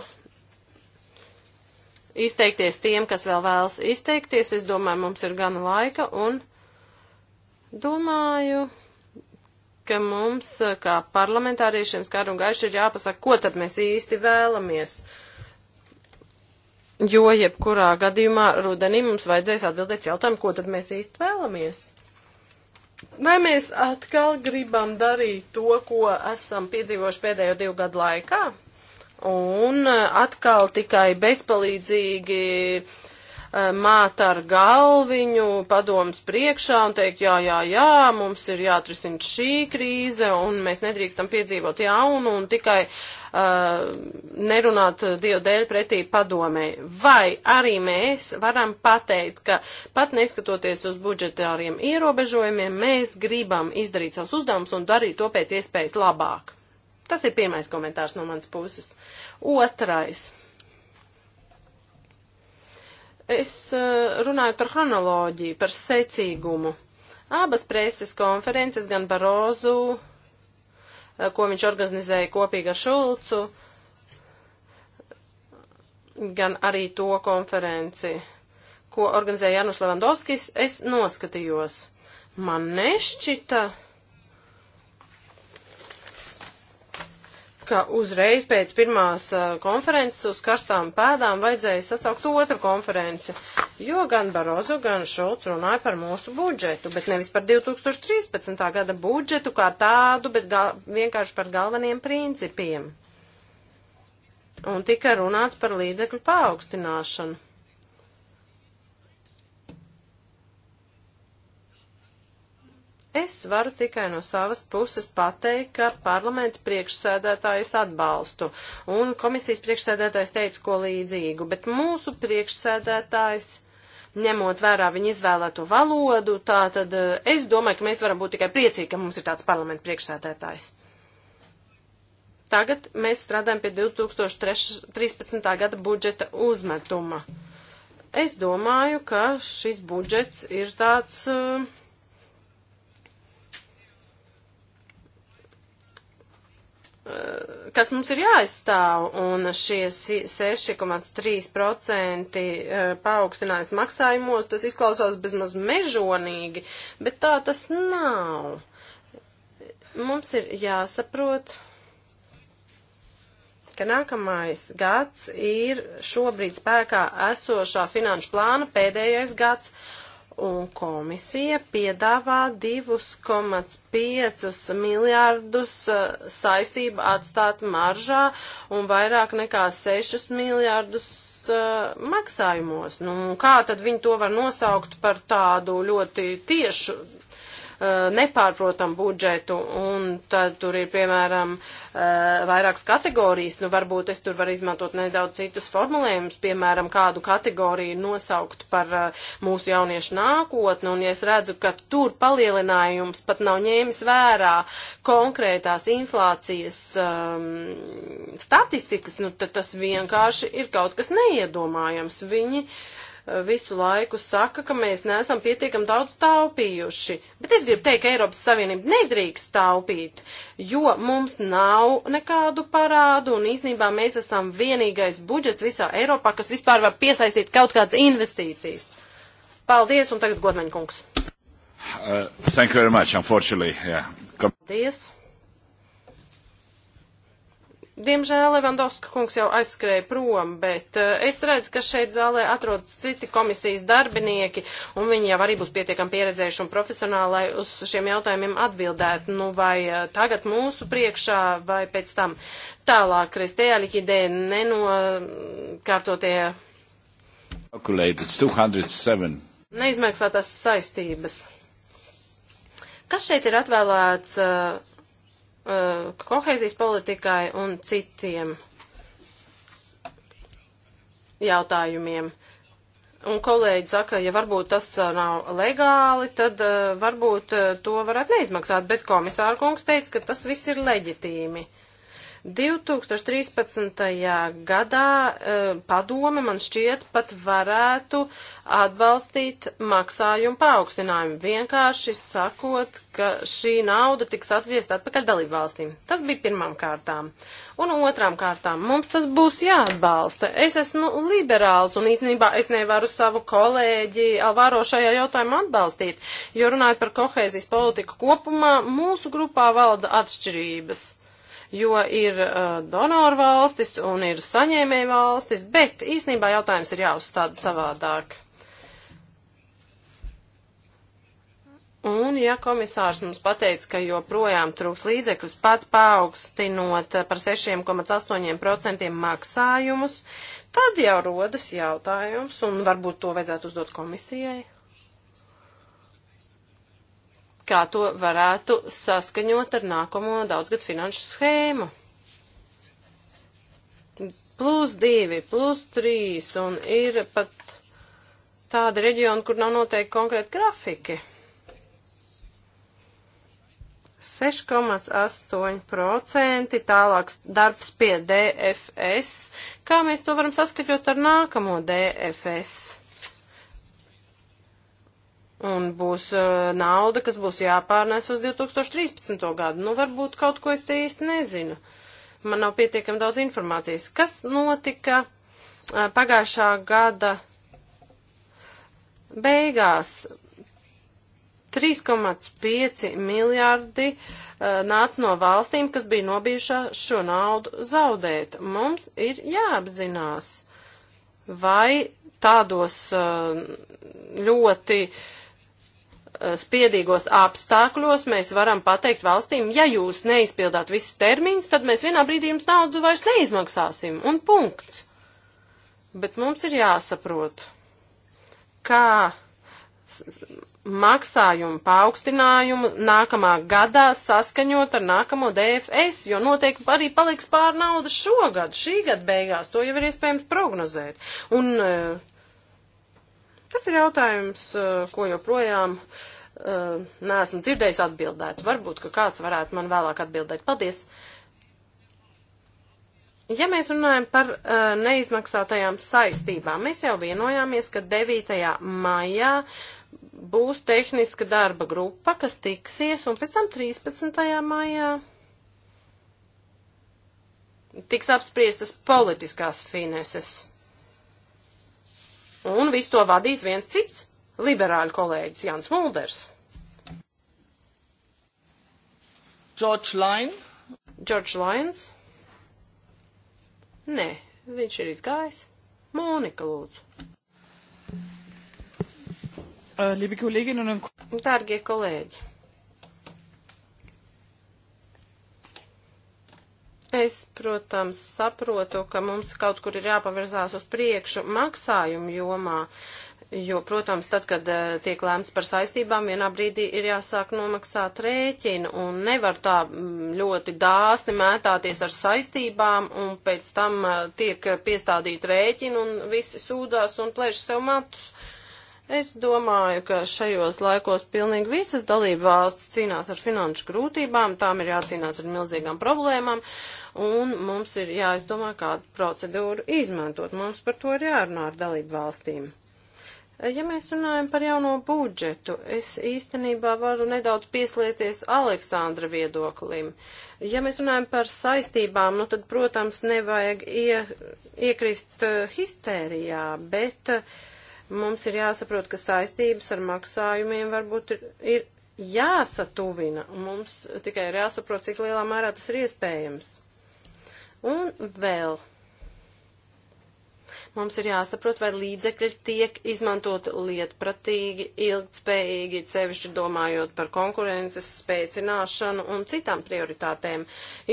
izteikties tiem, kas vēl vēlas izteikties. Es domāju, mums ir gana laika un domāju, ka mums, kā parlamentāriešiem, skāru un gaiši ir jāpasaka, ko tad mēs īsti vēlamies. Jo jebkurā gadījumā rudenī mums vajadzēs atbildēt jautājumu, ko tad mēs īsti vēlamies. Vai mēs atkal gribam darīt to, ko esam piedzīvojuši pēdējo divu gadu laikā? Un e, atkal tikai bezpalīdzīgi e, māt ar galviņu padoms priekšā un teikt, jā, jā, jā, mums ir jāatrisina šī krīze un mēs nedrīkstam piedzīvot jaunu un tikai uh, nerunāt Dievu dēļ pretī padomē. Vai arī mēs varam pateikt, ka pat neskatoties uz budžetāriem ierobežojumiem, mēs gribam izdarīt savus uzdevumus un darīt to pēc iespējas labāk. Tas ir pirmais komentārs no manas puses. Otrais. Es eh, runāju par chronoloģiju, par secīgumu. Abas preses konferences, gan Barozu, eh, ko viņš organizēja kopīgi ar Šulcu, gan arī to konferenci, ko organizēja Janus Levandovskis, es noskatījos. Man nešķita, uh, ka uzreiz pēc pirmās konferences uz karstām pēdām vajadzēja sasaukt otru konferenci, jo gan Barozu, gan Šulc runāja par mūsu budžetu, bet nevis par 2013. gada budžetu kā tādu, bet gal, vienkārši par galveniem principiem. Un tika runāts par līdzekļu paaugstināšanu. Es varu tikai no savas puses pateikt, ka parlamenta priekšsēdētājs atbalstu, un komisijas priekšsēdētājs teica ko līdzīgu, bet mūsu priekšsēdētājs, ņemot vērā viņa izvēlēto valodu, tā tad eh, es domāju, ka mēs varam būt tikai priecīgi, ka mums ir tāds parlamenta priekšsēdētājs. Tagad mēs strādājam pie 2013. gada budžeta uzmetuma. Es domāju, ka šis budžets ir tāds. Uh, Eh, kas mums ir jāizstāv, un šie 6,3% eh, paaugstinājums maksājumos, tas izklausās bezmaz mežonīgi, bet tā tas nav. Mums ir jāsaprot, ka nākamais gads ir šobrīd spēkā esošā finanšu plāna pēdējais gads, un komisija piedāvā 2,5 miljārdus uh, saistību atstāt maržā un vairāk nekā 6 miljārdus uh, maksājumos. Nu, kā tad viņi to var nosaukt par tādu ļoti tiešu Uh, nepārprotam budžetu, un tad tur ir, piemēram, uh, vairākas kategorijas, nu varbūt es tur varu izmantot nedaudz citus formulējumus, piemēram, kādu kategoriju nosaukt par uh, mūsu jauniešu nākotni, un ja es redzu, ka tur palielinājums pat nav ņēmis vērā konkrētās inflācijas um, statistikas, nu tad tas vienkārši ir kaut kas neiedomājams. Viņi uh, visu laiku saka, ka mēs neesam pietiekam daudz taupījuši. Bet es gribu teikt, ka Eiropas Savienība nedrīkst taupīt, jo mums nav nekādu parādu un īsnībā mēs esam vienīgais budžets visā Eiropā, kas vispār var piesaistīt kaut kādas investīcijas. Paldies un tagad godmeņkungs. Uh, thank you very much, unfortunately. Yeah. Come. Paldies. Diemžēl Levandovska kungs jau aizskrēja prom, bet uh, es redzu, ka šeit zālē atrodas citi komisijas darbinieki, un viņi jau arī būs pietiekami pieredzējuši un profesionāli, lai uz šiem jautājumiem atbildētu, nu vai uh, tagad mūsu priekšā, vai pēc tam tālāk, Kristēja Likidē, nenokārtotie. Calculated 207 neizmaksātās saistības. Kas šeit ir atvēlēts uh, uh, kohēzijas politikai un citiem jautājumiem. Un kolēģi saka, ja varbūt tas uh, nav legāli, tad uh, varbūt uh, to varat neizmaksāt, bet komisāra kungs teica, ka tas viss ir leģitīmi. Uh, 2013. gadā e, padome man šķiet pat varētu atbalstīt maksājumu paaugstinājumu, vienkārši sakot, ka šī nauda tiks atviest atpakaļ dalību valstīm. Tas bija pirmām kārtām. Un otrām kārtām mums tas būs jāatbalsta. Es esmu liberāls un īstenībā es nevaru savu kolēģi Alvāro šajā jautājumā atbalstīt, jo runājot par kohēzijas politiku kopumā, mūsu grupā valda atšķirības jo ir uh, donoru valstis un ir saņēmēju valstis, bet īstenībā jautājums ir jāuzstāda savādāk. Un, ja komisārs mums pateica, ka joprojām trūks līdzekļus, pat paaugstinot uh, par 6,8% maksājumus, tad jau rodas jautājums, un varbūt to vajadzētu uzdot komisijai kā to varētu saskaņot ar nākamo daudzgad finanšu schēmu. Plus divi, plus trīs, un ir pat tādi reģioni, kur nav noteikti konkrēti grafiki. 6,8% tālāks darbs pie DFS. Kā mēs to varam saskaņot ar nākamo DFS? Un būs uh, nauda, kas būs jāpārnēs uz 2013. gadu. Nu, varbūt kaut ko es te īsti nezinu. Man nav pietiekami daudz informācijas. Kas notika uh, pagājušā gada beigās? 3,5 miljārdi uh, nāca no valstīm, kas bija nobijušā šo naudu zaudēt. Mums ir jāapzinās, vai tādos uh, ļoti uh, Eh, spiedīgos apstākļos mēs varam pateikt valstīm, ja jūs neizpildāt visus termiņus, tad mēs vienā brīdī jums naudu vairs neizmaksāsim, un punkts. Bet mums ir jāsaprot, kā maksājumu paaugstinājumu nākamā gadā saskaņot ar nākamo DFS, jo noteikti arī paliks pār naudas šogad, šī gada beigās, to jau ir iespējams prognozēt. Un eh, Tas ir jautājums, eh, ko joprojām eh, neesmu dzirdējis atbildēt. Varbūt, ka kāds varētu man vēlāk atbildēt. Paldies! Ja mēs runājam par uh, neizmaksātajām saistībām, mēs jau vienojāmies, ka 9. maijā būs tehniska darba grupa, kas tiksies, un pēc tam 13. maijā tiks apspriestas politiskās fineses. Un visu to vadīs viens cits liberāļu kolēģis Jans Mulders. George Line. George Lines. Nē, viņš ir izgājis. Monika, lūdzu. Uh, Dārgie kolēģi, Es, protams, saprotu, ka mums kaut kur ir jāpavirzās uz priekšu maksājumu jomā, jo, protams, tad, kad eh, tiek lēmts par saistībām, vienā brīdī ir jāsāk nomaksāt rēķinu un nevar tā mm, ļoti dāsni mētāties ar saistībām un pēc tam eh, tiek piestādīt rēķinu un visi sūdzās un plēš sev matus. Uh, Es domāju, ka šajos laikos pilnīgi visas dalību valsts cīnās ar finanšu grūtībām, tām ir jācīnās ar milzīgām problēmām, un mums ir jāizdomā, kādu procedūru izmantot. Mums par to ir jārunā ar dalību valstīm. Ja mēs runājam par jauno budžetu, es īstenībā varu nedaudz pieslieties Aleksandra viedoklim. Ja mēs runājam par saistībām, nu tad, protams, nevajag ie, iekrist uh, histērijā, bet uh, Mums ir jāsaprot, ka saistības ar maksājumiem varbūt ir, ir jāsatuvina. Mums tikai ir jāsaprot, cik lielā mērā tas ir iespējams. Un vēl Mums ir jāsaprot, vai līdzekļi tiek izmantot lietpratīgi, ilgtspējīgi, sevišķi domājot par konkurences spēcināšanu un citām prioritātēm.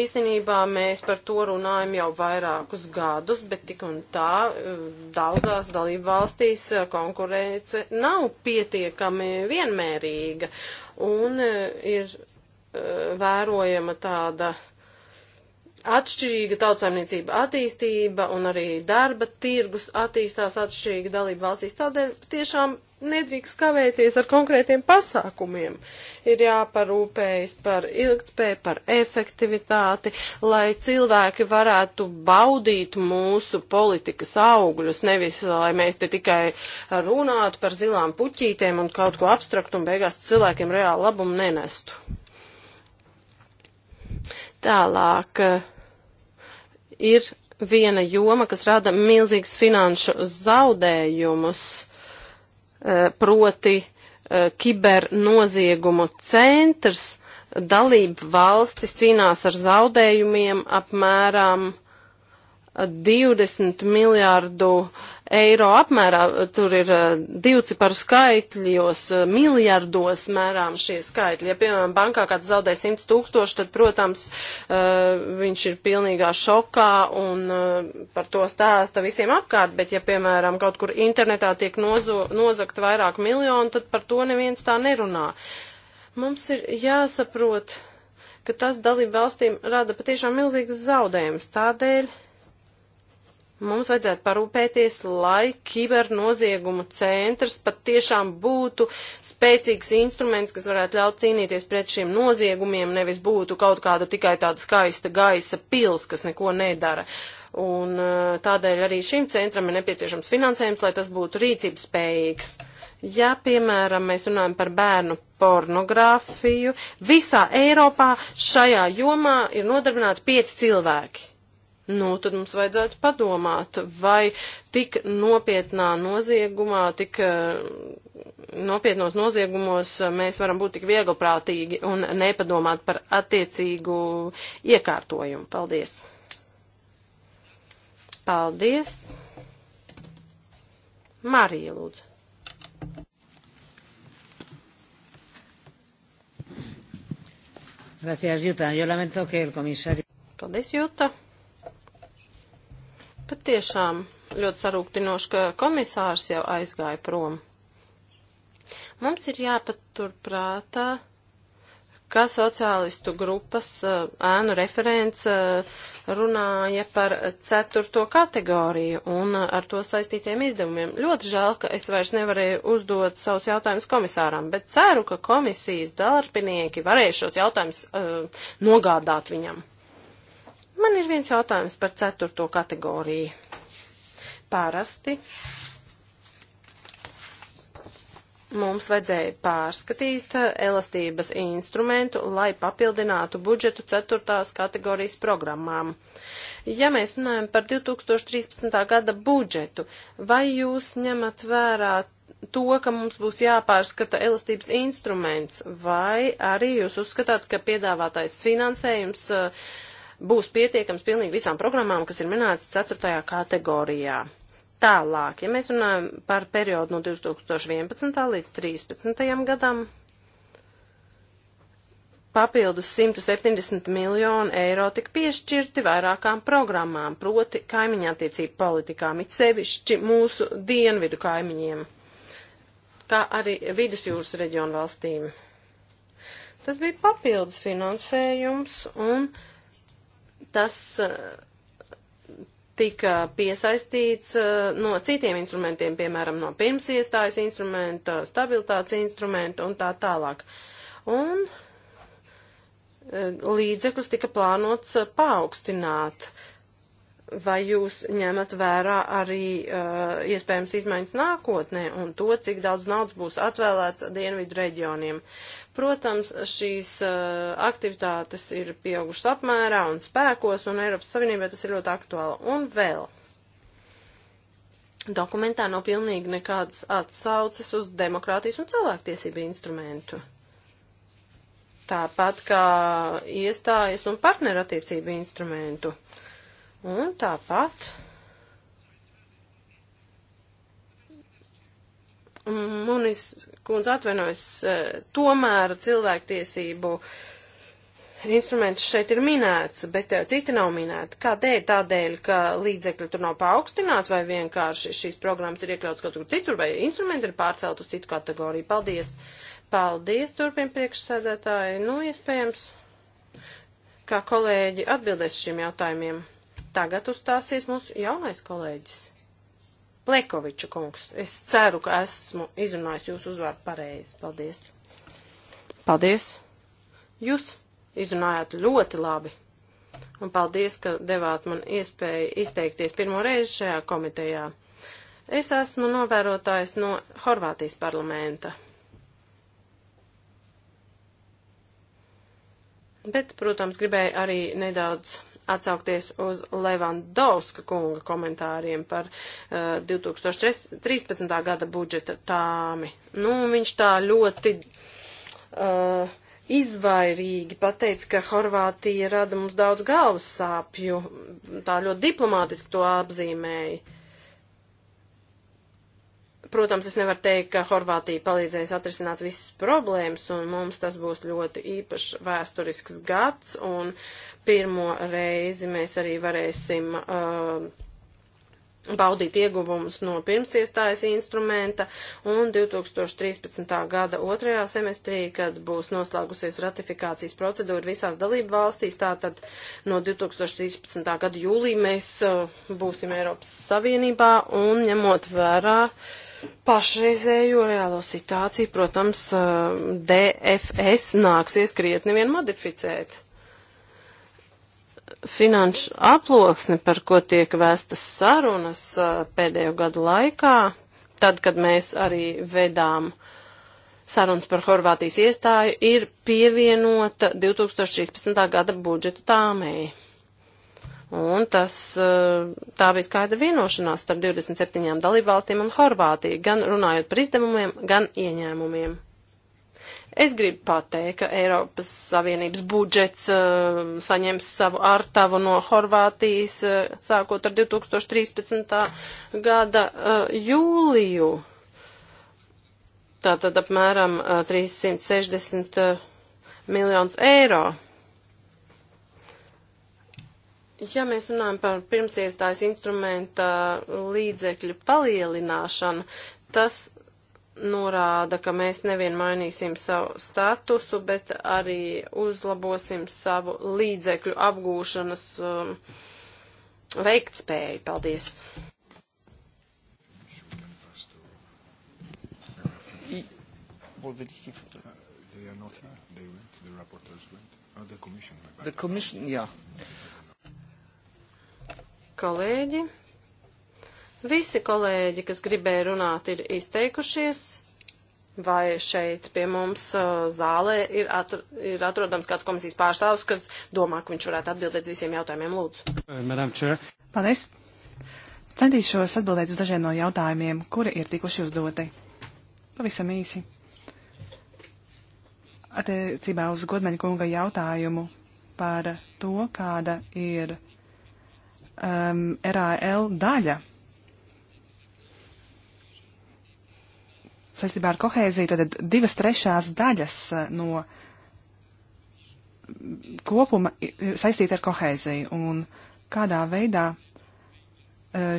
Īstenībā mēs par to runājam jau vairākus gadus, bet tik un tā eh, daudzās dalību valstīs eh, konkurence nav pietiekami vienmērīga un eh, ir vērojama tāda atšķirīga tautsājumniecība attīstība un arī darba tirgus attīstās atšķirīgi dalību valstīs. Tādēļ tiešām nedrīkst kavēties ar konkrētiem pasākumiem. Ir jāparūpējas par ilgtspēju, par efektivitāti, lai cilvēki varētu baudīt mūsu politikas augļus, nevis lai mēs te tikai runātu par zilām puķītēm un kaut ko abstraktu un beigās cilvēkiem reāli labumu nenestu. Tālāk. Uh, ir viena joma, kas rada milzīgs finanšu zaudējumus, e, proti e, kibernoziegumu centrs dalību valstis cīnās ar zaudējumiem apmēram 20 e, miljārdu uh, eiro apmērā, tur ir eh, divci par skaitļos, eh, miljardos mērām šie skaitļi. Ja, piemēram, bankā kāds zaudē 100 tūkstoši, tad, protams, eh, viņš ir pilnīgā šokā un par to stāsta visiem apkārt, bet, ja, piemēram, kaut kur internetā tiek nozo, nozakt vairāk miljonu, tad par to neviens tā nerunā. Mums ir jāsaprot, ka tas dalību valstīm rada patiešām milzīgas zaudējumus. Tādēļ Mums vajadzētu parūpēties, lai kibernoziegumu centrs patiešām būtu spēcīgs instruments, kas varētu ļaut cīnīties pret šiem noziegumiem, nevis būtu kaut kāda tikai tāda skaista gaisa pils, kas neko nedara. Un eh, tādēļ arī šim centram ir nepieciešams finansējums, lai tas būtu rīcības spējīgs. Ja, piemēram, mēs runājam par bērnu pornogrāfiju, visā Eiropā šajā jomā ir nodarbināti pieci cilvēki Nu, tad mums vajadzētu padomāt, vai tik nopietnā noziegumā, tik eh, nopietnos noziegumos eh, mēs varam būt tik vieglprātīgi un nepadomāt par attiecīgu iekārtojumu. Paldies! Paldies! Marija lūdzu. Gracias, Juta. Yo lamento que el comisario. Paldies, Juta. Patiešām ļoti sarūktinoši, ka komisārs jau aizgāja prom. Mums ir jāpatur prātā, kā sociālistu grupas eh, ēnu referents eh, runāja par ceturto kategoriju un eh, ar to saistītiem izdevumiem. Ļoti žēl, ka es vairs nevarēju uzdot savus jautājumus komisāram, bet ceru, ka komisijas darbinieki varēs šos jautājumus uh, nogādāt viņam. Man ir viens jautājums par ceturto kategoriju. Parasti mums vajadzēja pārskatīt eh, elastības instrumentu, lai papildinātu budžetu ceturtās kategorijas programmām. Ja mēs runājam par 2013. gada budžetu, vai jūs ņemat vērā to, ka mums būs jāpārskata elastības instruments, vai arī jūs uzskatāt, ka piedāvātais finansējums uh, būs pietiekams pilnīgi visām programmām, kas ir minētas 4. kategorijā. Tālāk, ja mēs runājam par periodu no 2011. līdz 2013. gadam, papildus 170 miljonu eiro tika piešķirti vairākām programmām, proti kaimiņātiecību politikām, it sevišķi mūsu dienvidu kaimiņiem, kā arī vidusjūras reģionu valstīm. Tas bija papildus finansējums un uh, tas eh, tika piesaistīts eh, no citiem instrumentiem, piemēram, no pirms iestājas instrumenta, stabilitātes instrumenta un tā tālāk. Un eh, līdzekļus tika plānots paaugstināt. Vai jūs ņemat vērā arī uh, iespējams izmaiņas nākotnē un to, cik daudz naudas būs atvēlēts dienvidu reģioniem? Protams, šīs eh, aktivitātes ir pieaugušas apmērā un spēkos, un Eiropas Savienībai tas ir ļoti aktuāli. Un vēl. Dokumentā nav pilnīgi nekādas atsauces uz demokrātijas un cilvēktiesību instrumentu. Tāpat kā iestājas un partnerattiecību instrumentu. Un tāpat Munis kundze atvainojas, e, tomēr cilvēktiesību instruments šeit ir minēts, bet e, citi nav minēti. Kādēļ? Tādēļ, ka līdzekļi tur nav paaugstināts vai vienkārši šīs programmas ir iekļauts kaut kur citur vai instrumenti ir pārcelt uz citu kategoriju. Paldies! Paldies, turpin priekšsēdētāji. Nu, iespējams, kā kolēģi atbildēs šiem jautājumiem. Tagad uzstāsies mūsu jaunais kolēģis. Plekoviča kungs, es ceru, ka esmu izrunājis jūsu uzvārdu pareizi. Paldies. Paldies. Jūs izrunājāt ļoti labi. Un paldies, ka devāt man iespēju izteikties pirmo reizi šajā komitejā. Es esmu novērotājs no Horvātijas parlamenta. Bet, protams, gribēju arī nedaudz atsaukties uz Levandovska kunga komentāriem par uh, eh, 2013. gada budžeta tāmi. Nu, viņš tā ļoti uh, izvairīgi pateica, ka Horvātija rada mums daudz galvas sāpju, tā ļoti diplomātiski to apzīmēja. Protams, es nevaru teikt, ka Horvātija palīdzēs atrisināt visas problēmas, un mums tas būs ļoti īpašs vēsturisks gads, un pirmo reizi mēs arī varēsim uh, baudīt ieguvumus no pirmstiestājas instrumenta, un 2013. gada otrajā semestrī, kad būs noslēgusies ratifikācijas procedūra visās dalību valstīs, tātad no 2013. gada jūlī mēs uh, būsim Eiropas Savienībā, un ņemot vērā uh, pašreizējo reālo situāciju, protams, eh, DFS nāksies krietni vien modificēt. Finanšu aploksne, par ko tiek vēstas sarunas eh, pēdējo gadu laikā, tad, kad mēs arī vedām sarunas par Horvātijas iestāju, ir pievienota 2016. gada budžeta tāmēji. Un tas, eh, tā bija skaidra vienošanās starp 27 dalībvalstīm un Horvātiju, gan runājot par izdevumiem, gan ieņēmumiem. Es gribu pateikt, ka Eiropas Savienības budžets uh, saņems savu artavu no Horvātijas uh, sākot ar 2013. gada uh, jūliju. Tātad apmēram 360 miljonus eiro. Ja mēs runājam par pirmsiestājas instrumenta līdzekļu palielināšanu, tas norāda, ka mēs nevien mainīsim savu statusu, bet arī uzlabosim savu līdzekļu apgūšanas um, veiktspēju. Paldies! They are not here. They went. The rapporteurs went. Oh, the commission went back. The commission, yeah kolēģi. Visi kolēģi, kas gribēja runāt, ir izteikušies, vai šeit pie mums uh, zālē ir, atr ir atrodams kāds komisijas pārstāvs, kas domā, ka viņš varētu atbildēt visiem jautājumiem. Lūdzu. Uh, Paldies. Centīšos atbildēt uz dažiem no jautājumiem, kuri ir tikuši uzdoti. Pavisam īsi. Attiecībā uz godmeņa kunga jautājumu par to, kāda ir um, RAL daļa. Saistībā ar kohēziju tad divas trešās daļas uh, no kopuma saistīta ar kohēziju. Un kādā veidā uh,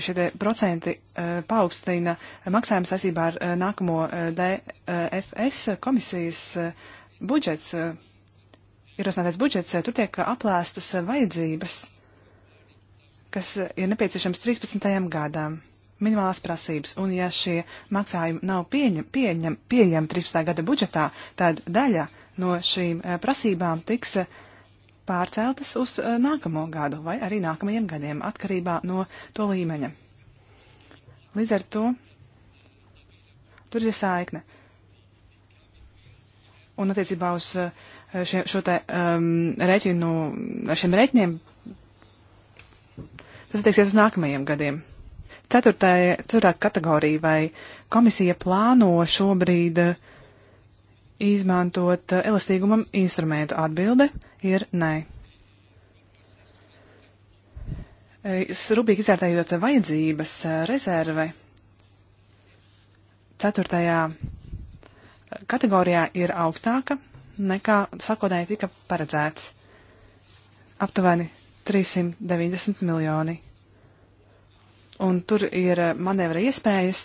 šie procenti uh, paaugstina maksājumu saistībā ar nākamo DFS komisijas budžets, ierosinātais budžets, tur tiek aplēstas vajadzības kas ir nepieciešams 13. gadam minimālās prasības, un ja šie maksājumi nav pieņem, pieņem, pieejami 13. gada budžetā, tad daļa no šīm eh, prasībām tiks eh, pārceltas uz eh, nākamo gadu vai arī nākamajiem gadiem, atkarībā no to līmeņa. Līdz ar to tur ir saikne. Un attiecībā uz šie, šo te um, rēķinu, šiem rēķiniem Tas attieksies uz nākamajiem gadiem. Ceturtā, ceturtā kategorija vai komisija plāno šobrīd eh, izmantot eh, elastīgumam instrumentu atbilde ir nē. Rūpīgi izvērtējot vajadzības eh, rezerve, ceturtajā kategorijā ir augstāka nekā sakotnēji tika paredzēts. Aptuveni 390 miljoni. Un tur ir eh, manevra iespējas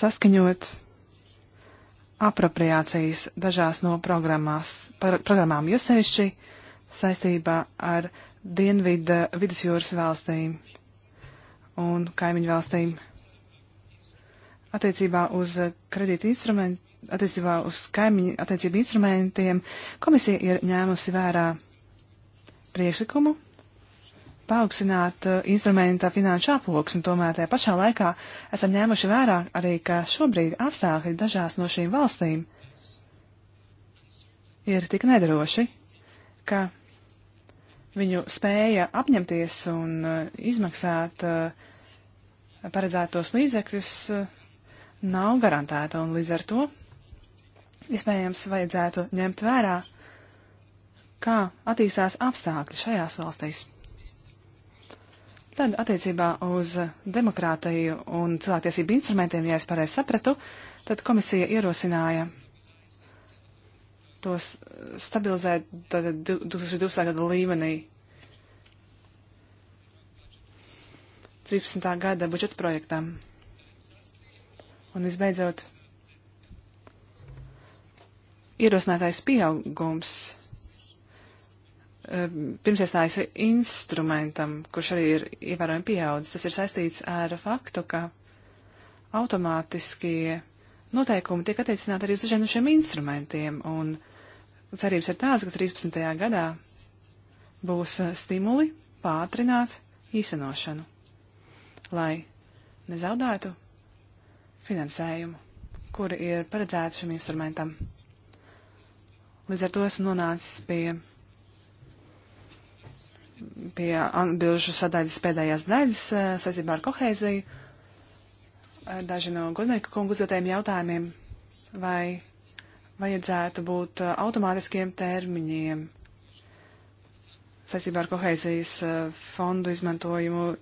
saskaņot apropriācijas dažās no programmās, par, programmām, jo sevišķi saistībā ar Dienvida vidusjūras valstīm un kaimiņu valstīm. Attiecībā uz kredīti instrumentu, attiecībā uz kaimiņu attiecību instrumentiem komisija ir ņēmusi vērā priekšlikumu paaugstināt uh, instrumenta finanšu aploksni, tomēr tajā pašā laikā esam ņēmuši vērā arī, ka šobrīd apstākļi dažās no šīm valstīm ir tik nedroši, ka viņu spēja apņemties un uh, izmaksāt uh, paredzētos līdzekļus uh, nav garantēta, un līdz ar to iespējams vajadzētu ņemt vērā kā attīstās apstākļi šajās valstīs. Tad attiecībā uz demokrātiju un cilvēktiesību instrumentiem, ja es pareizi sapratu, tad komisija ierosināja tos stabilizēt 2020. gada līmenī. 13. gada budžeta projektam. Un visbeidzot, ierosinātais pieaugums pirmsiestājas instrumentam, kurš arī ir ievērojami pieaudzis. Tas ir saistīts ar faktu, ka automātiskie noteikumi tiek attiecināti arī uz dažiem no šiem instrumentiem, un cerības ir tās, ka 13. gadā būs stimuli pātrināt īstenošanu, lai nezaudētu finansējumu, kuri ir paredzēti šim instrumentam. Līdz ar to esmu nonācis pie pie atbilžu sadaļas pēdējās daļas eh, saistībā ar koheiziju. Eh, daži no godnieku kungu uzdotajiem jautājumiem, vai vajadzētu būt eh, automātiskiem termiņiem saistībā ar koheizijas fondu izmantojumu.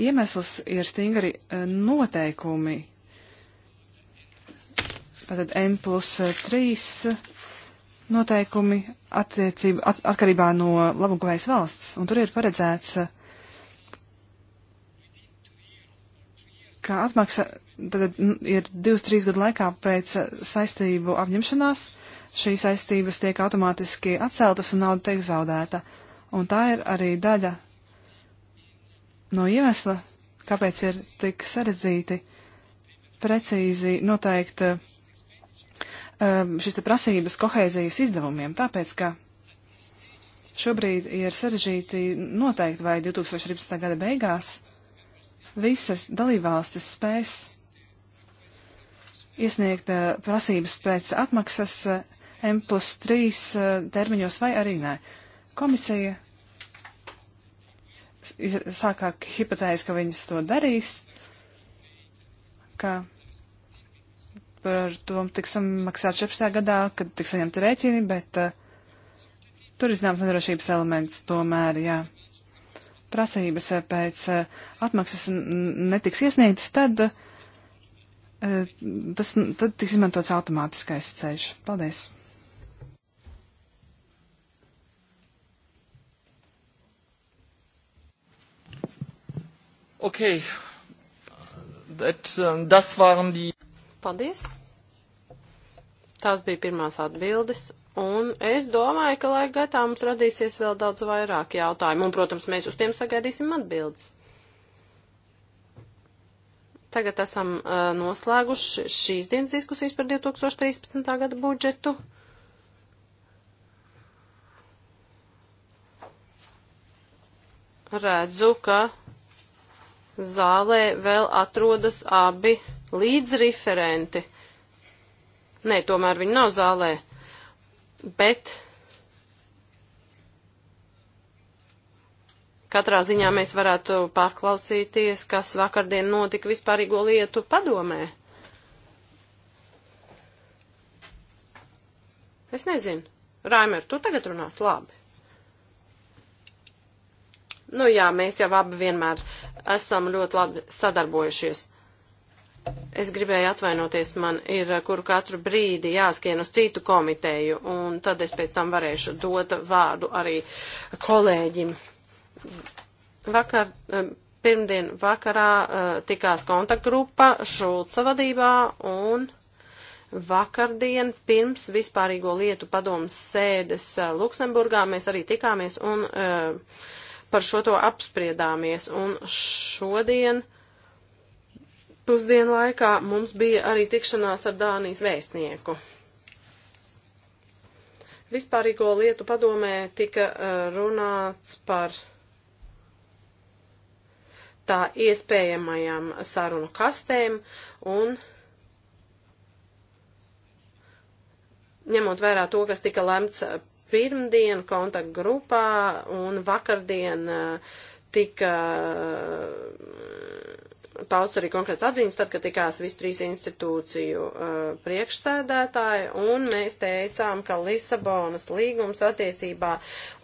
Iemesls ir stingri noteikumi. Tātad N plus 3 noteikumi attiecība, at, atkarībā no labumkovējas valsts, un tur ir paredzēts, ka atmaksa tad ir 2-3 gadu laikā pēc saistību apņemšanās, šīs saistības tiek automātiski atceltas un nauda tiek zaudēta. Un tā ir arī daļa no iemesla, kāpēc ir tik sarežģīti precīzi noteikt uh, Um, šis te prasības kohēzijas izdevumiem, tāpēc, ka šobrīd ir sarežģīti noteikt, vai 2014. gada beigās visas dalībvalstis spēs iesniegt uh, prasības pēc atmaksas uh, M plus 3 uh, termiņos vai arī nē. Komisija sākā hipotēzi, ka viņas to darīs, ka par to tiks maksāts 14. gadā, kad tiks saņemti rēķini, bet uh, tur ir zināms nedrošības elements tomēr, jā. Prasības eh, pēc uh, atmaksas netiks iesniegtas, tad, uh, tas, tad tiks izmantots automātiskais ceļš. Paldies! Okay, that, um, das waren die. Paldies! Tās bija pirmās atbildes, un es domāju, ka laika gaitā mums radīsies vēl daudz vairāk jautājumu, un, protams, mēs uz tiem sagaidīsim atbildes. Tagad esam uh, noslēguši šīs dienas diskusijas par 2013. gada budžetu. Redzu, ka zālē vēl atrodas abi līdzreferenti. Nē, tomēr viņi nav zālē, bet katrā ziņā mēs varētu pārklausīties, kas vakardien notika vispārīgo lietu padomē. Es nezinu. Raimer, tu tagad runās labi. Nu jā, mēs jau abi vienmēr esam ļoti labi sadarbojušies. Es gribēju atvainoties, man ir eh, kuru katru brīdi jāskien uz citu komiteju, un tad es pēc tam varēšu dot vārdu arī kolēģim. Vakar, eh, pirmdien vakarā eh, tikās kontaktgrupa Šulca vadībā, un vakardien pirms vispārīgo lietu padomas sēdes Luksemburgā mēs arī tikāmies un par šo to apspriedāmies, un šodien. Uh, pusdienu laikā mums bija arī tikšanās ar Dānijas vēstnieku. Vispārīgo lietu padomē tika eh, runāts par tā iespējamajām sarunu kastēm un ņemot vērā to, kas tika lemts pirmdien kontaktgrupā un vakardien eh, tika pausts arī konkrēts atziņas, tad, kad tikās visu trīs institūciju uh, priekšsēdētāji, un mēs teicām, ka Lisabonas līgums attiecībā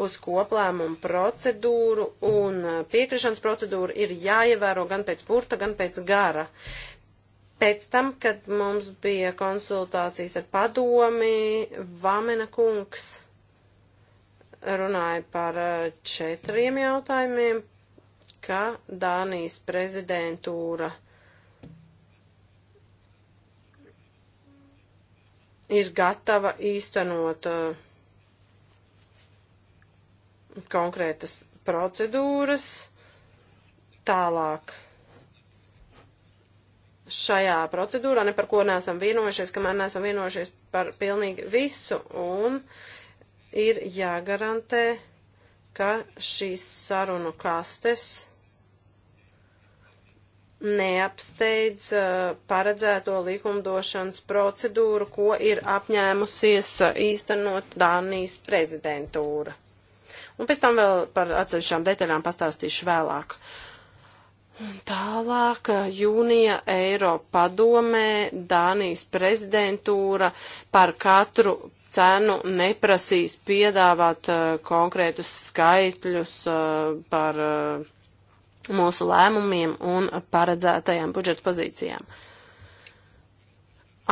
uz koplēmumu procedūru un uh, piekrišanas procedūru ir jāievēro gan pēc burta, gan pēc gara. Pēc tam, kad mums bija konsultācijas ar padomi, Vamena kungs runāja par uh, četriem jautājumiem, ka Dānijas prezidentūra ir gatava īstenot uh, konkrētas procedūras tālāk. Šajā procedūrā ne par ko neesam vienojušies, kamēr neesam vienojušies par pilnīgi visu, un ir jāgarantē ka šīs sarunu kastes neapsteidz uh, paredzēto likumdošanas procedūru, ko ir apņēmusies uh, īstenot Dānijas prezidentūra. Un pēc tam vēl par atsevišķām detaļām pastāstīšu vēlāk. Un tālāk uh, jūnija Eiropa padomē Dānijas prezidentūra par katru cenu neprasīs piedāvāt uh, konkrētus skaitļus uh, par uh, mūsu lēmumiem un paredzētajām budžeta pozīcijām.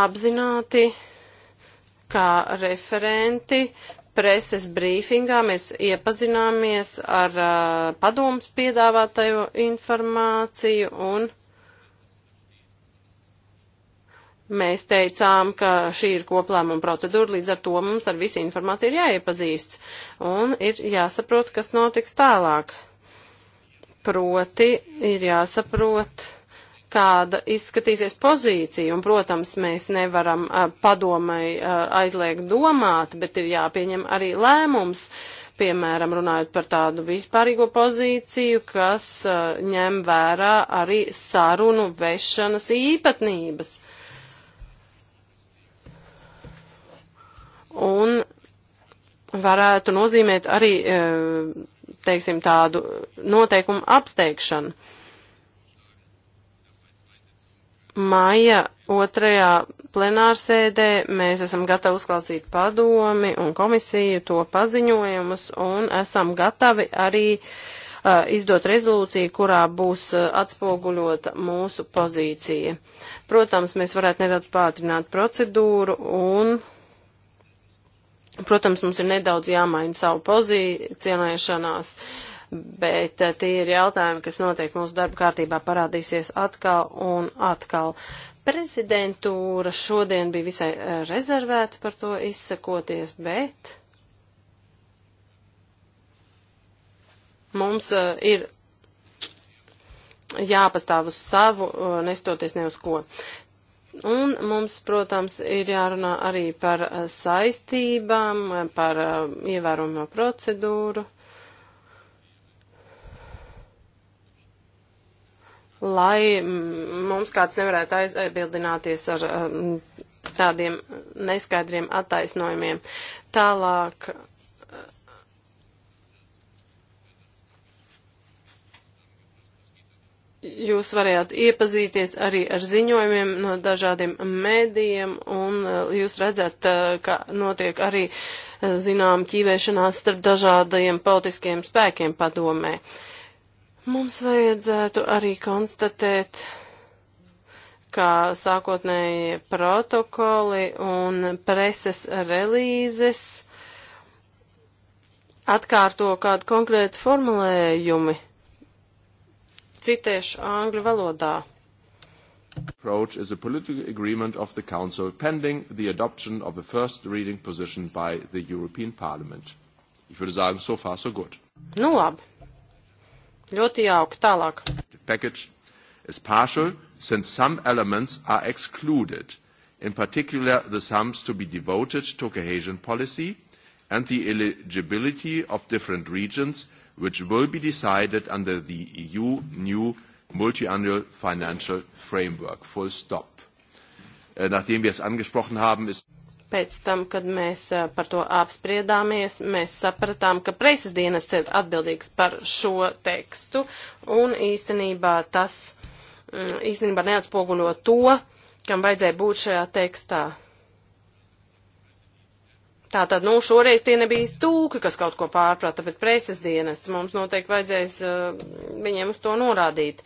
Apzināti, kā referenti, preses brīfingā mēs iepazināmies ar uh, padomus piedāvātajo informāciju un uh, Mēs teicām, ka šī ir koplēmuma procedūra, līdz ar to mums ar visu informāciju ir jāiepazīsts un ir jāsaprot, kas notiks tālāk. Proti ir jāsaprot, kāda izskatīsies pozīcija, un, protams, mēs nevaram a, padomai a, aizliegt domāt, bet ir jāpieņem arī lēmums, piemēram, runājot par tādu vispārīgo pozīciju, kas a, ņem vērā arī sarunu vešanas īpatnības. Uh, un varētu nozīmēt arī, e, teiksim, tādu noteikumu apsteigšanu. Maija otrajā plenārsēdē mēs esam gatavi uzklausīt padomi un komisiju to paziņojumus un esam gatavi arī uh, izdot rezolūciju, kurā būs uh, atspoguļota mūsu pozīcija. Protams, mēs varētu nedaudz pātrināt procedūru un Protams, mums ir nedaudz jāmaina savu pozīcionēšanās, bet eh, tie ir jautājumi, kas noteikti mūsu darba kārtībā parādīsies atkal un atkal. Prezidentūra šodien bija visai eh, rezervēta par to izsakoties, bet mums eh, ir jāpastāv uz savu, nestoties ne uz ko. Un mums, protams, ir jārunā arī par eh, saistībām, par eh, ievērojumu procedūru, lai mm, mums kāds nevarētu aizbildināties ar eh, tādiem neskaidriem attaisnojumiem. Tālāk Jūs varējāt iepazīties arī ar ziņojumiem no dažādiem mēdījiem, un uh, jūs redzat, uh, ka notiek arī, uh, zinām, ķīvēšanās starp dažādajiem politiskajiem spēkiem padomē. Mums vajadzētu arī konstatēt, ka sākotnēji protokoli un preses relīzes atkārto kādu konkrētu formulējumi Citēšu angļu valodā. Approach is a political agreement of the Council pending the adoption of the first reading position by the European Parliament. Ich würde sagen, so far so good. Nu labi. Ļoti jauki. Tālāk. The package is partial since some elements are excluded, in particular the sums to be devoted to cohesion policy and the eligibility of different regions which will be decided under the EU new multiannual financial framework. Full stop. Äh, nachdem wir es angesprochen haben, ist Pēc tam, kad mēs äh, par to apspriedāmies, mēs sapratām, ka preses dienas ir atbildīgs par šo tekstu, un īstenībā tas mm, īstenībā neatspoguļo to, kam vajadzēja būt šajā tekstā. Tātad, nu, šoreiz tie nebija stūki, kas kaut ko pārprata, bet preses dienests mums noteikti vajadzēs uh, viņiem uz to norādīt.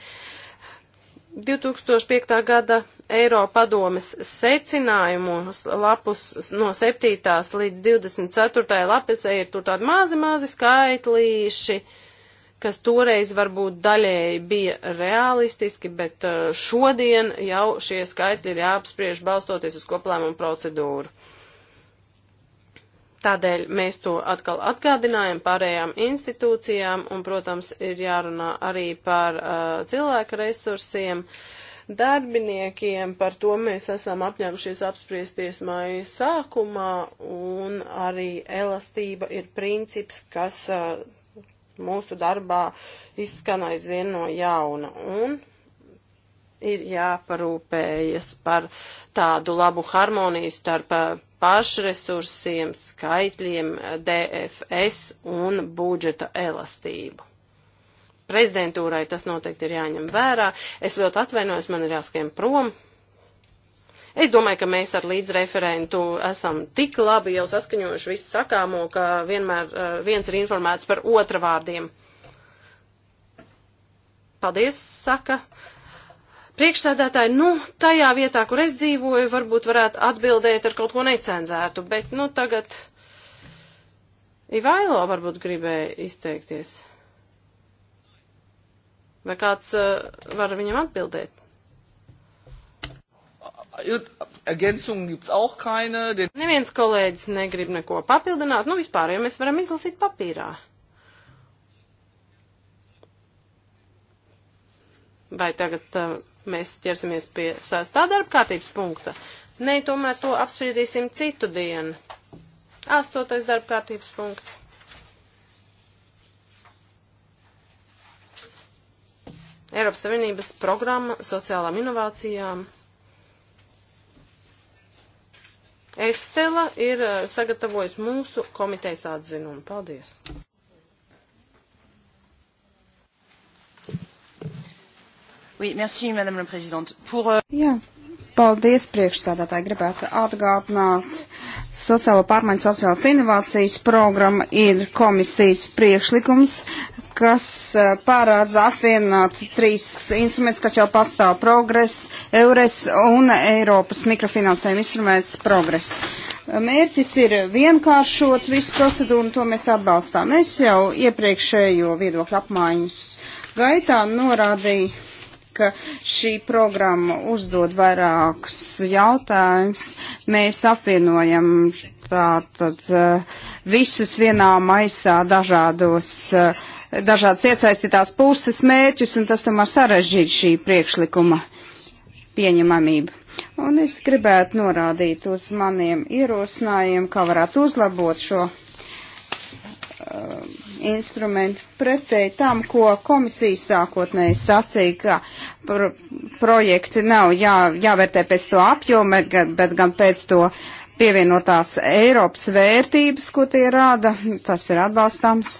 2005. gada Eiropadomes secinājumos lapus no 7. līdz 24. lapusē ir tur tādi mazi, mazi skaitlīši, kas toreiz varbūt daļēji bija realistiski, bet uh, šodien jau šie skaitļi ir jāapspriež balstoties uz koplēmumu procedūru. Tādēļ mēs to atkal atgādinājam pārējām institūcijām un, protams, ir jārunā arī par uh, cilvēka resursiem, darbiniekiem, par to mēs esam apņēmušies apspriesties māja sākumā un arī elastība ir princips, kas uh, mūsu darbā izskan aizvien no jauna. Un ir jāparūpējas par tādu labu harmoniju starp uh, pašresursiem, skaitļiem, DFS un budžeta elastību. Prezidentūrai tas noteikti ir jāņem vērā. Es ļoti atvainojos, man ir jāskiem prom. Es domāju, ka mēs ar līdzreferentu esam tik labi jau saskaņojuši visu sakāmo, ka vienmēr eh, viens ir informēts par otra vārdiem. Paldies, saka Priekšsēdētāji, nu, tajā vietā, kur es dzīvoju, varbūt varētu atbildēt ar kaut ko necenzētu, bet, nu, tagad Ivailo varbūt gribēja izteikties. Vai kāds uh, var viņam atbildēt? Ergänzungen gibt's auch keine. Den Neviens kolēģis negrib neko papildināt. Nu, vispār, ja mēs varam izlasīt papīrā. Vai tagad uh, Mēs ķersimies pie sastā darba kārtības punkta. Nē, tomēr to apspriedīsim citu dienu. Astotais darba kārtības punkts. Eiropas Savienības programma sociālām inovācijām. Estela ir eh, sagatavojusi mūsu komitejas atzinumu. Paldies! Oui, merci, Madame la Présidente. Pour, uh... Jā, paldies priekšstādātāji. Gribētu atgādināt, sociālo pārmaiņu sociālās inovācijas programma ir komisijas priekšlikums, kas uh, pārādz apvienot trīs instrumentus, kas jau pastāv progress, eures un Eiropas mikrofinansējuma instruments progress. Mērķis ir vienkāršot visu procedūru, un to mēs atbalstām. Es jau iepriekšējo viedokļu apmaiņas gaitā norādīju ka šī programma uzdod vairākus jautājumus. Mēs apvienojam tātad eh, visus vienā maisā dažādos eh, dažādas iesaistītās puses mērķus, un tas tomēr sarežģīt šī priekšlikuma pieņemamību. Un es gribētu norādīt uz maniem ierosinājumiem, kā varētu uzlabot šo uh, instrumenti pretēji tam, ko komisija sākotnēji sacīja, ka pro projekti nav jā, jāvērtē pēc to apjoma, bet, bet gan pēc to pievienotās Eiropas vērtības, ko tie rāda, tas ir atbalstams.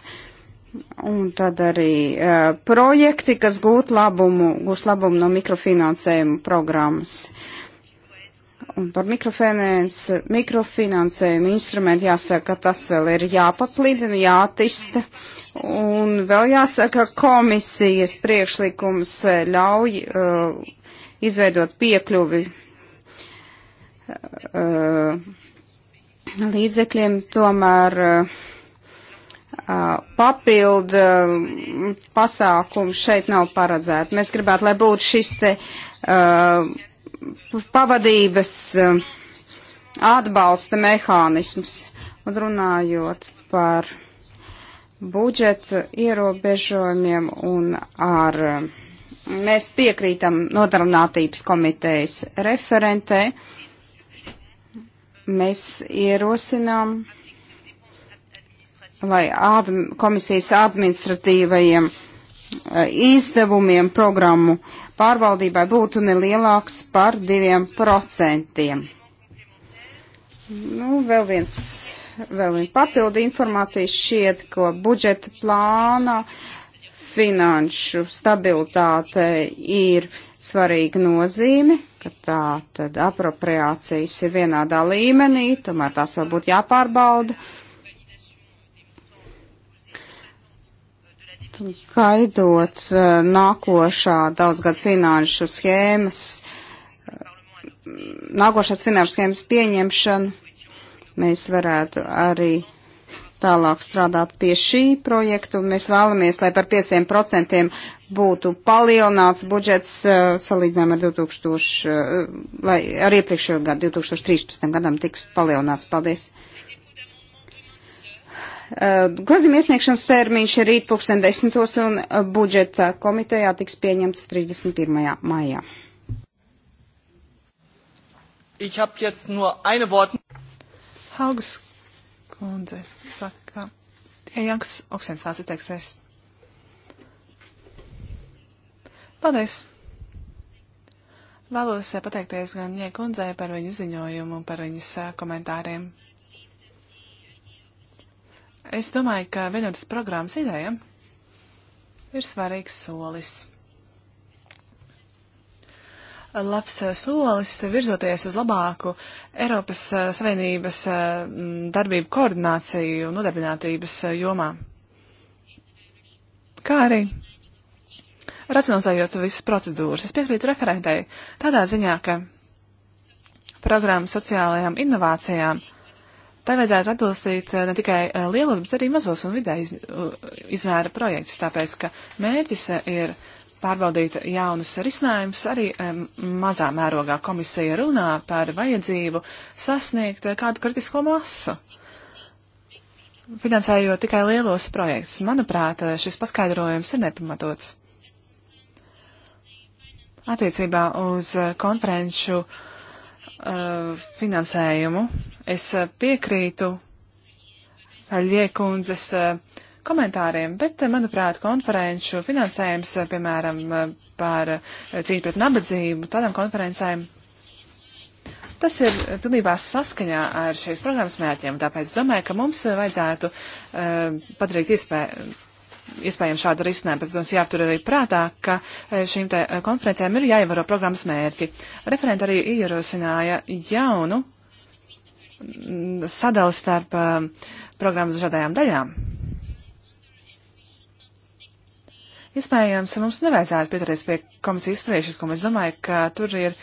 Un tad arī uh, projekti, kas gūt labumu, gūs labumu no mikrofinansējuma programmas. Uh, Un par mikrofinansējumu instrumentu jāsaka, ka tas vēl ir jāpaplidina, jāatista. Un vēl jāsaka, komisijas priekšlikums eh, ļauj uh, izveidot piekļuvi uh, līdzekļiem, tomēr uh, papildu pasākumu šeit nav paredzēta. Mēs gribētu, lai būtu šis te. Uh, pavadības eh, atbalsta mehānisms. Un runājot par budžeta ierobežojumiem un ar. Eh, mēs piekrītam nodarbinātības komitejas referentē. Mēs ierosinām, lai ad, komisijas administratīvajiem uh, Eh, izdevumiem programmu pārvaldībai būtu nelielāks par 2%. Nu, vēl viens, vēl viens papildi informācija šiet, ko budžeta plāna finanšu stabilitāte ir svarīga nozīme, ka tā tad apropriācijas ir vienādā līmenī, tomēr tās vēl būtu jāpārbauda. Uh, Kaidot uh, nākošā daudzgad finanšu schēmas, uh, nākošās finanšu schēmas pieņemšanu, mēs varētu arī tālāk strādāt pie šī projekta, un mēs vēlamies, lai par 5% būtu palielināts budžets uh, salīdzinājumā ar 2000, lai ar iepriekšējo gadu, 2013. gadam tiks palielināts. Paldies! Eh, grozījuma iesniegšanas termiņš ir rīt 2010. un eh, budžeta komitejā tiks pieņemts 31. maijā. Haugas kundze saka, Ejāks Oksens vārds teiksies. Paldies! Vēlos eh, pateikties gan Jēkundzei par viņas ziņojumu un par viņas komentāriem. Es domāju, ka vienotas programmas ideja ir svarīgs solis. Labs eh, solis virzoties uz labāku Eiropas eh, Savienības eh, darbību koordināciju nodarbinātības jomā. Kā arī racionalizējot visas procedūras. Es piekrītu referentei tādā ziņā, ka programma sociālajām inovācijām – Tā vajadzētu atbilstīt eh, ne tikai eh, lielos, bet arī mazos un vidē iz, izmēra projektus, tāpēc, ka mērķis eh, ir pārbaudīt jaunus risinājumus arī mazā mērogā komisija runā par vajadzību sasniegt kādu kritisko masu finansējot tikai lielos projektus. Manuprāt, šis paskaidrojums ir nepamatots. Attiecībā uz konferenču uh, finansējumu Es eh, piekrītu Ļiekundzes eh, komentāriem, bet, eh, manuprāt, konferenču finansējums, piemēram, par cīņu pret nabadzību, tādām konferencēm, tas ir pilnībā saskaņā ar šīs programmas mērķiem. Tāpēc domāju, ka mums vajadzētu padarīt iespēju iespējams šādu risinājumu. Protams, jāaptur arī prātā, ka šīm te konferencēm ir jāievaro programmas mērķi. Referenta arī ierosināja jaunu sadali starp uh, programmas dažādajām daļām. Iespējams, mums nevajadzētu pieturēties pie komisijas priekšlikuma. Es domāju, ka tur ir,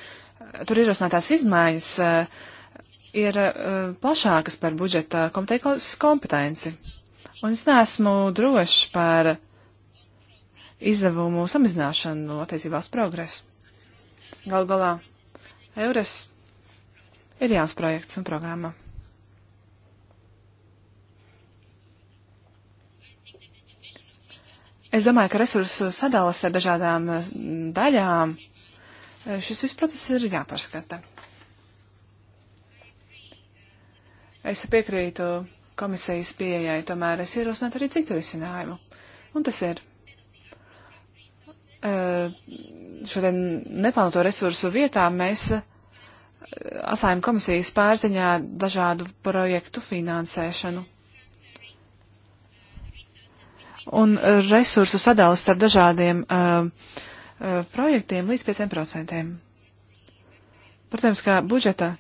tur eh, ir uzsnētās izmaiņas, uh, eh, ir uh, plašākas par budžeta komitejas kompetenci. Un es neesmu drošs par izdevumu samazināšanu attiecībās progresu. Galu galā, Eures ir jauns projekts un programma. Es domāju, ka resursu sadalas ar dažādām eh, daļām eh, šis viss process ir jāpārskata. Es piekrītu komisijas pieejai, tomēr es ierosinātu arī citu risinājumu. Un tas ir eh, šodien nepalnoto resursu vietā mēs asājuma komisijas pārziņā dažādu projektu finansēšanu. Un resursu sadalas starp dažādiem uh, uh, projektiem līdz 5%. Protams, kā budžeta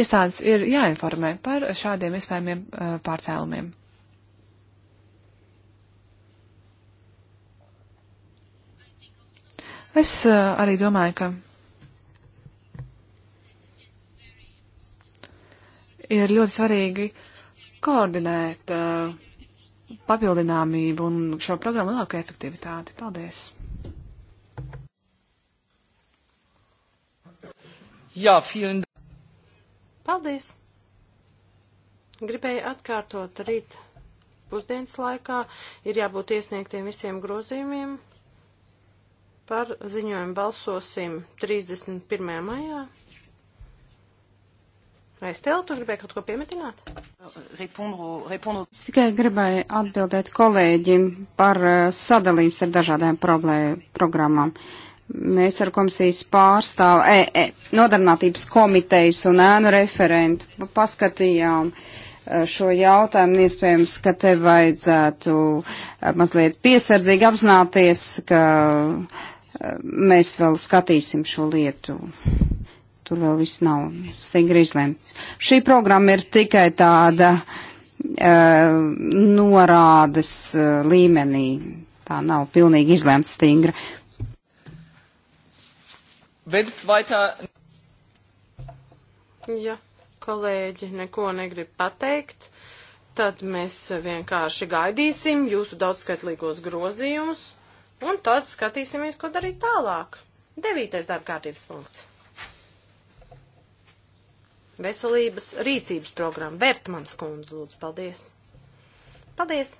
iestādes ir jāinformē par šādiem iespējamiem uh, pārcēlumiem. Es uh, arī domāju, ka ir ļoti svarīgi koordinēt uh, papildināmību un šo programmu lielāku efektivitāti. Paldies! Jā, vielen Paldies! Gribēju atkārtot rīt pusdienas laikā. Ir jābūt iesniegtiem visiem grozījumiem. Par ziņojumu balsosim 31. maijā. Aizstēl, tu gribēji kaut ko piemetināt? Es tikai gribēju atbildēt kolēģim par uh, sadalījums ar dažādām programmām. Mēs ar komisijas pārstāvu, e, e, nodarbinātības komitejas un ēnu referentu paskatījām uh, šo jautājumu. Iespējams, ka te vajadzētu uh, mazliet piesardzīgi apzināties, ka mēs vēl skatīsim šo lietu tur vēl viss nav stingri izlemts. Šī programma ir tikai tāda uh, norādes uh, līmenī. Tā nav pilnīgi izlemta stingra. Ja kolēģi neko negrib pateikt, tad mēs vienkārši gaidīsim jūsu daudzskaitlīgos grozījumus un tad skatīsimies, ko darīt tālāk. Devītais darba kārtības punkts veselības rīcības programmu. Vertmans kundze, lūdzu, paldies. Paldies!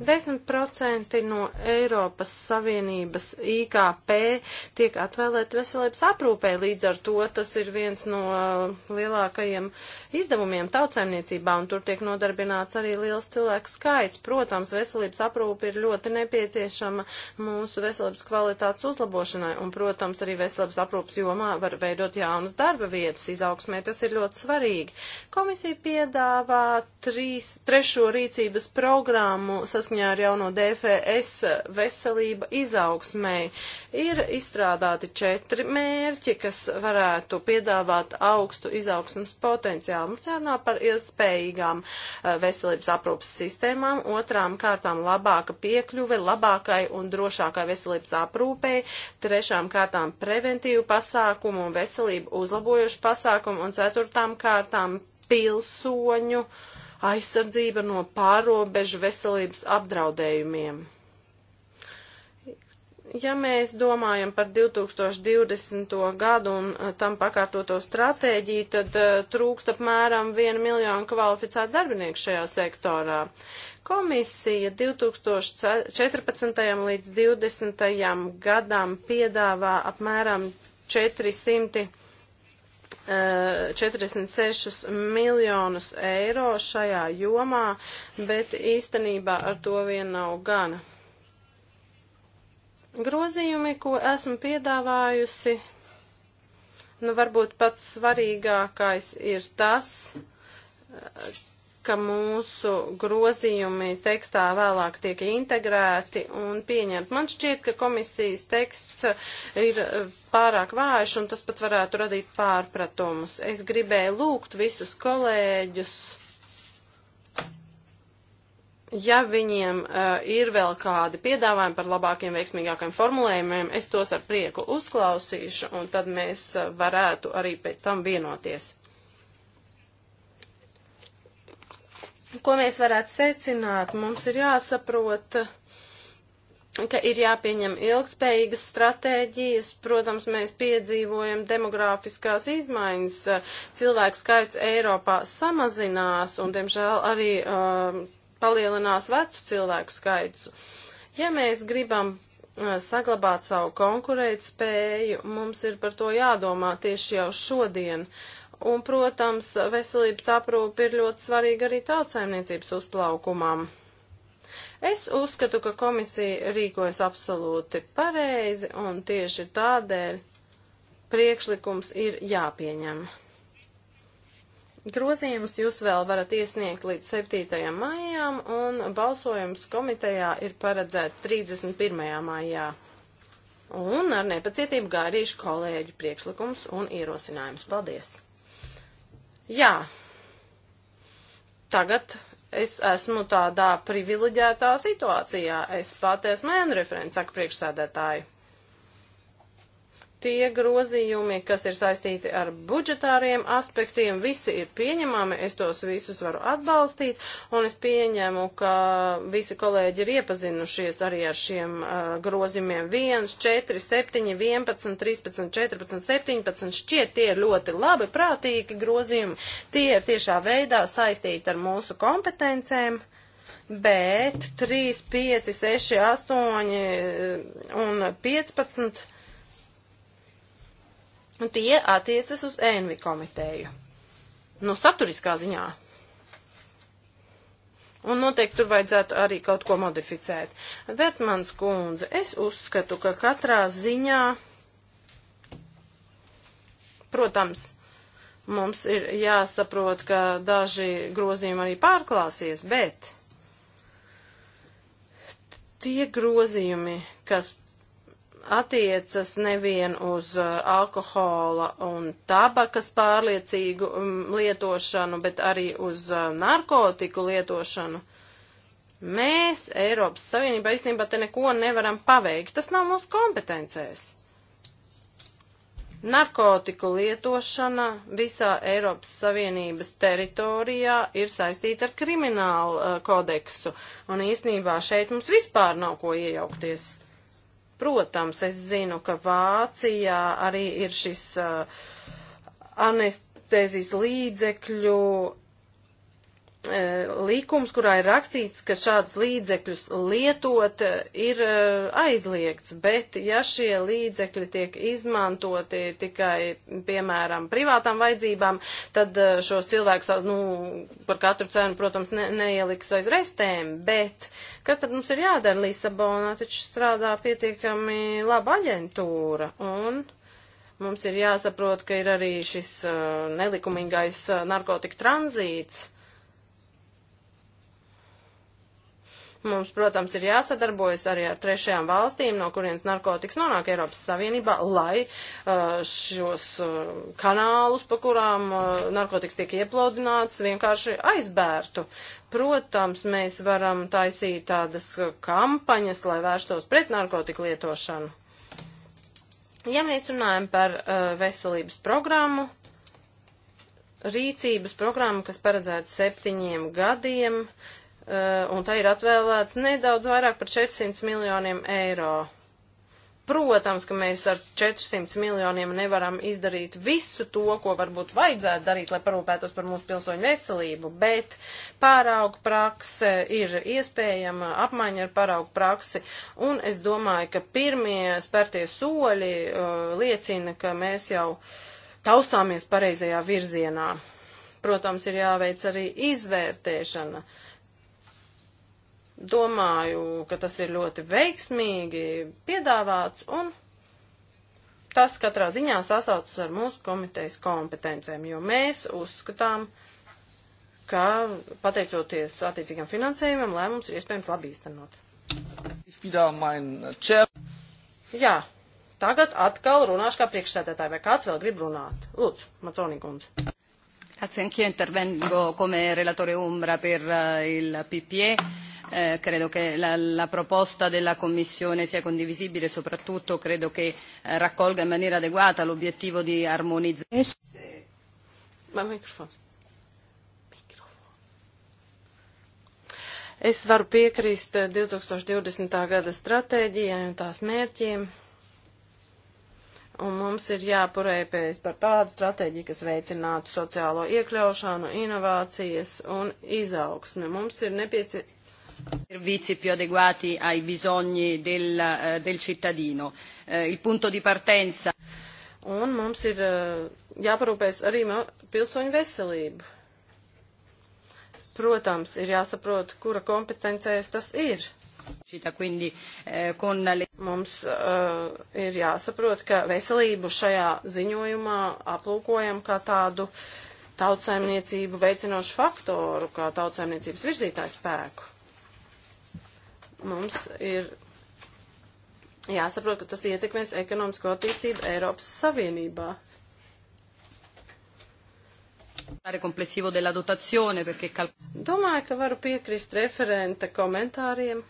10% no Eiropas Savienības IKP tiek atvēlēti veselības aprūpē, līdz ar to tas ir viens no uh, lielākajiem izdevumiem tautsēmniecībā, un tur tiek nodarbināts arī liels cilvēku skaits. Protams, veselības aprūpe ir ļoti nepieciešama mūsu veselības kvalitātes uzlabošanai, un, protams, arī veselības aprūpas jomā var veidot jaunas darba vietas izaugsmē, tas ir ļoti svarīgi. Komisija piedāvā trīs, trešo rīcības programmu saskaņā saskaņā ar jauno DFS veselība izaugsmēji. Ir izstrādāti četri mērķi, kas varētu piedāvāt augstu izaugsmas potenciālu. Mums jārunā par ilgspējīgām eh, veselības aprūpas sistēmām, otrām kārtām labāka piekļuve, labākai un drošākai veselības aprūpei, trešām kārtām preventīvu pasākumu un veselību uzlabojušu pasākumu un ceturtām kārtām pilsoņu uh, aizsardzība no pārobežu veselības apdraudējumiem. Ja mēs domājam par 2020. gadu un eh, tam pakārtoto stratēģiju, tad uh, trūkst apmēram 1 miljonu kvalificētu darbinieku šajā sektorā. Komisija 2014. līdz 2020. gadam piedāvā apmēram 400 46 eh, miljonus eiro šajā jomā, bet īstenībā ar to vien nav gana. Grozījumi, ko esmu piedāvājusi, nu varbūt pats svarīgākais ir tas, ka mūsu grozījumi tekstā vēlāk tiek integrēti un pieņemti. Man šķiet, ka komisijas teksts ir eh, pārāk vājš un tas pat varētu radīt pārpratumus. Es gribēju lūgt visus kolēģus ja viņiem uh, ir vēl kādi piedāvājumi par labākiem, veiksmīgākiem formulējumiem, es tos ar prieku uzklausīšu, un tad mēs uh, varētu arī pēc tam vienoties. Ko mēs varētu secināt? Mums ir jāsaprot, ka ir jāpieņem ilgspējīgas stratēģijas. Protams, mēs piedzīvojam demografiskās izmaiņas. Cilvēku skaits Eiropā samazinās un, diemžēl, arī uh, palielinās vecu cilvēku skaits. Ja mēs gribam uh, saglabāt savu konkurētspēju, mums ir par to jādomā tieši jau šodien. Uh, un, protams, veselības aprūpe ir ļoti svarīga arī tautsaimniecības uzplaukumam. Es uzskatu, ka komisija rīkojas absolūti pareizi, un tieši tādēļ priekšlikums ir jāpieņem. Grozījumus jūs vēl varat iesniegt līdz 7. maijām, un balsojums komitejā ir paredzēts 31. maijā. Un ar nepacietību gaidīšu kolēģu priekšlikums un ierosinājums. Paldies! Jā, tagad es esmu tādā privileģētā situācijā. Es pati esmu ēnu referents, saka priekšsēdētāji tie grozījumi, kas ir saistīti ar budžetāriem aspektiem, visi ir pieņemami, es tos visus varu atbalstīt, un es pieņemu, ka visi kolēģi ir iepazinušies arī ar šiem uh, grozījumiem 1, 4, 7, 11, 13, 14, 17, šķiet tie ir ļoti labi prātīgi grozījumi, tie ir tiešā veidā saistīti ar mūsu kompetencēm bet 3, 5, 6, 8 un 15 tie attiecas uz ēnvi komiteju. No nu, saturiskā ziņā. Un noteikti tur vajadzētu arī kaut ko modificēt. Vetmans kundze, es uzskatu, ka katrā ziņā, protams, mums ir jāsaprot, ka daži grozījumi arī pārklāsies, bet tie grozījumi, kas attiecas nevien uz uh, alkohola un tabakas pārliecīgu um, lietošanu, bet arī uz uh, narkotiku lietošanu. Mēs Eiropas Savienībā īstenībā te neko nevaram paveikt. Tas nav mūsu kompetencēs. Narkotiku lietošana visā Eiropas Savienības teritorijā ir saistīta ar kriminālu uh, kodeksu, un īstenībā šeit mums vispār nav ko iejaukties. Protams, es zinu, ka Vācijā arī ir šis uh, anestezijas līdzekļu E, likums, kurā ir rakstīts, ka šādus līdzekļus lietot e, ir e, aizliegts, bet ja šie līdzekļi tiek izmantoti tikai, piemēram, privātām vajadzībām, tad šos cilvēkus, nu, par katru cenu, protams, ne, neieliks aiz restēm, bet kas tad mums ir jādara Lisabonā, taču strādā pietiekami laba aģentūra un mums ir jāsaprot, ka ir arī šis uh, nelikumīgais uh, narkotika tranzīts. Mums, protams, ir jāsadarbojas arī ar trešajām valstīm, no kurienes narkotikas nonāk Eiropas Savienībā, lai uh, šos uh, kanālus, pa kurām uh, narkotikas tiek ieplodināts, vienkārši aizbērtu. Protams, mēs varam taisīt tādas kampaņas, lai vērstos pret narkotiku lietošanu. Ja mēs runājam par veselības programmu, rīcības programmu, kas paredzēta septiņiem gadiem, uh, Eh, un tai ir atvēlēts nedaudz vairāk par 400 miljoniem eiro. Protams, ka mēs ar 400 miljoniem nevaram izdarīt visu to, ko varbūt vajadzētu darīt, lai parūpētos par mūsu pilsoņu veselību, bet pārauga prakse ir iespējama, apmaiņa ar pārauga praksi, un es domāju, ka pirmie spērtie soļi uh, liecina, ka mēs jau taustāmies pareizajā virzienā. Protams, ir jāveic arī izvērtēšana. Uh, domāju, ka tas ir ļoti veiksmīgi piedāvāts un tas katrā ziņā sasaucas ar mūsu komitejas kompetencēm, jo mēs uzskatām, ka pateicoties attiecīgam finansējumam, lēmums ir iespējams labi īstenot. Jā, tagad atkal runāšu kā priekšsēdētāji, vai kāds vēl grib runāt? Lūdzu, Maconī kundze. Grazie, anch'io intervengo come relatore Umbra per eh, il PPE. Eh, credo che la, la proposta della Commissione sia condivisibile, soprattutto credo che eh, raccolga in maniera adeguata l'obiettivo di armonizzare. Es varu piekrīst 2020. gada stratēģijai un tās mērķiem, un mums ir jāpurēpējas par tādu stratēģiju, kas veicinātu sociālo iekļaušanu, inovācijas un izaugsmi. Mums ir nepieciešams Servizi più adeguati ai bisogni del, eh, del cittadino. Eh, il punto di partenza. Un mums ir eh, jāparūpēs arī pilsoņu veselību. Protams, ir jāsaprot, kura kompetencijas tas ir. Quindi, eh, con... Mums uh, ir jāsaprot, ka veselību šajā ziņojumā aplūkojam kā tādu tautsaimniecību veicinošu faktoru, kā tautsaimniecības virzītāju spēku mums ir jāsaprot, ka tas ietekmēs ekonomisko attīstību Eiropas Savienībā. Domāju, ka varu piekrist referenta komentāriem.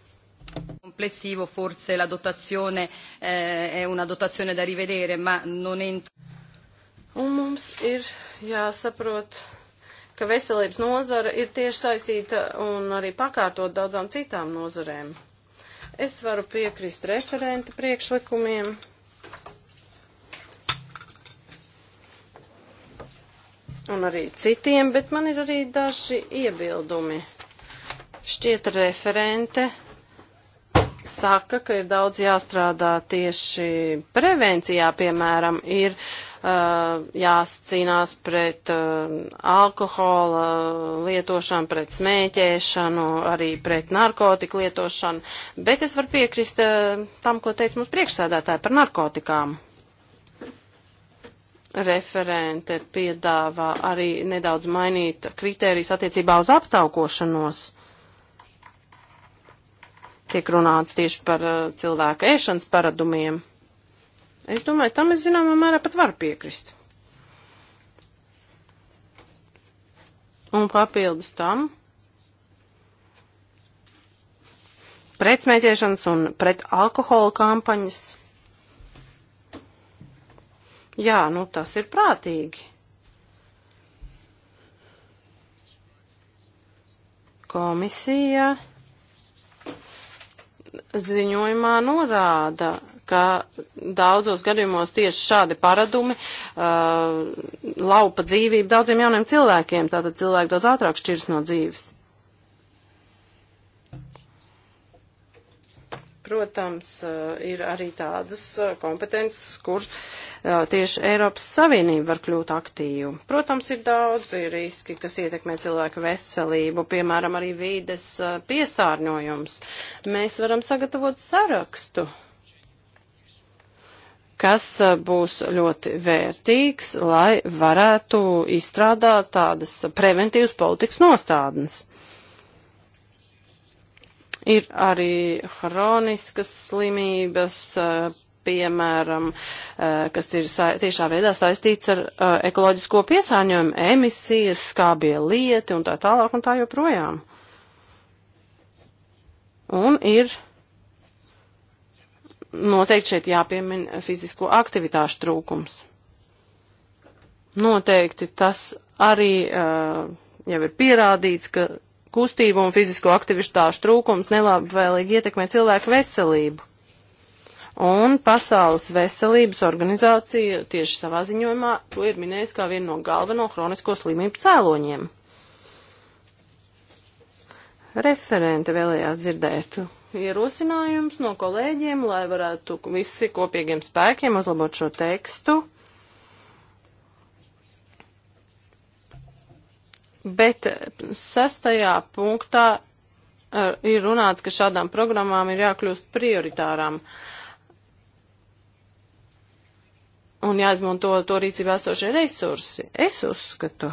Complessivo forse la dotazione eh, è una dotazione da rivedere, ma non entro. Un mums ir jāsaprot ka veselības nozara ir tieši saistīta un arī pakārtot daudzām citām nozarēm. Es varu piekrist referenta priekšlikumiem. Un arī citiem, bet man ir arī daži iebildumi. Šķiet referente saka, ka ir daudz jāstrādā tieši prevencijā, piemēram, ir uh, Eh, jācīnās pret eh, alkohola lietošanu, pret smēķēšanu, arī pret narkotiku lietošanu, bet es varu piekrist eh, tam, ko teica mums priekšsēdētāji par narkotikām. Referente piedāvā arī nedaudz mainīt kritērijas attiecībā uz aptaukošanos tiek runāts tieši par cilvēku ēšanas paradumiem. Es domāju, tam es zināmā mērā pat varu piekrist. Un papildus tam pretsmēķēšanas un pret alkohola kampaņas. Jā, nu tas ir prātīgi. Komisija ziņojumā norāda, ka daudzos gadījumos tieši šādi paradumi uh, laupa dzīvību daudziem jauniem cilvēkiem, tātad cilvēki daudz ātrāk šķirs no dzīves. Protams, uh, ir arī tādas uh, kompetences, kur uh, tieši Eiropas Savienība var kļūt aktīva. Protams, ir daudzi riski, kas ietekmē cilvēku veselību, piemēram, arī vīdes piesārņojums. Mēs varam sagatavot sarakstu kas būs ļoti vērtīgs, lai varētu izstrādāt tādas preventīvas politikas nostādnes. Ir arī hroniskas slimības, piemēram, kas ir tiešā veidā saistīts ar ekoloģisko piesāņojumu, emisijas, skābie lieti un tā tālāk un tā joprojām. Un ir noteikti šeit jāpiemina fizisko aktivitāšu trūkums. Noteikti tas arī uh, jau ir pierādīts, ka kustību un fizisko aktivitāšu trūkums nelabvēlīgi ietekmē cilvēku veselību. Un Pasaules veselības organizācija tieši savā ziņojumā to ir minējusi kā vienu no galveno hronisko slimību cēloņiem. Referente vēlējās dzirdēt ierosinājums no kolēģiem, lai varētu visi kopīgiem spēkiem uzlabot šo tekstu. Bet sastajā punktā eh, ir runāts, ka šādām programmām ir jākļūst prioritārām. Un jāizmanto to rīcībā esošie resursi. Es uzskatu.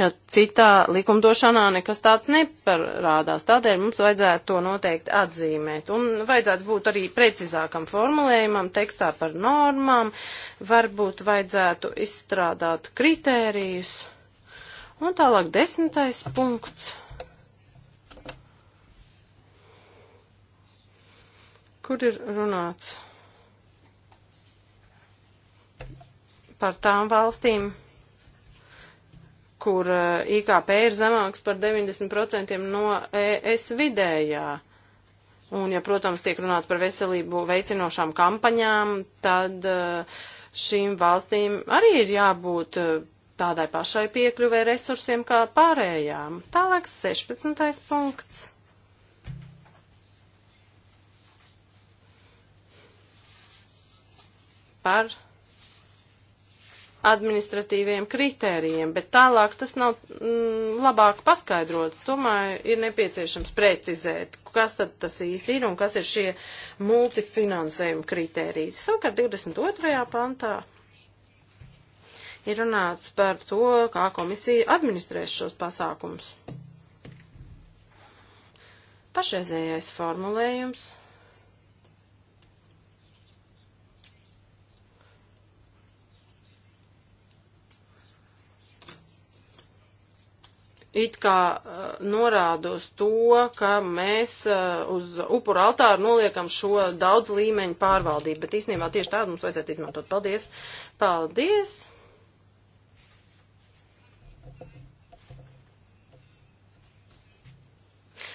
ka citā likumdošanā nekas tāds neparādās. Tādēļ mums vajadzētu to noteikti atzīmēt. Un vajadzētu būt arī precizākam formulējumam tekstā par normām, varbūt vajadzētu izstrādāt kritērijus. Un tālāk desmitais punkts. Kur ir runāts par tām valstīm? kur eh, IKP ir zemāks par 90% no ES vidējā. Un, ja, protams, tiek runāts par veselību veicinošām kampaņām, tad eh, šīm valstīm arī ir jābūt eh, tādai pašai piekļuvē resursiem kā pārējām. Tālāk 16. punkts. Par administratīviem kritērijiem, bet tālāk tas nav mm, labāk paskaidrots. Tomēr ir nepieciešams precizēt, kas tad tas īsti ir un kas ir šie multifinansējuma kritēriji. Savukārt 22. pantā ir runāts par to, kā komisija administrēs šos pasākums. Pašreizējais formulējums it kā uh, norāda uz to, ka mēs uh, uz upura altāru noliekam šo daudz līmeņu pārvaldību, bet īstenībā tieši tādu mums vajadzētu izmantot. Paldies! Paldies!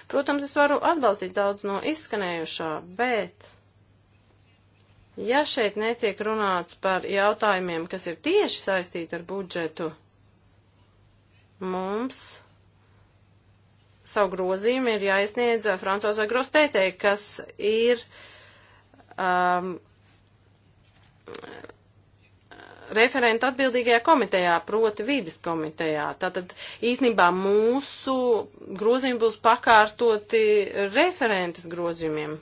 Protams, es varu atbalstīt daudz no izskanējušā, bet. Ja šeit netiek runāts par jautājumiem, kas ir tieši saistīti ar budžetu, mums savu grozījumu ir jāiesniedz uh, Francozai Grostētei, kas ir um, referenta atbildīgajā komitejā, proti vides komitejā. Tātad īstenībā mūsu grozījumi būs pakārtoti referentes grozījumiem.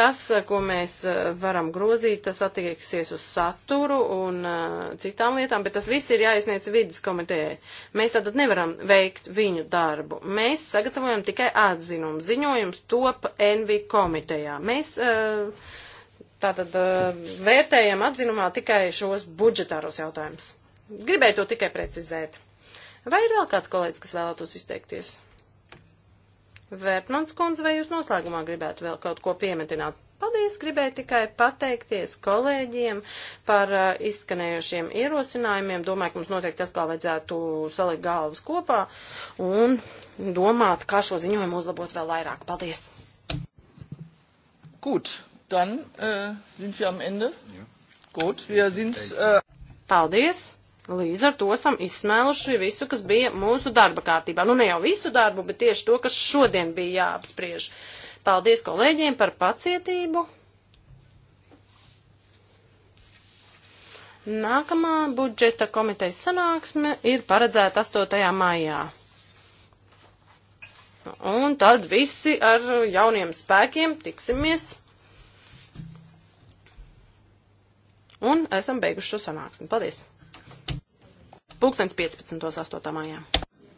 Tas, eh, ko mēs eh, varam grozīt, tas attieksies uz saturu un eh, citām lietām, bet tas viss ir jāizniec vidas komitejai. Mēs tātad nevaram veikt viņu darbu. Mēs sagatavojam tikai atzinumu. Ziņojums top NV komitejā. Mēs tātad vērtējam atzinumā tikai šos budžetāros jautājumus. Gribēju to tikai precizēt. Vai ir vēl kāds kolēģis, kas vēlētos izteikties? Vērtmans kundze, vai jūs noslēgumā gribētu vēl kaut ko piemetināt? Paldies, gribēju tikai pateikties kolēģiem par uh, izskanējušiem ierosinājumiem. Domāju, ka mums noteikti atkal vajadzētu salikt galvas kopā un domāt, kā šo ziņojumu uzlabot vēl vairāk. Paldies! Gut, dann äh, sind wir am Ende. Ja. Gut, wir sind. Äh... Paldies! Līdz ar to esam izsmēluši visu, kas bija mūsu darba kārtībā. Nu, ne jau visu darbu, bet tieši to, kas šodien bija jāapspriež. Paldies kolēģiem par pacietību. Nākamā budžeta komitejas sanāksme ir paredzēta 8. maijā. Un tad visi ar jauniem spēkiem tiksimies. Un esam beiguši šo sanāksmi. Paldies! Pūkstens 15.8. maijā.